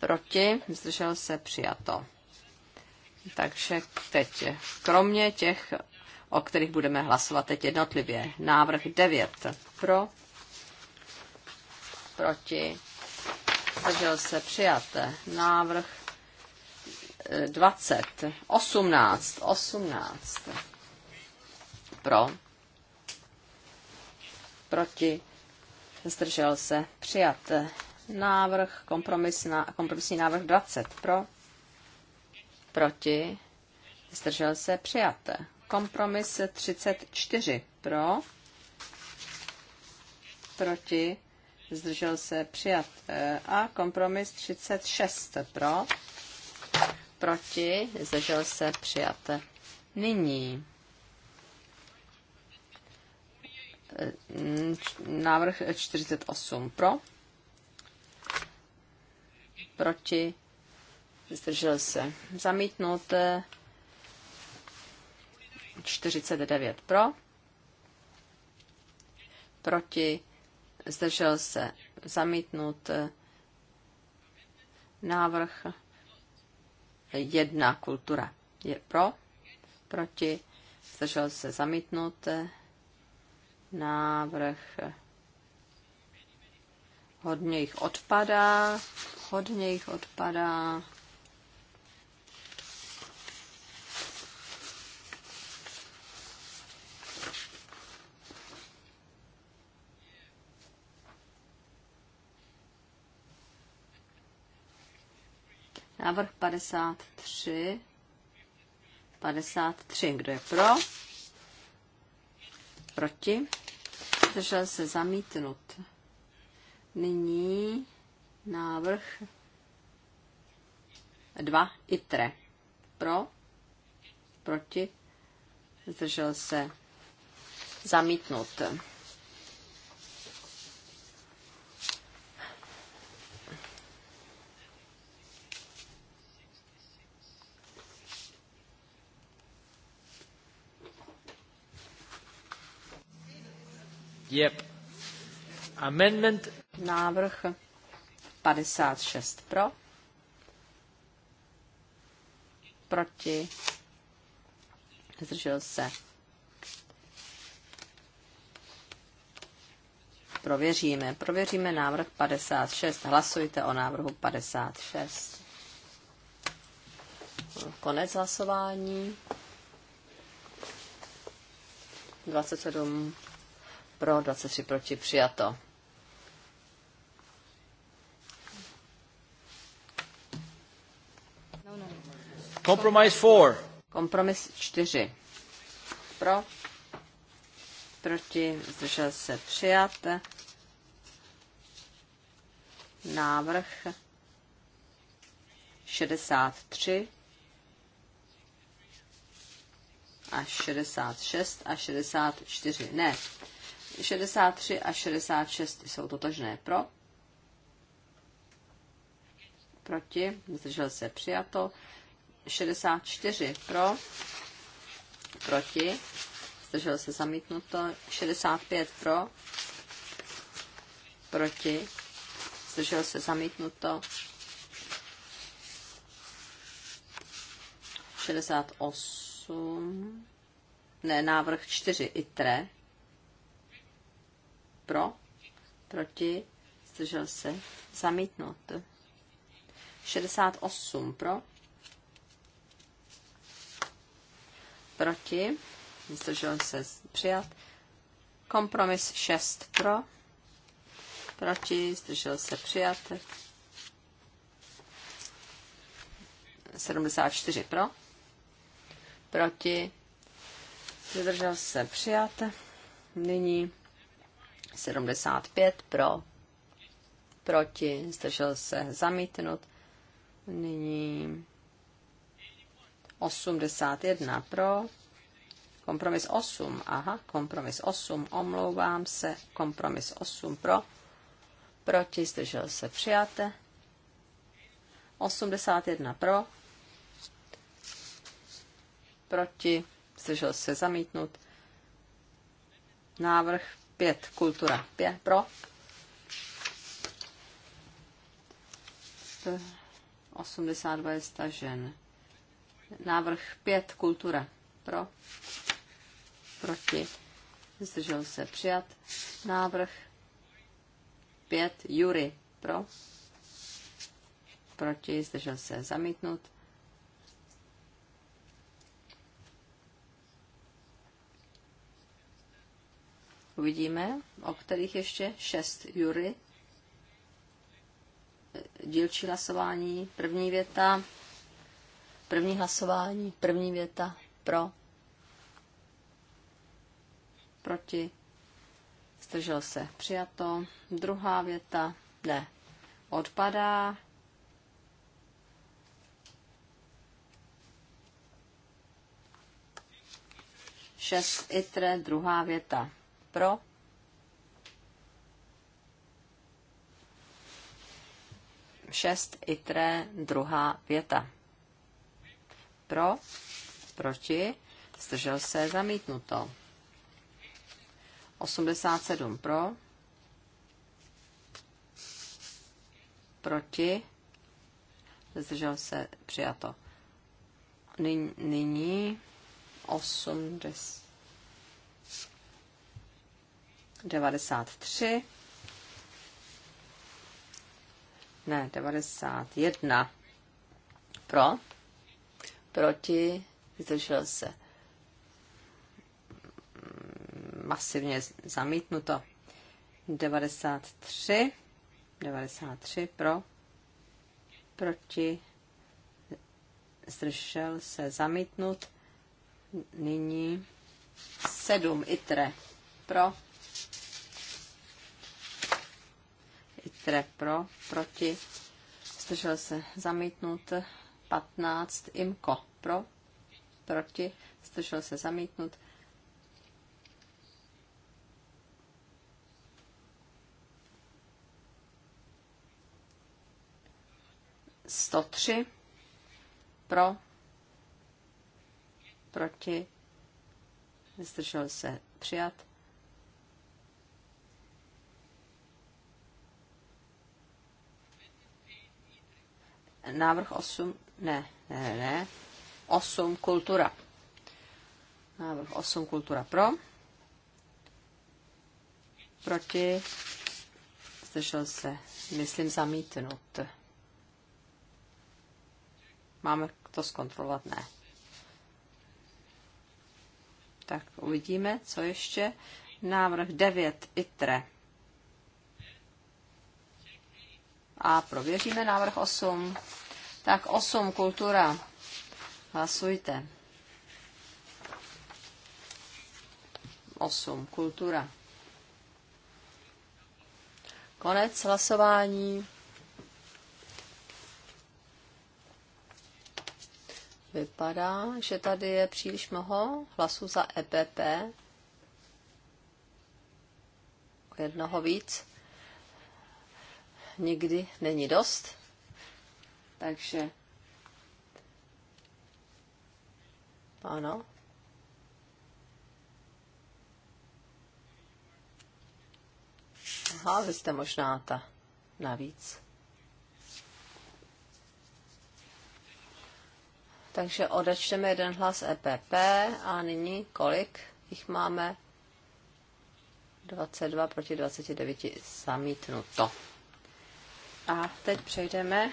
Proti, zdržel se, přijato. Takže teď, kromě těch o kterých budeme hlasovat teď jednotlivě. Návrh 9 pro, proti, zdržel se přijat. Návrh 20, 18, 18 pro, proti, zdržel se přijat. Návrh, kompromis na, kompromisní návrh 20 pro, proti, zdržel se přijat. Kompromis 34 pro, proti, zdržel se přijat. E, A kompromis 36 pro, proti, zdržel se přijat. Nyní e, návrh 48 pro, proti, zdržel se zamítnout 49 pro, proti, zdržel se zamítnut návrh 1 kultura je pro, proti, zdržel se zamítnut návrh hodně jich odpadá, hodně jich odpadá Návrh 53. 53. Kdo je pro? Proti? Držel se zamítnut. Nyní návrh 2. ITRE. Pro? Proti? Zdržel se zamítnout. Yep. Amendment. Návrh 56 pro. Proti. Zdržel se. Prověříme. Prověříme návrh 56. Hlasujte o návrhu 56. Konec hlasování. 27 pro, 23 proti, přijato. Compromise 4. Kompromis 4. Pro, proti, zdržel se přijat. Návrh 63 a 66 a 64. Ne, 63 a 66 jsou totožné pro. Proti. Zdržel se přijato. 64 pro. Proti. Zdržel se zamítnuto. 65 pro. Proti. Zdržel se zamítnuto. 68. Ne, návrh 4 i ITRE pro, proti, zdržel se, zamítnut. 68 pro, proti, zdržel se, přijat. Kompromis 6 pro, proti, zdržel se, přijat. 74 pro, proti, zdržel se, přijat. Nyní 75 pro, proti, zdržel se zamítnut. Nyní 81 pro, kompromis 8, aha, kompromis 8, omlouvám se, kompromis 8 pro, proti, zdržel se přijate. 81 pro, proti, zdržel se zamítnut. Návrh 5, kultura 5 pro. 82 je stažen. Návrh 5, kultura pro. Proti. Zdržel se přijat. Návrh 5, Jury pro. Proti. Zdržel se zamítnut. Uvidíme, o kterých ještě šest jury. Dílčí hlasování, první věta, první hlasování, první věta pro, proti, zdržel se, přijato, druhá věta, ne, odpadá, šest itre, druhá věta pro, šest itré, druhá věta. Pro, proti, zdržel se, zamítnuto. 87 pro, proti, zdržel se, přijato. Nyní 80. 93. Ne, 91. Pro. Proti. Zdržel se. Mm, masivně zamítnuto. 93. 93 pro. Proti. Zdržel se zamítnut. Nyní 7 itre pro ITRE pro, proti, zdržel se zamítnut, 15 IMKO pro, proti, zdržel se zamítnut, Sto tři pro, proti, zdržel se přijat. návrh 8, ne, ne, ne, 8 kultura. Návrh 8 kultura pro. Proti. Zdržel se. Myslím zamítnut. Máme to zkontrolovat? Ne. Tak uvidíme, co ještě. Návrh 9 ITRE. a prověříme návrh 8. Tak 8, kultura. Hlasujte. 8, kultura. Konec hlasování. Vypadá, že tady je příliš mnoho hlasů za EPP. Jednoho víc nikdy není dost. Takže ano. Aha, vy jste možná ta navíc. Takže odečteme jeden hlas EPP a nyní kolik jich máme? 22 proti 29 zamítnuto. A teď přejdeme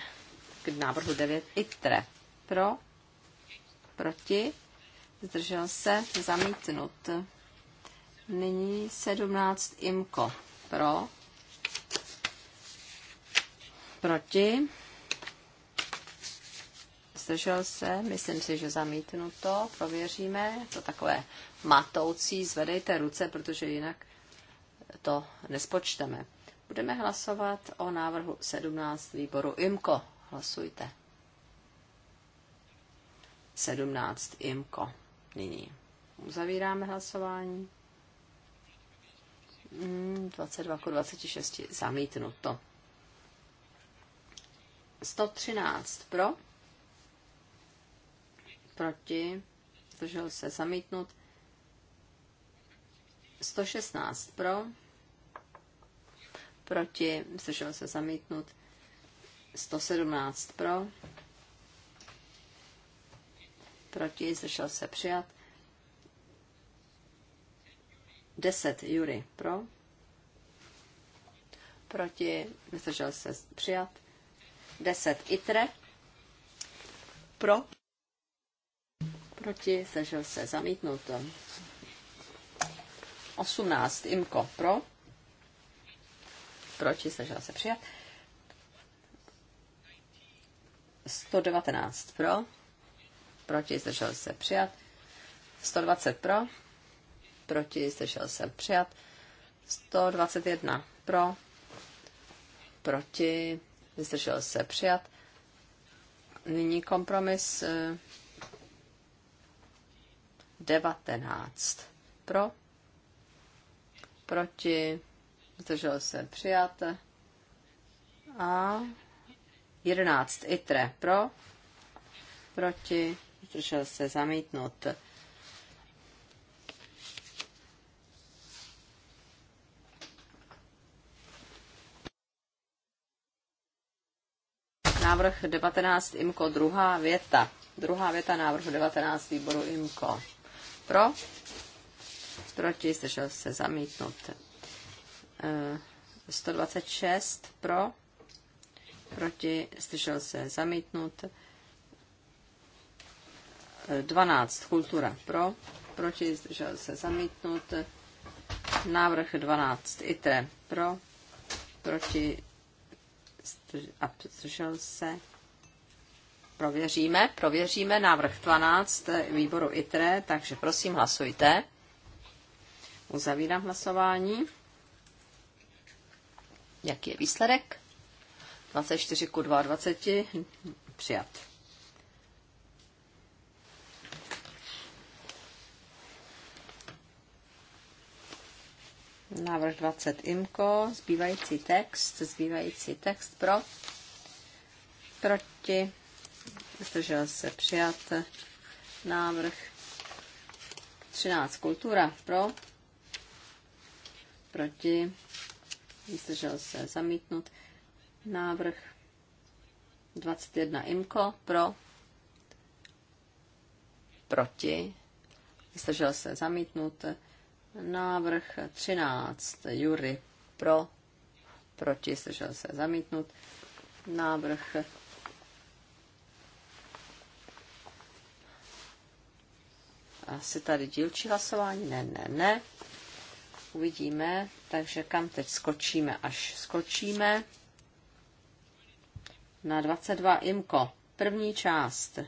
k návrhu 9 ITRE. Pro, proti, zdržel se, zamítnut. Nyní 17 IMKO. Pro, proti, zdržel se, myslím si, že zamítnu to, prověříme, to takové matoucí, zvedejte ruce, protože jinak to nespočteme. Budeme hlasovat o návrhu 17 výboru IMKO. Hlasujte. 17 IMKO. Nyní uzavíráme hlasování. 22 k 26 zamítnuto. 113 pro, proti, zdržel se zamítnut. 116 pro, proti, zdržel se zamítnut, 117 pro, proti, zdržel se přijat, 10 jury pro, proti, zdržel se přijat, 10 itre pro, proti, zdržel se zamítnut, 18 imko pro, proč proti, snažila se přijat. 119 pro, proti, zdržel se přijat. 120 pro, proti, zdržel se přijat. 121 pro, proti, zdržel se přijat. Nyní kompromis 19 eh, pro, proti, zdržel se přijat. A 11 itre pro, proti, zdržel se zamítnut. Návrh 19 IMKO, druhá věta. Druhá věta návrhu 19 výboru IMKO. Pro, proti, zdržel se zamítnut. 126 eh, pro, proti, zdržel se zamítnut. 12 eh, kultura pro, proti, zdržel se zamítnut. Návrh 12 ITRE pro, proti, zdržel se. Prověříme, prověříme návrh 12 výboru ITRE, takže prosím hlasujte. Uzavírám hlasování. Jaký je výsledek? 24 ku 22 přijat. Návrh 20 IMKO, zbývající text, zbývající text pro, proti, zdržel se přijat návrh 13 kultura pro, proti, zdržel se zamítnut. Návrh 21 IMKO pro, proti, zdržel se zamítnut. Návrh 13 Jury pro, proti, zdržel se zamítnut. Návrh asi tady dílčí hlasování, ne, ne, ne. Uvidíme, takže kam teď skočíme, až skočíme? Na 22 imko. První část.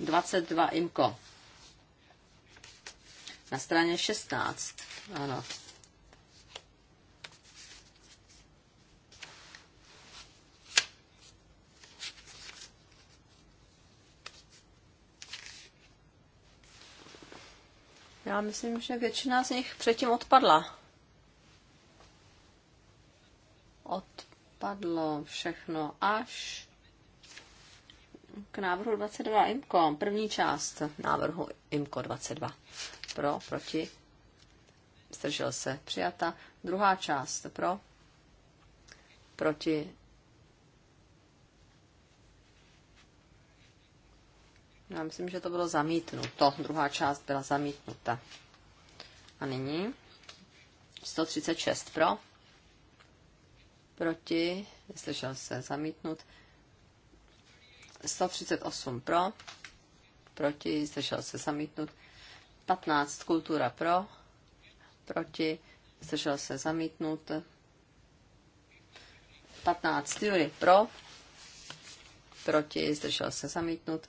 22 imko. Na straně 16. Ano, Já myslím, že většina z nich předtím odpadla. Odpadlo všechno až k návrhu 22 IMKO, první část návrhu IMKO 22. Pro, proti, zdržel se, přijata. Druhá část pro, proti, Já myslím, že to bylo zamítnuto. Druhá část byla zamítnuta. A nyní 136 pro, proti, Neslyšel se zamítnut, 138 pro, proti, zdržel se zamítnut, 15 kultura pro, proti, zdržel se zamítnut, 15 jury pro, proti, zdržel se zamítnut,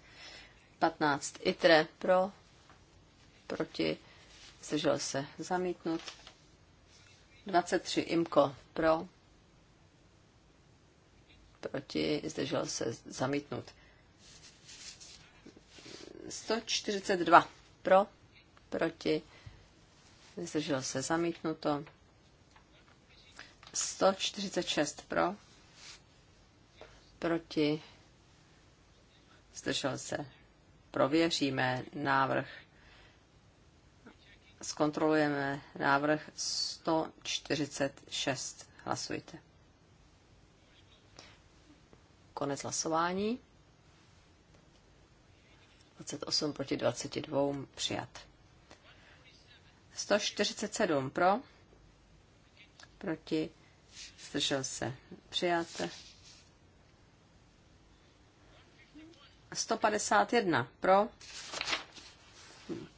15. ITRE pro, proti, zdržel se zamítnut. 23. IMKO pro, proti, zdržel se zamítnut. 142 pro, proti, zdržel se zamítnuto. 146 pro, proti, zdržel se prověříme návrh, zkontrolujeme návrh 146. Hlasujte. Konec hlasování. 28 proti 22 přijat. 147 pro, proti, zdržel se přijat. 151 pro.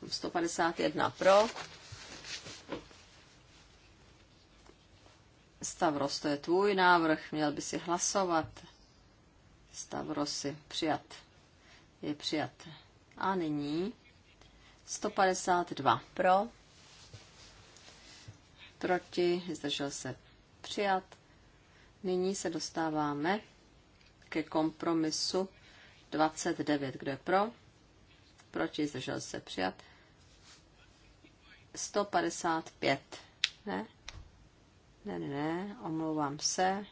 151 pro. Stavros, to je tvůj návrh, měl by si hlasovat. Stavrosy, přijat. Je přijat. A nyní 152 pro. Proti, zdržel se přijat. Nyní se dostáváme ke kompromisu 29, kdo je pro? Proti, zdržel se přijat. 155, ne? Ne, ne, ne, omlouvám se.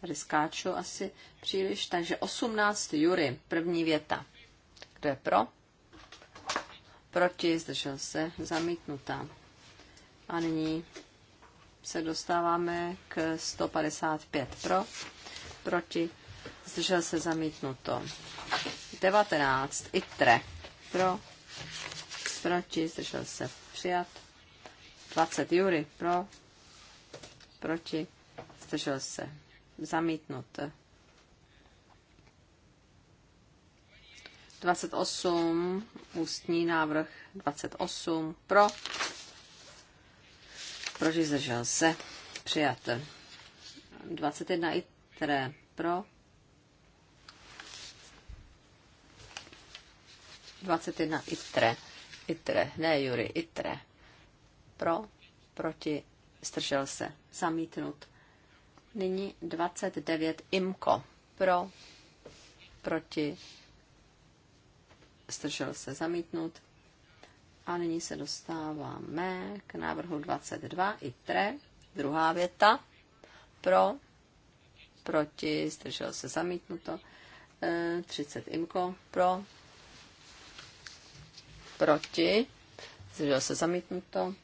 Tady skáču asi příliš. Takže 18 jury, první věta. Kdo je pro? Proti, zdržel se, zamítnutá. A nyní se dostáváme k 155 pro, proti, zdržel se zamítnuto. 19. ITRE pro, proti, zdržel se přijat. 20. Jury pro, proti, zdržel se zamítnut. 28, ústní návrh 28, pro, proti zdržel se, přijat. 21 ITRE pro, 21 itre. Itre, ne Jury, itre. Pro, proti, stržel se, zamítnut. Nyní 29 imko. Pro, proti, stržel se, zamítnut. A nyní se dostáváme k návrhu 22 itre. Druhá věta. Pro, proti, zdržel se zamítnuto. 30 e, imko pro, proti, zdržel se zamítnuto,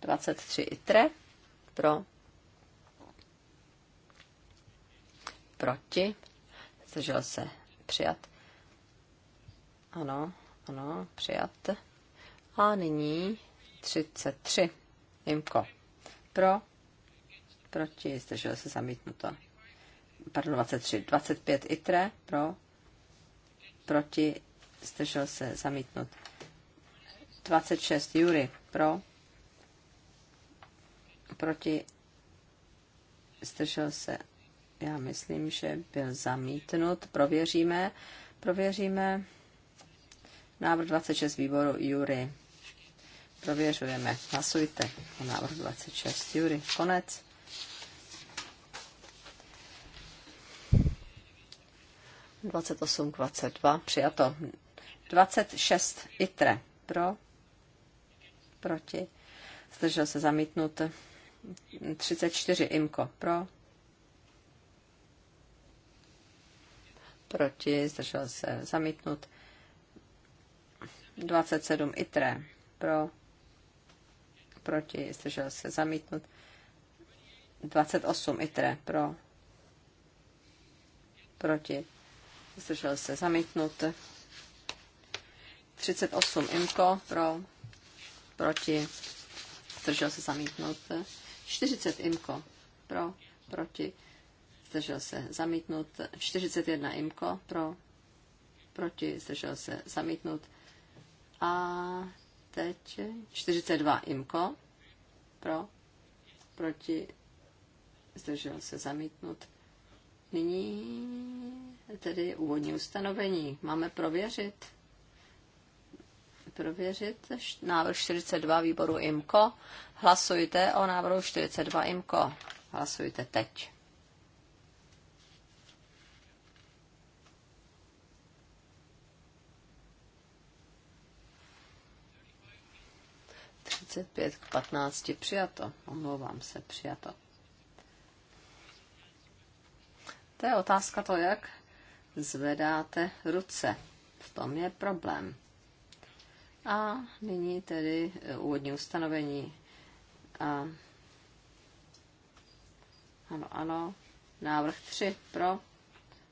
23 itre, pro, proti, zdržel se přijat. Ano, ano, přijat. A nyní 33, imko, pro, proti, zdržel se zamítnuto. Pardon, 23, 25 itre, pro, proti, zdržel se zamítnut. 26 Jury pro, proti, zdržel se, já myslím, že byl zamítnut, prověříme, prověříme návrh 26 výboru Jury. Prověřujeme, hlasujte o 26 Jury. Konec. Dvacet osm, dvacet dva, přijato. 26 itre pro, proti, zdržel se zamítnut 34 imko pro, proti, zdržel se zamítnut 27 itre pro, proti, zdržel se zamítnut 28 itre pro, proti, zdržel se zamítnut 38 imko pro, proti, zdržel se zamítnout. 40 imko pro, proti, zdržel se zamítnout. 41 imko pro, proti, zdržel se zamítnout. A teď 42 imko pro, proti, zdržel se zamítnout. Nyní tedy úvodní ustanovení. Máme prověřit prověřit. Návrh 42 výboru IMKO. Hlasujte o návrhu 42 IMKO. Hlasujte teď. pět k 15 přijato. Omlouvám se, přijato. To je otázka to, jak zvedáte ruce. V tom je problém. A nyní tedy eh, úvodní ustanovení. A ano, ano. Návrh 3 pro,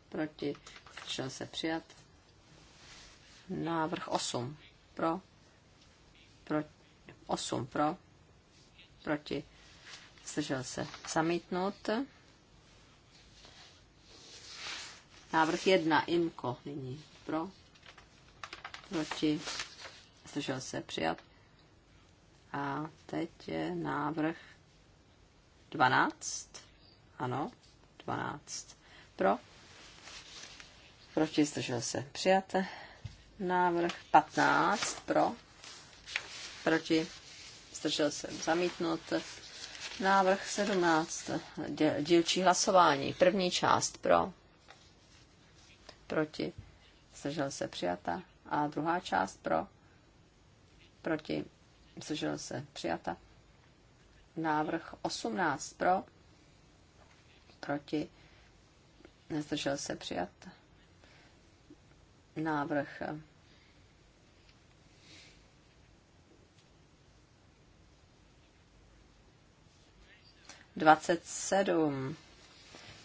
proti, zdržel se přijat. Návrh 8 pro, pro 8 pro, proti, zdržel se zamítnout. Návrh 1 IMKO nyní pro, proti, zdržel se přijat. A teď je návrh 12. Ano, 12. Pro. Proti zdržel se přijat. Návrh 15. Pro. Proti zdržel se zamítnut. Návrh 17. Dílčí hlasování. První část pro. Proti. Zdržel se přijata. A druhá část pro proti, zdržel se, přijata. Návrh 18 pro, proti, nezdržel se, přijat. Návrh 27.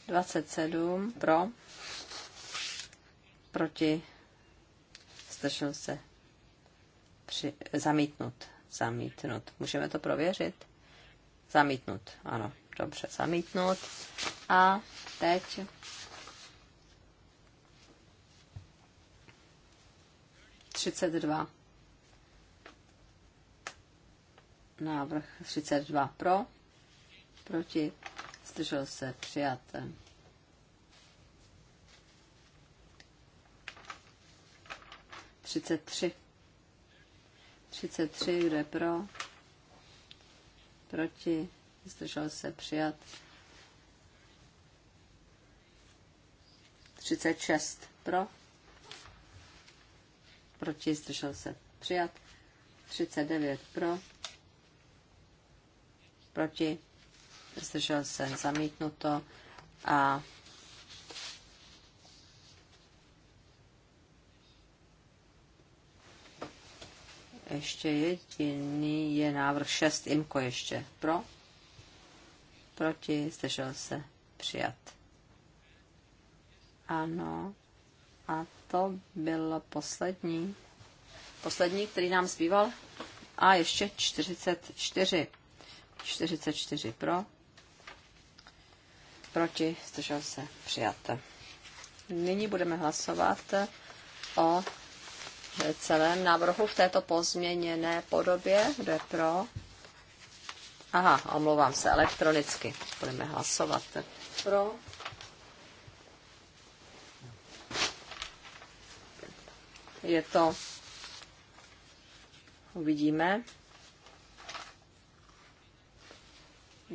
27 pro. Proti. Zdržel se při, zamítnut. Zamítnut. Můžeme to prověřit? Zamítnut. Ano, dobře, zamítnut. A teď třicet dva. Návrh 32 pro, proti, zdržel se, přijat. Třicet tři 33, kdo je pro? Proti? Zdržel se přijat. 36 pro. Proti? Zdržel se přijat. 39 pro. Proti? Zdržel se zamítnuto. A ještě jediný je návrh 6 IMKO ještě. Pro? Proti? Zdržel se? Přijat. Ano. A to bylo poslední. Poslední, který nám zbýval. A ještě 44. 44 pro. Proti? Zdržel se? Přijat. Nyní budeme hlasovat o celém návrhu v této pozměněné podobě. Kdo je pro? Aha, omlouvám se, elektronicky. Budeme hlasovat. Pro. Je to. Uvidíme.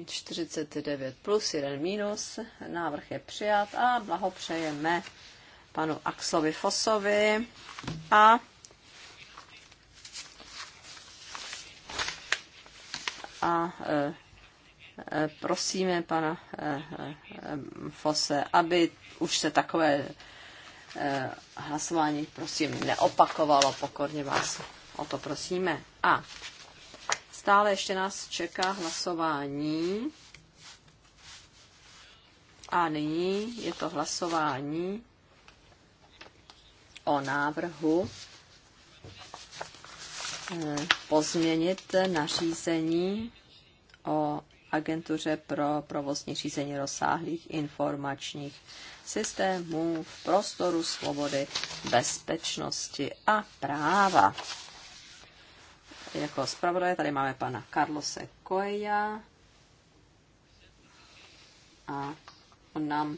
49 plus 1 minus. Návrh je přijat a blahopřejeme panu Axlovi Fosovi a a e, e, prosíme pana e, Fose, aby už se takové hlasování prosím neopakovalo, pokorně vás o to prosíme. A stále ještě nás čeká hlasování. A nyní je to hlasování o návrhu eh, pozměnit nařízení o agentuře pro provozní řízení rozsáhlých informačních systémů v prostoru svobody, bezpečnosti a práva. Jako zpravodaje tady máme pana Carlose Koeja a on nám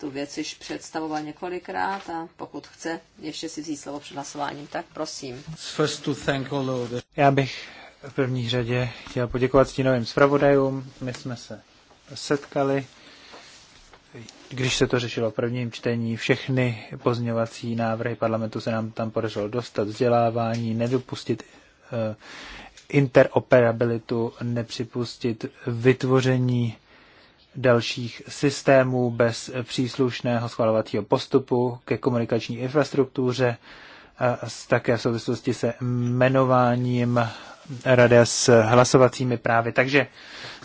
tu věc již představoval několikrát a pokud chce ještě si vzít slovo před hlasováním, tak prosím. Já bych v první řadě chtěl poděkovat stínovým zpravodajům. My jsme se setkali, když se to řešilo v prvním čtení. Všechny pozměňovací návrhy parlamentu se nám tam podařilo dostat vzdělávání, nedopustit eh, interoperabilitu, nepřipustit vytvoření dalších systémů bez příslušného schvalovacího postupu ke komunikační infrastruktuře, také v souvislosti se jmenováním rada s hlasovacími právy. Takže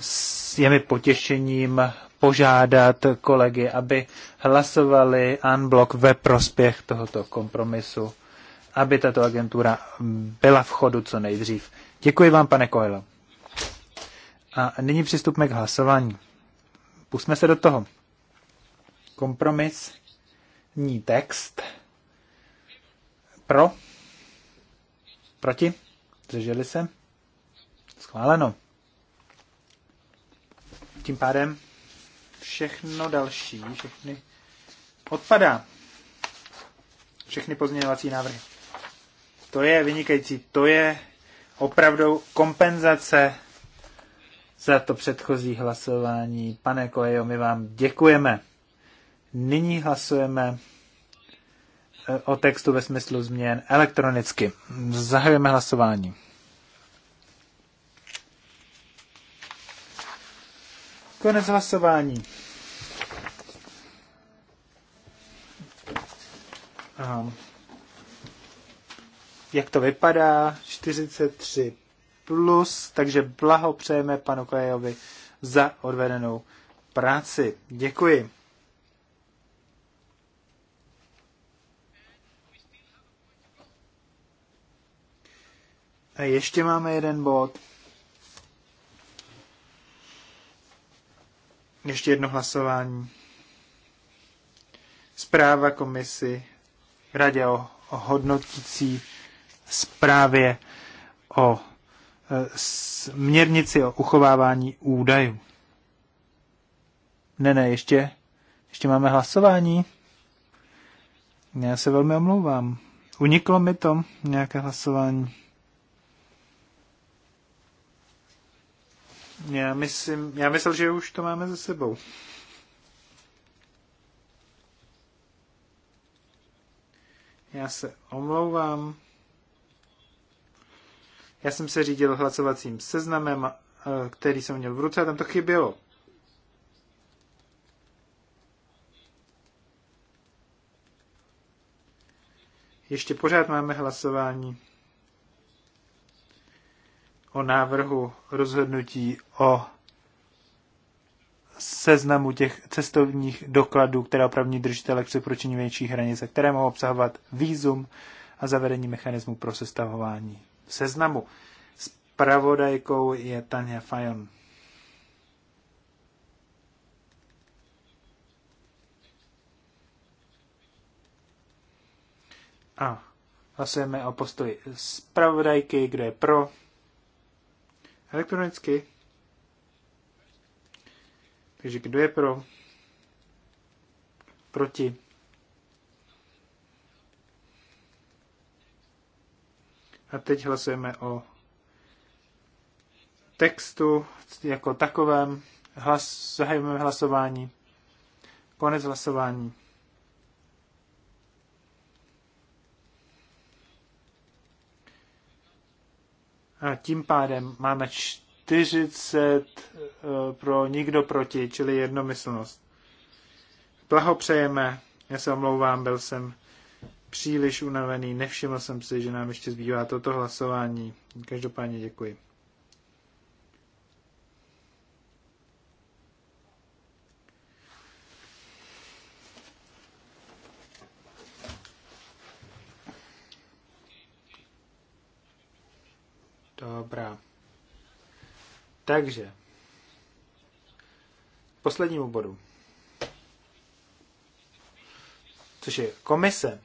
s jemi potěšením požádat kolegy, aby hlasovali unblock ve prospěch tohoto kompromisu, aby tato agentura byla v chodu co nejdřív. Děkuji vám, pane Koelo. A nyní přistupme k hlasování pusme se do toho. Kompromis ní text. Pro. Proti. Zdrželi se. Schváleno. Tím pádem všechno další, všechny odpadá. Všechny pozměňovací návrhy. To je vynikající. To je opravdu kompenzace za to předchozí hlasování. Pane Koejo, my vám děkujeme. Nyní hlasujeme eh, o textu ve smyslu změn elektronicky. Zahajujeme hlasování. Konec hlasování. Aha. Jak to vypadá? 43 plus, takže blahopřejeme panu Kajejovi za odvedenou práci. Děkuji. A ještě máme jeden bod. Ještě jedno hlasování. Zpráva komisi radě o, o hodnotící zprávě o směrnici o uchovávání údajů. Ne, ne, ještě, ještě máme hlasování. Já se velmi omlouvám. Uniklo mi to nějaké hlasování. Já, myslím, já myslel, že už to máme za sebou. Já se omlouvám. Já jsem se řídil hlasovacím seznamem, eh, který jsem měl v ruce a tam to chybělo. Ještě pořád máme hlasování o návrhu rozhodnutí o seznamu těch cestovních dokladů, které opravní držitele k překročení větších hranice, které mohou obsahovat výzum a zavedení mechanismu pro sestavování seznamu. Spravodajkou je Tanja Fajon. A hlasujeme o postoji zpravodajky, kdo je pro. Elektronicky. Takže kdo je pro? Proti. A teď hlasujeme o textu jako takovém. Hlas, zahajujeme hlasování. Konec hlasování. A tím pádem máme 40 eh, pro nikdo proti, čili jednomyslnost. Blahopřejeme, já se omlouvám, byl jsem příliš unavený, nevšiml jsem si, že nám ještě zbývá toto hlasování. Každopádně děkuji. Dobrá. Takže, poslednímu bodu, což je komise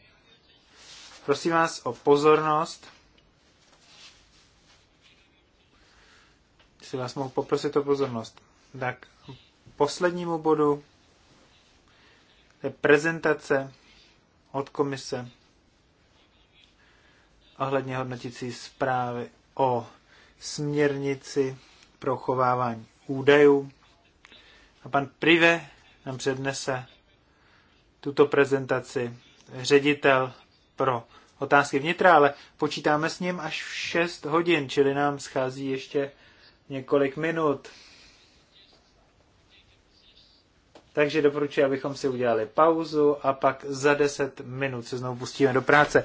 Prosím vás o pozornost. Jestli vás mohu poprosit o pozornost. Tak poslednímu bodu je prezentace od komise ohledně hodnotící zprávy o směrnici pro chovávání údajů. A pan Prive nám přednese tuto prezentaci ředitel pro otázky vnitra, ale počítáme s ním až v 6 hodin, čili nám schází ještě několik minut. Takže doporučuji, abychom si udělali pauzu a pak za 10 minut se znovu pustíme do práce.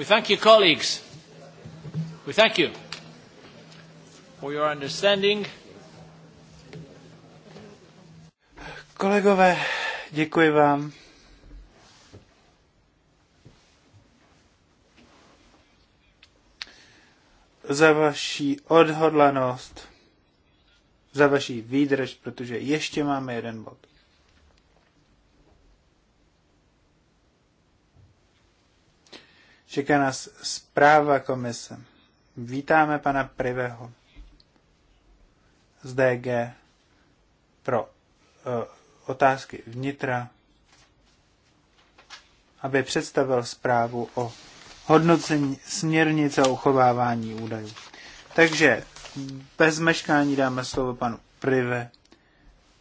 We thank you, colleagues. We thank you for your understanding. Kolegové, děkuji vám. za vaši odhodlanost, za vaši výdrž, protože ještě máme jeden bod. Čeká nás zpráva komise. Vítáme pana Priveho z DG pro uh, otázky vnitra, aby představil zprávu o hodnocení směrnice o uchovávání údajů. Takže bez meškání dáme slovo panu Prive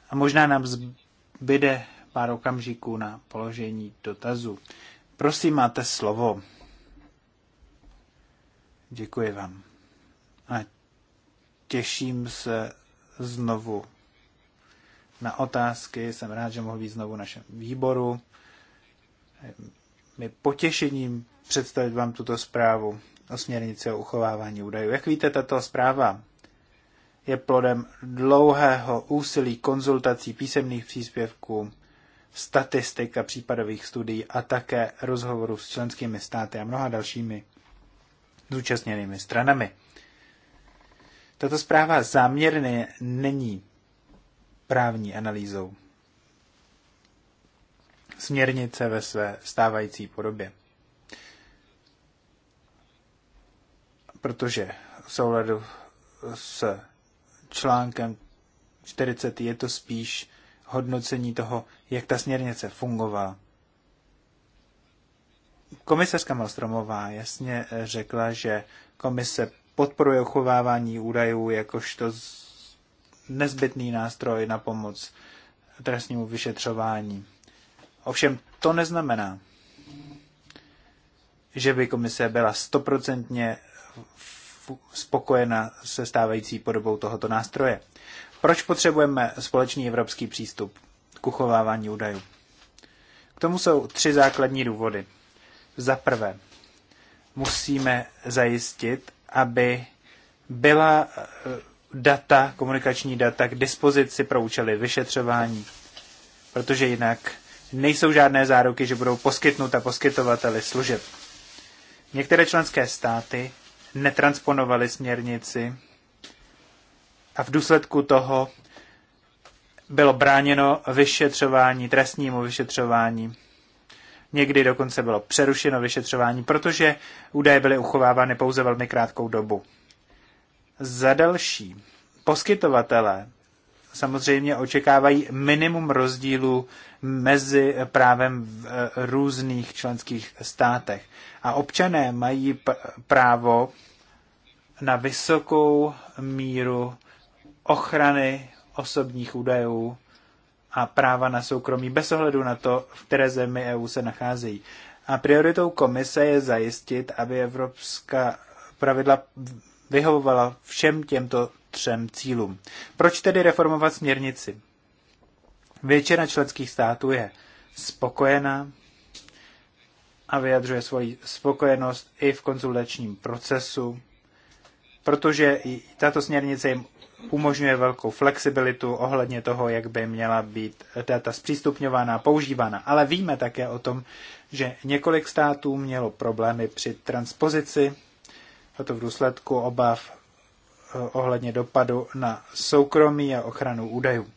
a možná nám zbyde pár okamžiků na položení dotazu. Prosím, máte slovo. Děkuji vám. A těším se znovu na otázky. Jsem rád, že mohu být znovu v našem výboru. My potěšením představit vám tuto zprávu o směrnici o uchovávání údajů. Jak víte, tato zpráva je plodem dlouhého úsilí konzultací písemných příspěvků, statistik a případových studií a také rozhovorů s členskými státy a mnoha dalšími zúčastněnými stranami. Tato zpráva záměrně není právní analýzou směrnice ve své stávající podobě. Protože v souladu s článkem 40 je to spíš hodnocení toho, jak ta směrnice fungovala Komisařka Malstromová jasně řekla, že komise podporuje uchovávání údajů jakožto nezbytný nástroj na pomoc trestnímu vyšetřování. Ovšem to neznamená, že by komise byla stoprocentně spokojena se stávající podobou tohoto nástroje. Proč potřebujeme společný evropský přístup k uchovávání údajů? K tomu jsou tři základní důvody. Za prvé, musíme zajistit, aby byla eh, data, komunikační data k dispozici pro účely vyšetřování, protože jinak nejsou žádné záruky, že budou poskytnuta poskytovateli služeb. Některé členské státy netransponovaly směrnici a v důsledku toho bylo bráněno vyšetřování, trestnímu vyšetřování Někdy dokonce bylo přerušeno vyšetřování, protože údaje byly uchovávány pouze velmi krátkou dobu. Za další, poskytovatelé samozřejmě očekávají minimum rozdílů mezi právem v eh, různých členských státech. A občané mají právo na vysokou míru ochrany osobních údajů a práva na soukromí bez ohledu na to, v které zemi EU se nacházejí. A prioritou komise je zajistit, aby evropská pravidla vyhovovala všem těmto třem cílům. Proč tedy reformovat směrnici? Většina členských států je spokojená a vyjadřuje svoji spokojenost i v konzultačním procesu, protože tato směrnice jim umožňuje velkou flexibilitu ohledně toho, jak by měla být data zpřístupňována a používána. Ale víme také o tom, že několik států mělo problémy při transpozici, a to v důsledku obav eh, ohledně dopadu na soukromí a ochranu údajů.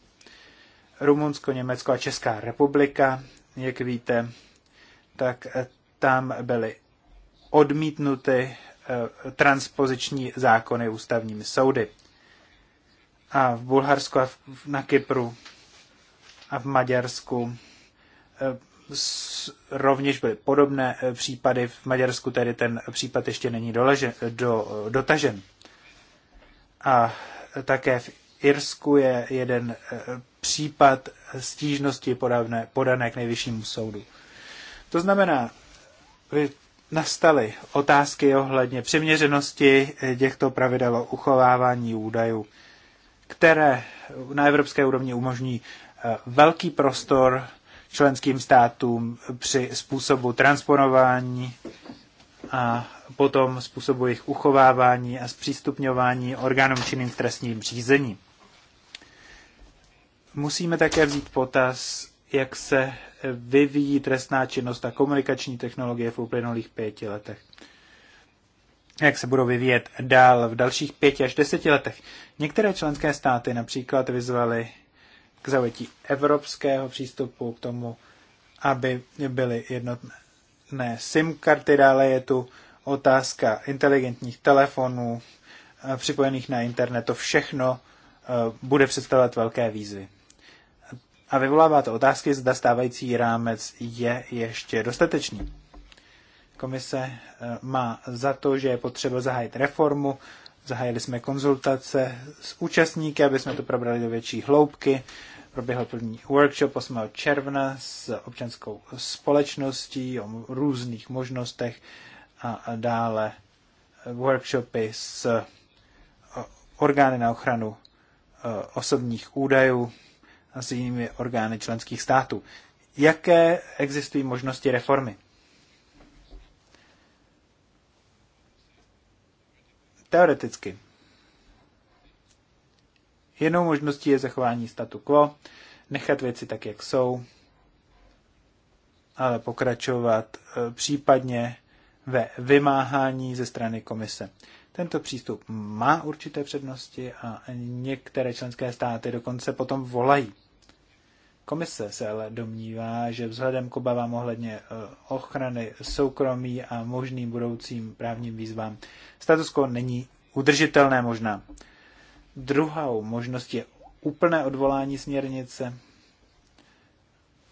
Rumunsko, Německo a Česká republika, jak víte, tak eh, tam byly odmítnuty eh, transpoziční zákony ústavními soudy a v Bulharsku a na Kypru a v Maďarsku e, rovněž byly podobné e, případy. V Maďarsku tedy ten případ ještě není doležen, e, do, dotažen. A také v Irsku je jeden případ stížnosti podavné, podané k nejvyššímu soudu. To znamená, vy nastaly otázky ohledně přiměřenosti těchto pravidel o uchovávání údajů které na evropské úrovni umožní eh, velký prostor členským státům při způsobu transponování a potom způsobu jejich uchovávání a zpřístupňování orgánům činným v trestním řízení. Musíme také vzít potaz, jak se vyvíjí trestná činnost a komunikační technologie v uplynulých pěti letech jak se budou vyvíjet dál v dalších pěti až deseti letech. Některé členské státy například vyzvaly k zaujetí evropského přístupu k tomu, aby byly jednotné SIM karty. Dále je tu otázka inteligentních telefonů eh, připojených na internet. To všechno eh, bude představovat velké výzvy. A vyvolává to otázky, zda stávající rámec je ještě dostatečný. Komise eh, má za to, že je potřeba zahájit reformu. Zahájili jsme konzultace s účastníky, aby jsme to probrali do větší hloubky. Proběhl první workshop 8. června s občanskou společností o různých možnostech a dále workshopy s eh, orgány na ochranu eh, osobních údajů a s jinými orgány členských států. Jaké existují možnosti reformy? Teoreticky. Jednou možností je zachování statu quo, nechat věci tak, jak jsou, ale pokračovat eh, případně ve vymáhání ze strany komise. Tento přístup má určité přednosti a některé členské státy dokonce potom volají Komise se ale domnívá, že vzhledem k obavám ohledně eh, ochrany soukromí a možným budoucím právním výzvám status quo není udržitelné možná. Druhou možností je úplné odvolání směrnice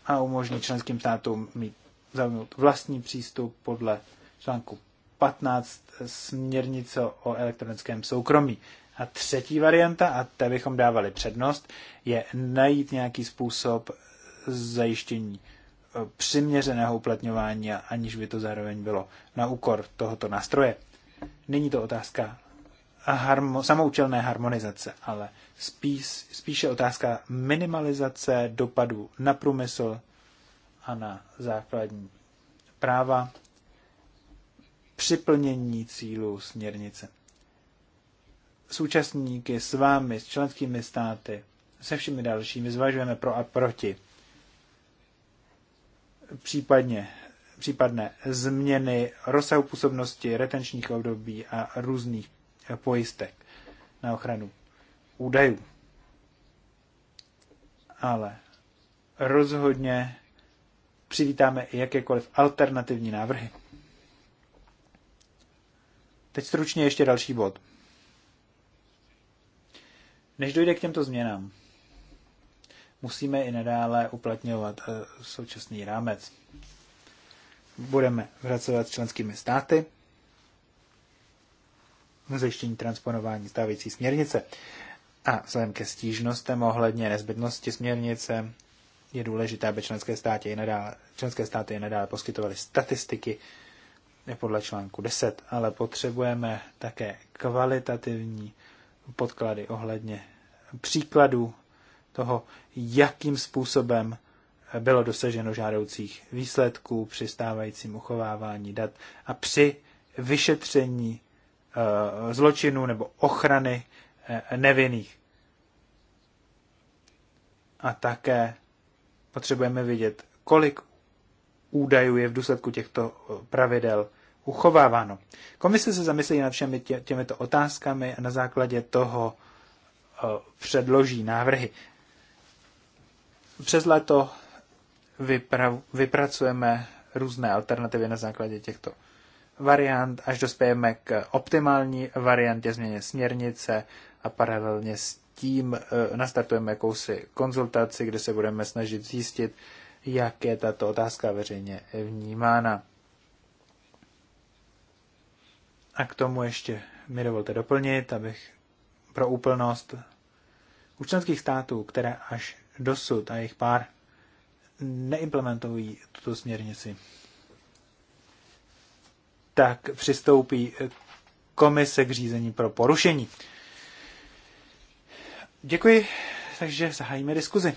a umožní členským státům mít zaujmout vlastní přístup podle článku 15 směrnice o elektronickém soukromí. A třetí varianta, a té bychom dávali přednost, je najít nějaký způsob zajištění eh, přiměřeného uplatňování, aniž by to zároveň bylo na úkor tohoto nástroje. Není to otázka harmo, samoučelné harmonizace, ale spíš, spíše otázka minimalizace dopadů na průmysl a na základní práva při plnění cílů směrnice s účastníky, s vámi, s členskými státy, se všemi dalšími, zvažujeme pro a proti. Případně případné změny rozsahu působnosti retenčních období a různých eh, pojistek na ochranu údajů. Ale rozhodně přivítáme i jakékoliv alternativní návrhy. Teď stručně ještě další bod. Než dojde k těmto změnám, musíme i nadále uplatňovat eh, současný rámec. Budeme pracovat s členskými státy na zajištění transponování stávající směrnice. A vzhledem ke stížnostem ohledně nezbytnosti směrnice je důležité, aby členské státy i nadále, členské státy i nadále poskytovaly statistiky podle článku 10, ale potřebujeme také kvalitativní podklady ohledně příkladů toho, jakým způsobem bylo dosaženo žádoucích výsledků při stávajícím uchovávání dat a při vyšetření eh, zločinů nebo ochrany eh, nevinných. A také potřebujeme vidět, kolik údajů je v důsledku těchto eh, pravidel uchováváno. Komise se zamyslí nad všemi tě, těmito otázkami a na základě toho eh, předloží návrhy. Přes léto vyprav, vypracujeme různé alternativy na základě těchto variant, až dospějeme k optimální variantě změně směrnice a paralelně s tím eh, nastartujeme jakousi konzultaci, kde se budeme snažit zjistit, jak je tato otázka veřejně vnímána. A k tomu ještě mi dovolte doplnit, abych pro úplnost u členských států, které až dosud a jejich pár neimplementují tuto směrnici, tak přistoupí komise k řízení pro porušení. Děkuji, takže zahájíme diskuzi.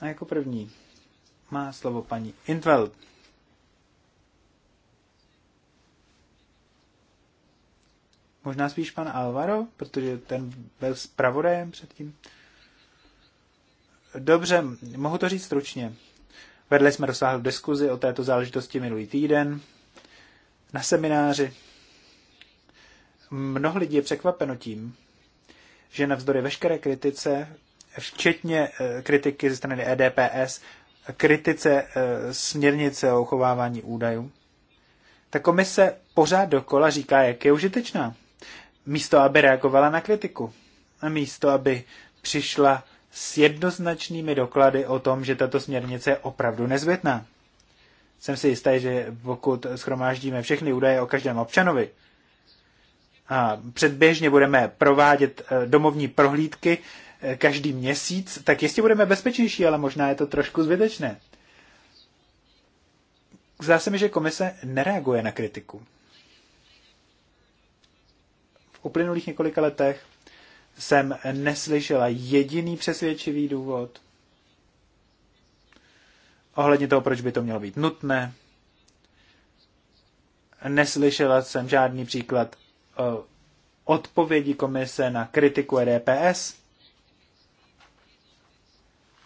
A jako první má slovo paní Intveld. Možná spíš pan Alvaro, protože ten byl zpravodajem předtím. Dobře, mohu to říct stručně. Vedli jsme rozsáhlou diskuzi o této záležitosti minulý týden na semináři. Mnoho lidí je překvapeno tím, že navzdory veškeré kritice, včetně eh, kritiky ze strany EDPS, kritice eh, směrnice o uchovávání údajů, ta komise pořád dokola říká, jak je užitečná místo aby reagovala na kritiku a místo aby přišla s jednoznačnými doklady o tom, že tato směrnice je opravdu nezbytná. Jsem si jistý, že pokud schromáždíme všechny údaje o každém občanovi a předběžně budeme provádět eh, domovní prohlídky eh, každý měsíc, tak jistě budeme bezpečnější, ale možná je to trošku zbytečné. Zdá se mi, že komise nereaguje na kritiku uplynulých několika letech jsem neslyšela jediný přesvědčivý důvod ohledně toho, proč by to mělo být nutné. Neslyšela jsem žádný příklad eh, odpovědi komise na kritiku EDPS.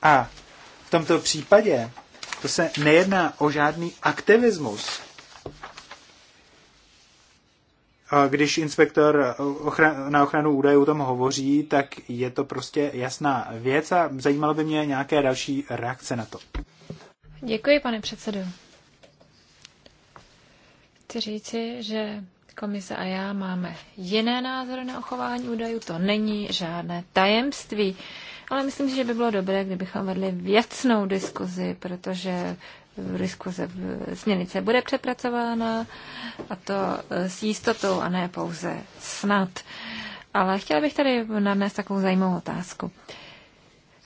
A v tomto případě to se nejedná o žádný aktivismus když inspektor na ochranu údajů o tom hovoří, tak je to prostě jasná věc a zajímalo by mě nějaké další reakce na to. Děkuji, pane předsedo. Chci říci, že komise a já máme jiné názory na ochování údajů, to není žádné tajemství. Ale myslím si, že by bylo dobré, kdybychom vedli věcnou diskuzi, protože diskuze směrnice bude přepracována a to eh, s jistotou a ne pouze snad. Ale chtěla bych tady nadnést takovou zajímavou otázku.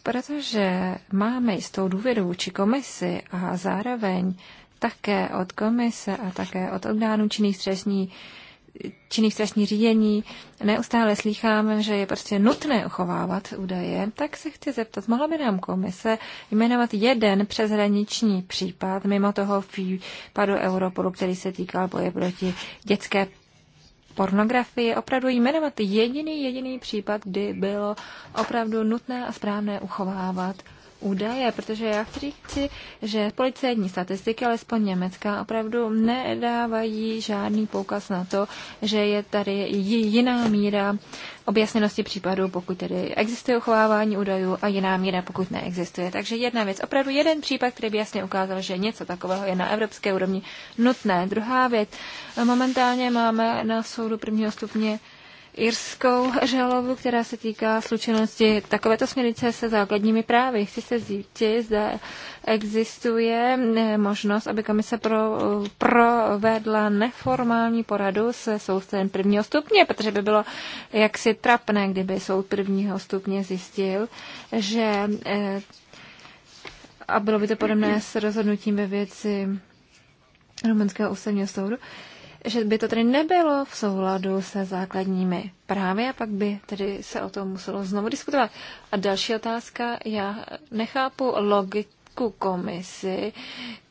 Protože máme jistou důvěru vůči komisi a zároveň také od komise a také od orgánů činných střesních v trestní řízení, neustále slýcháme, že je prostě nutné uchovávat údaje, tak se chci zeptat, mohla by nám komise jmenovat jeden přeshraniční případ, mimo toho případu Europolu, který se týkal boje proti dětské pornografii, opravdu jmenovat jediný, jediný případ, kdy bylo opravdu nutné a správné uchovávat údaje, protože já chci říci, že policejní statistiky, alespoň německá, opravdu nedávají žádný poukaz na to, že je tady jiná míra objasněnosti případů, pokud tedy existuje uchovávání údajů a jiná míra, pokud neexistuje. Takže jedna věc, opravdu jeden případ, který by jasně ukázal, že něco takového je na evropské úrovni nutné. Druhá věc, momentálně máme na soudu prvního stupně irskou žalobu, která se týká slučenosti takovéto směrnice se základními právy. Chci se zjistit, zda existuje eh, možnost, aby komise pro, provedla neformální poradu se soudcem prvního stupně, protože by bylo jaksi trapné, kdyby soud prvního stupně zjistil, že eh, a bylo by to podobné s rozhodnutím ve věci Rumunského ústavního soudu, že by to tedy nebylo v souladu se základními právy a pak by tedy se o tom muselo znovu diskutovat. A další otázka, já nechápu logiku komisy,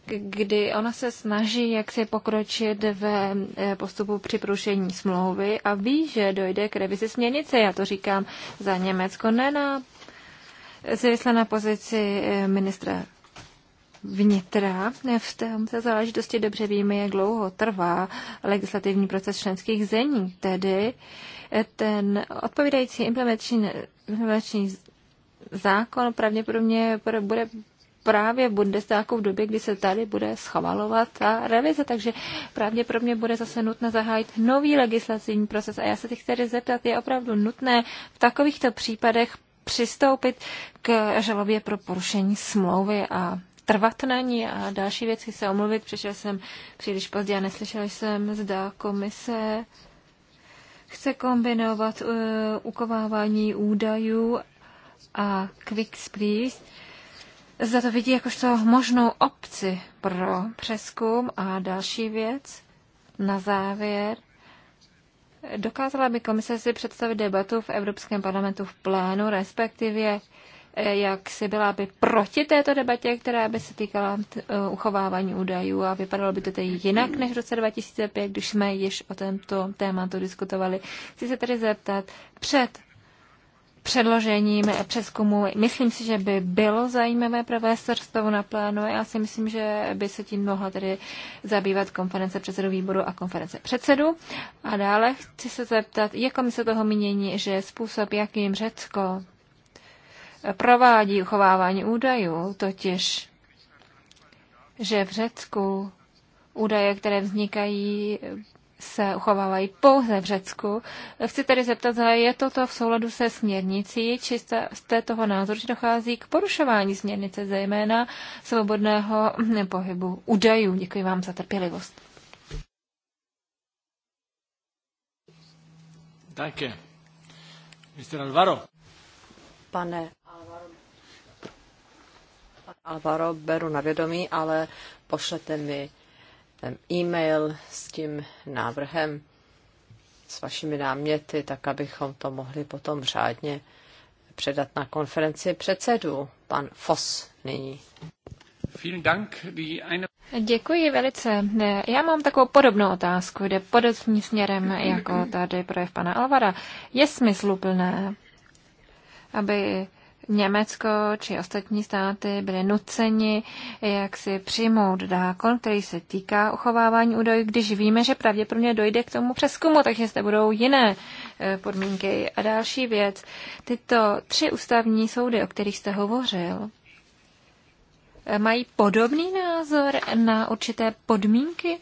kdy ona se snaží jak si pokročit ve eh, postupu při porušení smlouvy a ví, že dojde k revizi směrnice. Já to říkám za Německo, ne na, na pozici eh, ministra vnitra. V té záležitosti dobře víme, jak dlouho trvá legislativní proces členských zemí. Tedy eh, ten odpovídající implementační, implementační zákon pravděpodobně bude právě v Bundestagu v době, kdy se tady bude schvalovat ta revize, takže pravděpodobně bude zase nutné zahájit nový legislativní proces. A já se těch tedy zeptat, je opravdu nutné v takovýchto případech přistoupit k žalobě pro porušení smlouvy a trvat na ní. A další věc se omluvit, přišel jsem příliš pozdě a neslyšel jsem, zda komise chce kombinovat uh, ukovávání údajů a quick squeeze. Zda to vidí jakožto možnou opci pro přeskum a další věc. Na závěr, dokázala by komise si představit debatu v Evropském parlamentu v plénu, respektive jak si byla by proti této debatě, která by se týkala e, uchovávání údajů a vypadalo by to tedy jinak než v roce 2005, když jsme již o tomto tématu diskutovali. Chci se tedy zeptat, před předložením přeskumu. Myslím si, že by bylo zajímavé provést srstovu na plánu. Já si myslím, že by se tím mohla tedy zabývat konference předsedů výboru a konference předsedů. A dále chci se zeptat, je komise toho mínění, že způsob, jakým Řecko provádí uchovávání údajů, totiž že v Řecku údaje, které vznikají, se uchovávají pouze v Řecku. Chci tedy zeptat, je toto v souladu se směrnicí, či jste toho názoru, že dochází k porušování směrnice, zejména svobodného pohybu údajů. Děkuji vám za trpělivost. Také. Mr. Alvaro. Pane Alvaro, beru na vědomí, ale pošlete mi e-mail s tím návrhem, s vašimi náměty, tak abychom to mohli potom řádně předat na konferenci předsedů. Pan Foss nyní. Děkuji velice. Já mám takovou podobnou otázku, jde podobný směrem jako tady projev pana Alvara. Je smysluplné, aby Německo či ostatní státy byly nuceni jak si přijmout zákon, který se týká uchovávání údajů, když víme, že pravděpodobně dojde k tomu přeskumu, takže zde budou jiné eh, podmínky. A další věc, tyto tři ústavní soudy, o kterých jste hovořil, eh, mají podobný názor na určité podmínky?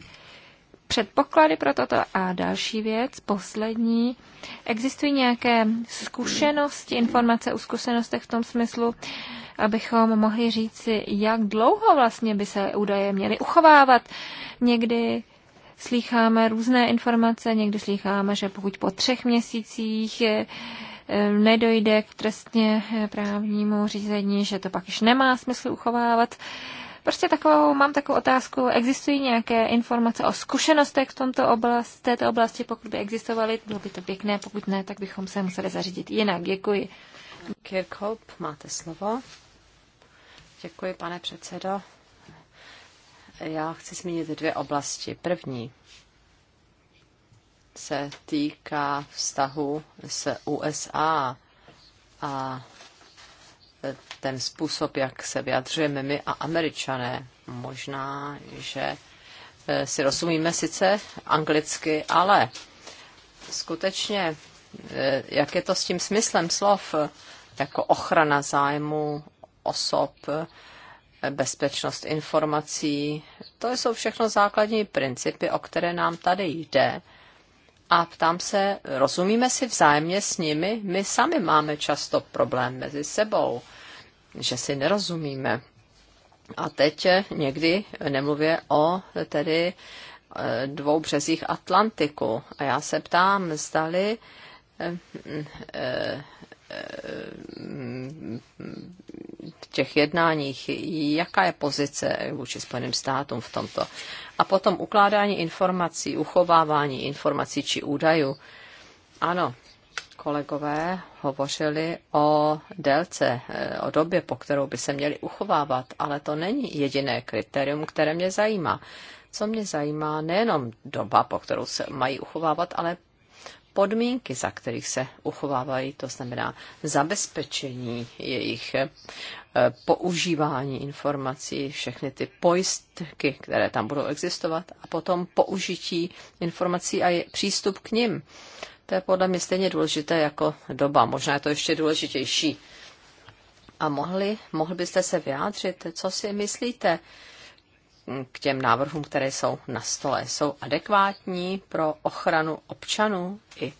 předpoklady pro toto. A další věc, poslední, existují nějaké zkušenosti, informace o zkušenostech v tom smyslu, abychom mohli říci, jak dlouho vlastně by se údaje měly uchovávat. Někdy slýcháme různé informace, někdy slýcháme, že pokud po třech měsících eh, nedojde k trestně eh, právnímu řízení, že to pak již nemá smysl uchovávat. Prostě takovou, mám takovou otázku, existují nějaké informace o zkušenostech v tomto oblast, této oblasti, pokud by existovaly, bylo by to pěkné, pokud ne, tak bychom se museli zařídit jinak. Děkuji. Kirkhope, máte slovo. Děkuji, pane předsedo. Já chci zmínit dvě oblasti. První se týká vztahu s USA a ten způsob, jak se vyjadřujeme my a američané. Možná, že eh, si rozumíme sice anglicky, ale skutečně, eh, jak je to s tím smyslem slov, jako ochrana zájmu osob, eh, bezpečnost informací, to jsou všechno základní principy, o které nám tady jde a ptám se, rozumíme si vzájemně s nimi? My sami máme často problém mezi sebou, že si nerozumíme. A teď někdy nemluvě o tedy eh, dvou březích Atlantiku. A já se ptám, zdali eh, eh, v těch jednáních, jaká je pozice vůči Spojeným státům v tomto. A potom ukládání informací, uchovávání informací či údajů. Ano, kolegové hovořili o délce, eh, o době, po kterou by se měli uchovávat, ale to není jediné kritérium, které mě zajímá. Co mě zajímá nejenom doba, po kterou se mají uchovávat, ale podmínky, za kterých se uchovávají, to znamená zabezpečení jejich Eh, používání informací, všechny ty pojistky, které tam budou existovat, a potom použití informací a přístup k nim. To je podle mě stejně důležité jako doba, možná je to ještě důležitější. A mohli, mohli byste se vyjádřit, co si myslíte k těm návrhům, které jsou na stole. Jsou adekvátní pro ochranu občanů i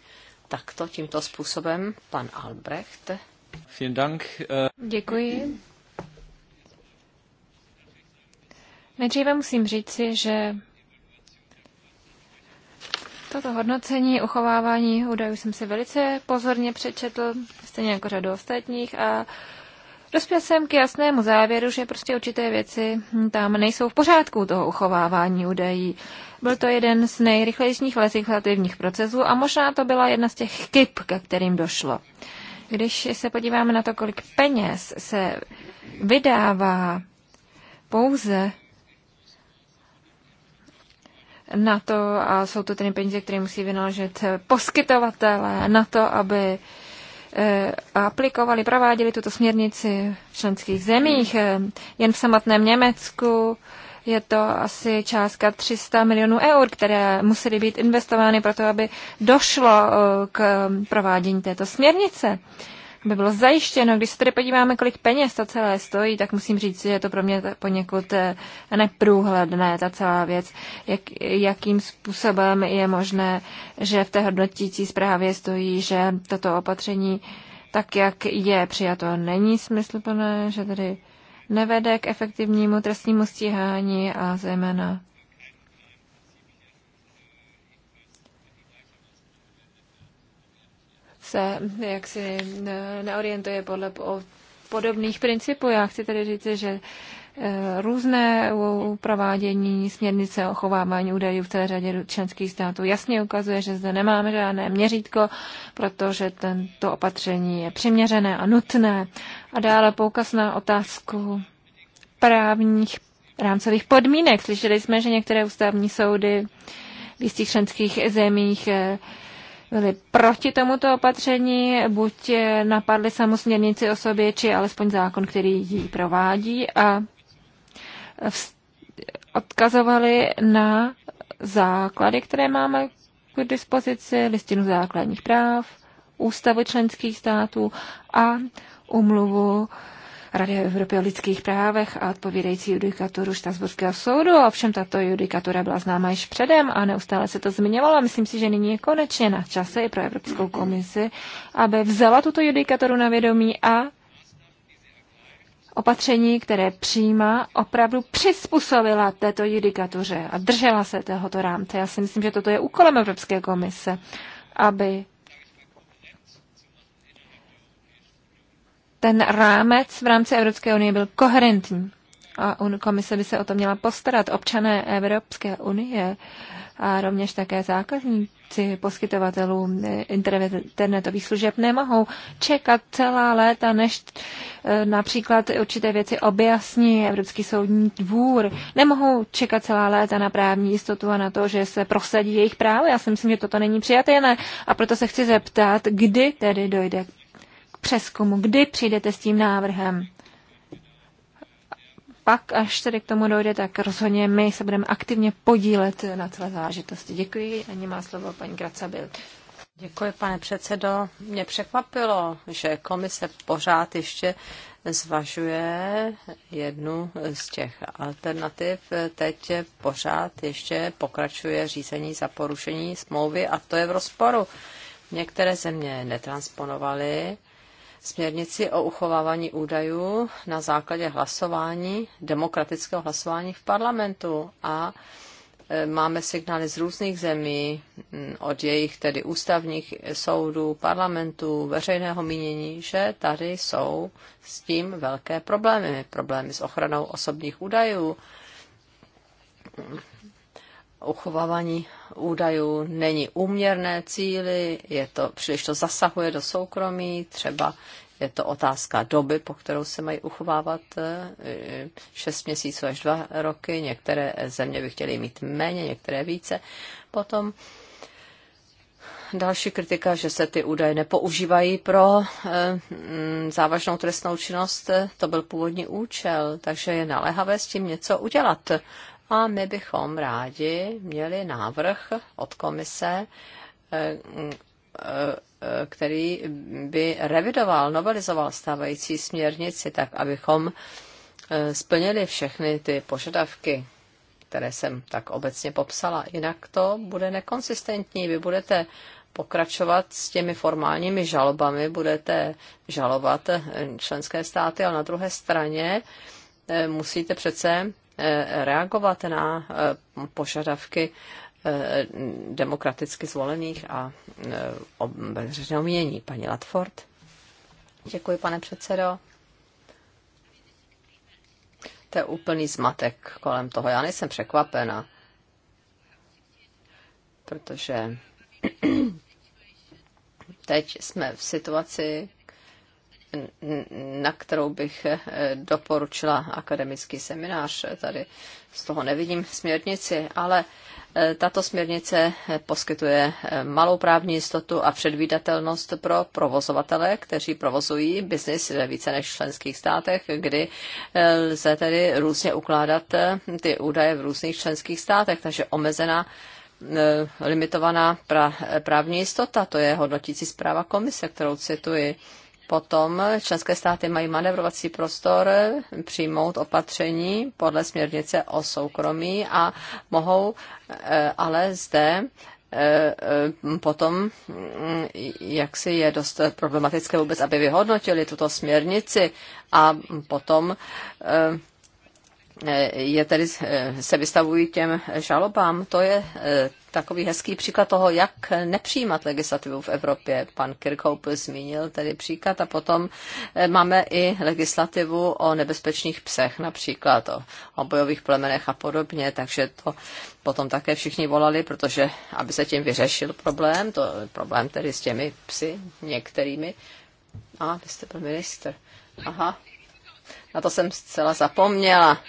takto, tímto způsobem, pan Albrecht. Äh, Děkuji. Nejdříve musím říci, že toto hodnocení uchovávání údajů jsem si velice pozorně přečetl, stejně jako řadu ostatních a Dospěl jsem k jasnému závěru, že prostě určité věci tam nejsou v pořádku toho uchovávání údají. Byl to jeden z nejrychlejších legislativních procesů a možná to byla jedna z těch chyb, ke kterým došlo. Když se podíváme na to, kolik peněz se vydává pouze na to, a jsou to tedy peníze, které musí vynaložit poskytovatele na to, aby eh, aplikovali, prováděli tuto směrnici v členských zemích. Eh, jen v samotném Německu je to asi částka 300 milionů eur, které musely být investovány to, aby došlo eh, k eh, provádění této směrnice by bylo zajištěno. Když se tedy podíváme, kolik peněz to celé stojí, tak musím říct, že je to pro mě poněkud eh, neprůhledné, ta celá věc, jak, jakým způsobem je možné, že v té hodnotící zprávě stojí, že toto opatření tak, jak je přijato, není smysluplné, že tedy nevede k efektivnímu trestnímu stíhání a zejména se jaksi neorientuje podle podobných principů. Já chci tedy říct, že eh, různé provádění směrnice o chovávání údajů v celé řadě členských států jasně ukazuje, že zde nemáme žádné měřítko, protože tento opatření je přiměřené a nutné. A dále poukaz na otázku právních rámcových podmínek. Slyšeli jsme, že některé ústavní soudy v jistých členských zemích eh, byly proti tomuto opatření, buď eh, napadly samosměrnici o sobě, či alespoň zákon, který ji provádí a odkazovali na základy, které máme k dispozici, listinu základních práv, ústavu členských států a umluvu Rady Evropy o lidských právech a odpovídající judikaturu Štazburského soudu. Ovšem tato judikatura byla známa již předem a neustále se to zmiňovalo. Myslím si, že nyní je konečně na čase i pro Evropskou komisi, aby vzala tuto judikaturu na vědomí a opatření, které přijímá, opravdu přizpůsobila této judikatuře a držela se tohoto rámce. Já si myslím, že toto je úkolem Evropské komise, aby ten rámec v rámci Evropské unie byl koherentní. A un, komise by se o to měla postarat. Občané Evropské unie a rovněž také zákazníci poskytovatelů eh, internetových služeb nemohou čekat celá léta, než eh, například určité věci objasní Evropský soudní dvůr. Nemohou čekat celá léta na právní jistotu a na to, že se prosadí jejich právo. Já si myslím, že toto není přijatelné a proto se chci zeptat, kdy tedy dojde k přeskumu, kdy přijdete s tím návrhem. Pak, až tedy k tomu dojde, tak rozhodně my se budeme aktivně podílet na celé zážitosti. Děkuji. Ani má slovo paní Gracabil. Děkuji, pane předsedo. Mě překvapilo, že komise pořád ještě zvažuje jednu z těch alternativ. Teď pořád ještě pokračuje řízení za porušení smlouvy a to je v rozporu. Některé země netransponovaly směrnici o uchovávání údajů na základě hlasování, demokratického hlasování v parlamentu a e, máme signály z různých zemí, mm, od jejich tedy ústavních soudů, parlamentů, veřejného mínění, že tady jsou s tím velké problémy. Problémy s ochranou osobních údajů, uchovávání údajů není úměrné cíly, je to, příliš to zasahuje do soukromí, třeba je to otázka doby, po kterou se mají uchovávat 6 e, měsíců až 2 roky. Některé země by chtěly mít méně, některé více. Potom další kritika, že se ty údaje nepoužívají pro e, závažnou trestnou činnost, to byl původní účel, takže je naléhavé s tím něco udělat. A my bychom rádi měli návrh od komise, eh, eh, eh, který by revidoval, novelizoval stávající směrnici, tak abychom splnili všechny ty požadavky, které jsem tak obecně popsala. Jinak to bude nekonsistentní. Vy budete pokračovat s těmi formálními žalobami, budete žalovat členské státy, ale na druhé straně musíte přece Eh, reagovat na eh, požadavky eh, demokraticky zvolených a veřejného umění. Paní Latford. Děkuji, pane předsedo. To je úplný zmatek kolem toho. Já nejsem překvapena, protože teď jsme v situaci, na kterou bych eh, doporučila akademický seminář. Tady z toho nevidím směrnici, ale eh, tato směrnice poskytuje eh, malou právní jistotu a předvídatelnost pro provozovatele, kteří provozují biznis ve více než členských státech, kdy lze tedy různě ukládat ty údaje v různých členských státech, takže omezená limitovaná právní jistota, to je hodnotící zpráva komise, kterou cituji. Potom členské státy mají manevrovací prostor přijmout opatření podle směrnice o soukromí a mohou eh, ale zde eh, eh, potom, mm, jak si je dost problematické vůbec, aby vyhodnotili tuto směrnici a potom je tedy, se vystavují těm žalobám. To je takový hezký příklad toho, jak nepřijímat legislativu v Evropě. Pan Kirkhope zmínil tedy příklad a potom eh, máme i legislativu o nebezpečných psech, například o, o bojových plemenech a podobně, takže to potom také všichni volali, protože aby se tím vyřešil problém, to problém tedy s těmi psy některými. A, vy jste byl minister. Aha, na to jsem zcela zapomněla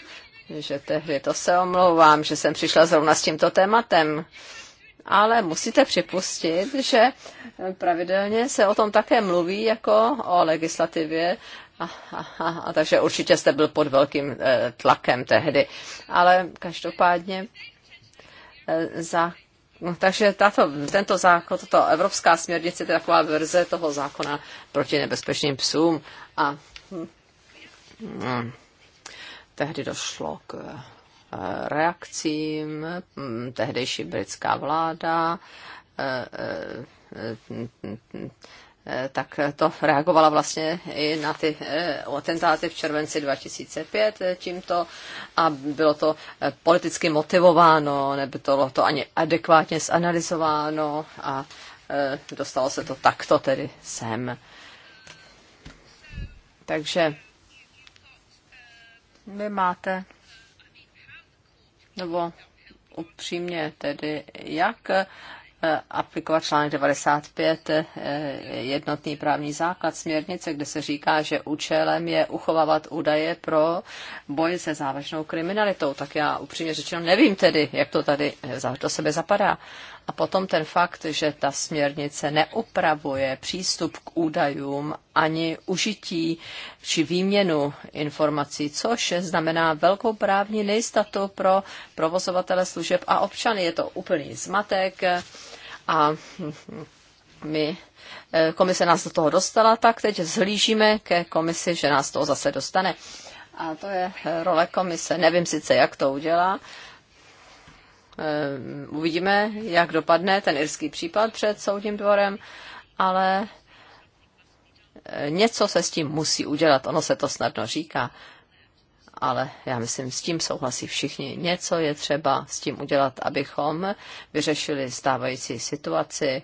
že tehdy to se omlouvám, že jsem přišla zrovna s tímto tématem. Ale musíte připustit, že pravidelně se o tom také mluví jako o legislativě, a, a, a, a takže určitě jste byl pod velkým e, tlakem tehdy. Ale každopádně e, za No, takže tato, tento zákon, tato evropská směrnice je taková verze toho zákona proti nebezpečným psům. A, hm, hm, Tehdy došlo k eh, reakcím, mm, tehdejší britská vláda eh, eh, tak to reagovala vlastně i na ty atentáty v červenci 2005 tímto a bylo to politicky motivováno, nebylo to ani adekvátně zanalizováno a dostalo se to takto tedy sem. Takže vy máte, nebo upřímně tedy, jak eh, aplikovat článek 95, eh, jednotný právní základ směrnice, kde se říká, že účelem je uchovávat údaje pro boj se závažnou kriminalitou. Tak já upřímně řečeno nevím tedy, jak to tady do sebe zapadá. A potom ten fakt, že ta směrnice neupravuje přístup k údajům ani užití či výměnu informací, což znamená velkou právní nejistotu pro provozovatele služeb a občany. Je to úplný zmatek a my eh, komise nás do toho dostala, tak teď zhlížíme ke komisi, že nás toho zase dostane. A to je role komise. Nevím sice, jak to udělá, Ehm, uvidíme, jak dopadne ten irský případ před soudním dvorem, ale eh, něco se s tím musí udělat. Ono se to snadno říká, ale já myslím, s tím souhlasí všichni. Něco je třeba s tím udělat, abychom vyřešili stávající situaci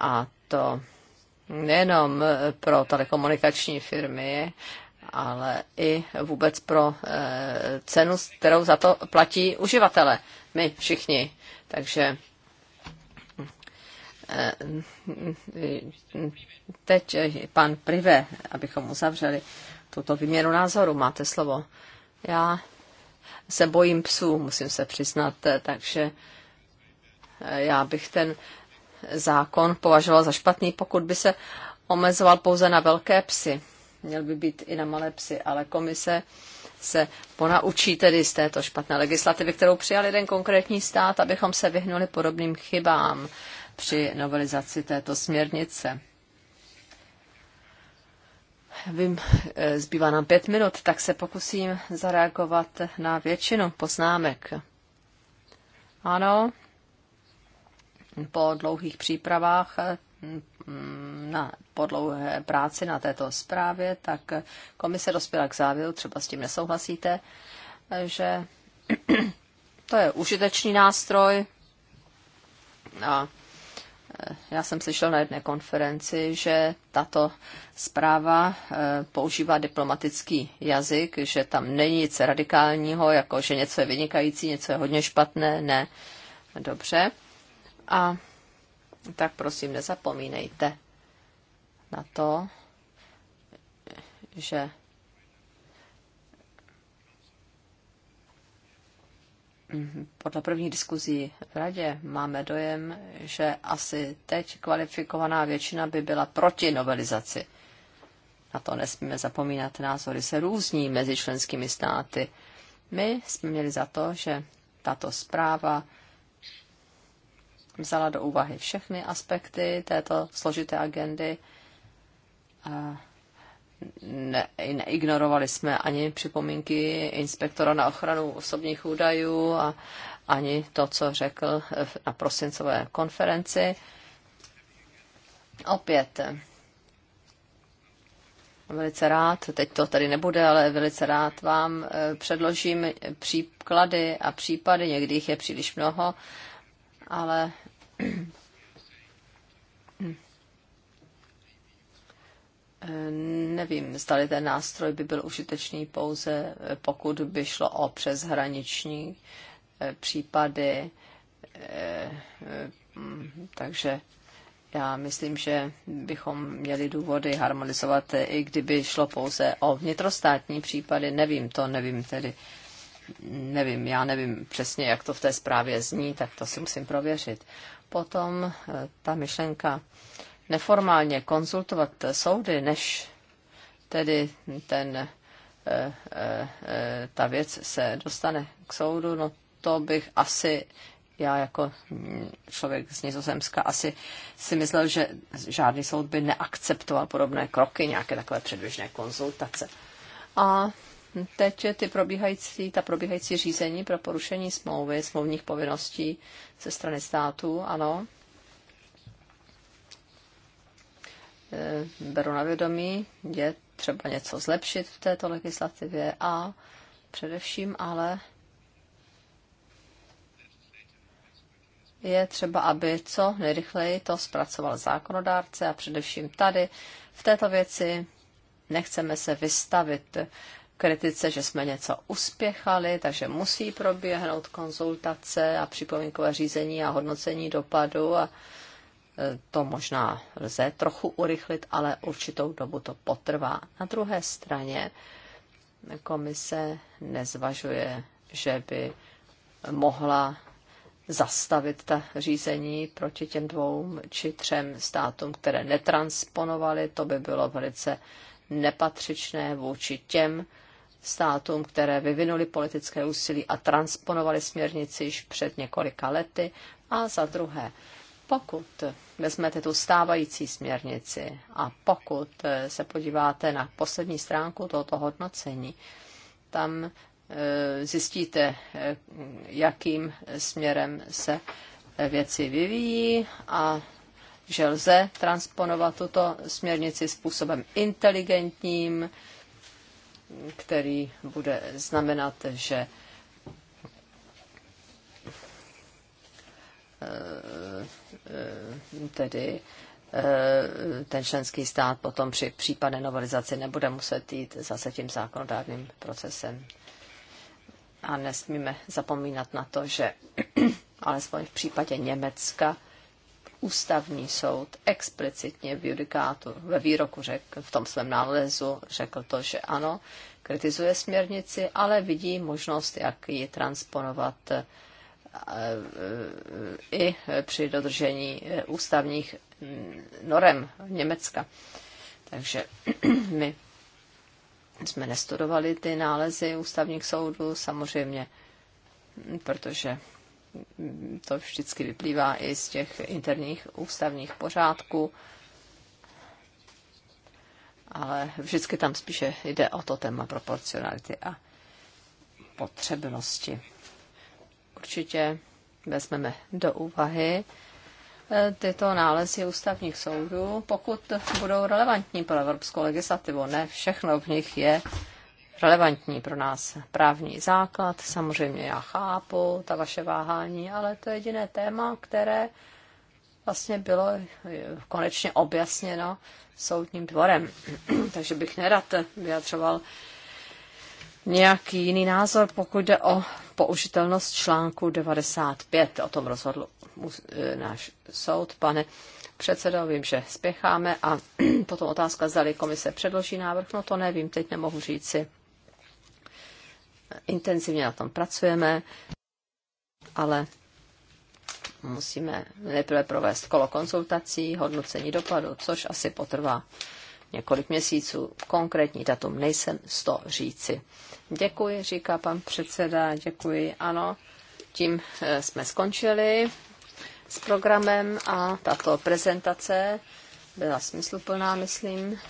a to nejenom pro telekomunikační firmy, ale i vůbec pro eh, cenu, kterou za to platí uživatele, my všichni. Takže eh, teď pan Prive, abychom uzavřeli tuto výměnu názoru, máte slovo. Já se bojím psů, musím se přiznat, eh, takže já bych ten zákon považoval za špatný, pokud by se omezoval pouze na velké psy měl by být i na malé psy, ale komise se ponaučí tedy z této špatné legislativy, kterou přijal jeden konkrétní stát, abychom se vyhnuli podobným chybám při novelizaci této směrnice. Vím, e, zbývá nám pět minut, tak se pokusím zareagovat na většinu poznámek. Ano, po dlouhých přípravách Mm, na podlouhé práci na této zprávě, tak komise dospěla k závěru, třeba s tím nesouhlasíte, že to je užitečný nástroj. A e, já jsem slyšel na jedné konferenci, že tato zpráva e, používá diplomatický jazyk, že tam není nic radikálního, jako že něco je vynikající, něco je hodně špatné, ne. Dobře. A tak prosím nezapomínejte na to, že podle první diskuzí v radě máme dojem, že asi teď kvalifikovaná většina by byla proti novelizaci. Na to nesmíme zapomínat, názory se různí mezi členskými státy. My jsme měli za to, že tato zpráva vzala do úvahy všechny aspekty této složité agendy. A ne, neignorovali jsme ani připomínky inspektora na ochranu osobních údajů a ani to, co řekl na prosincové konferenci. Opět velice rád, teď to tady nebude, ale velice rád vám eh, předložím příklady a případy, někdy jich je příliš mnoho, ale Nevím, zda ten nástroj by byl užitečný pouze, pokud by šlo o přeshraniční eh, případy. Eh, mm, takže já myslím, že bychom měli důvody harmonizovat, eh, i kdyby šlo pouze o vnitrostátní případy. Nevím to, nevím tedy. Nevím, já nevím přesně, jak to v té zprávě zní, tak to si musím prověřit potom eh, ta myšlenka neformálně konzultovat soudy, než tedy ten, eh, eh, ta věc se dostane k soudu, no to bych asi já jako mm, člověk z Nizozemska asi si myslel, že žádný soud by neakceptoval podobné kroky, nějaké takové předběžné konzultace. A teď ty probíhající, ta probíhající řízení pro porušení smlouvy, smlouvních povinností ze strany státu, ano. E, beru na vědomí, je třeba něco zlepšit v této legislativě a především ale je třeba, aby co nejrychleji to zpracoval zákonodárce a především tady v této věci nechceme se vystavit kritice, že jsme něco uspěchali, takže musí proběhnout konzultace a připomínkové řízení a hodnocení dopadu a e, to možná lze trochu urychlit, ale určitou dobu to potrvá. Na druhé straně komise nezvažuje, že by mohla zastavit ta řízení proti těm dvou či třem státům, které netransponovaly. To by bylo velice nepatřičné vůči těm, státům, které vyvinuli politické úsilí a transponovali směrnici již před několika lety. A za druhé, pokud vezmete tu stávající směrnici a pokud se podíváte na poslední stránku tohoto hodnocení, tam e, zjistíte, e, jakým směrem se e, věci vyvíjí a že lze transponovat tuto směrnici způsobem inteligentním, který bude znamenat, že eh, eh, tedy eh, ten členský stát potom při případné novelizaci nebude muset jít zase tím zákonodárným procesem. A nesmíme zapomínat na to, že alespoň v případě Německa ústavní soud explicitně v judikátu ve výroku řekl, v tom svém nálezu řekl to, že ano, kritizuje směrnici, ale vidí možnost, jak ji transponovat eh, eh, i při dodržení eh, ústavních mm, norem Německa. Takže my jsme nestudovali ty nálezy ústavních soudů, samozřejmě, mm, protože to vždycky vyplývá i z těch interních ústavních pořádků, ale vždycky tam spíše jde o to téma proporcionality a potřebnosti. Určitě vezmeme do úvahy eh, tyto nálezy ústavních soudů, pokud budou relevantní pro evropskou legislativu. Ne všechno v nich je relevantní pro nás právní základ. Samozřejmě já chápu ta vaše váhání, ale to je jediné téma, které vlastně bylo eh, konečně objasněno soudním dvorem. Takže bych nerad vyjadřoval nějaký jiný názor, pokud jde o použitelnost článku 95. O tom rozhodl eh, náš soud. Pane předsedo, vím, že spěcháme a potom otázka, zda komise předloží návrh, no to nevím, teď nemohu říci intenzivně na tom pracujeme, ale musíme nejprve provést kolo konzultací, hodnocení dopadu, což asi potrvá několik měsíců. Konkrétní datum nejsem z to říci. Děkuji, říká pan předseda, děkuji, ano. Tím eh, jsme skončili s programem a tato prezentace byla smysluplná, myslím.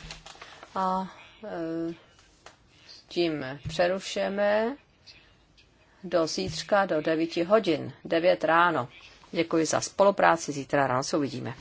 A e, tím přerušeme do zítřka do 9 hodin, 9 ráno. Děkuji za spolupráci, zítra ráno se uvidíme.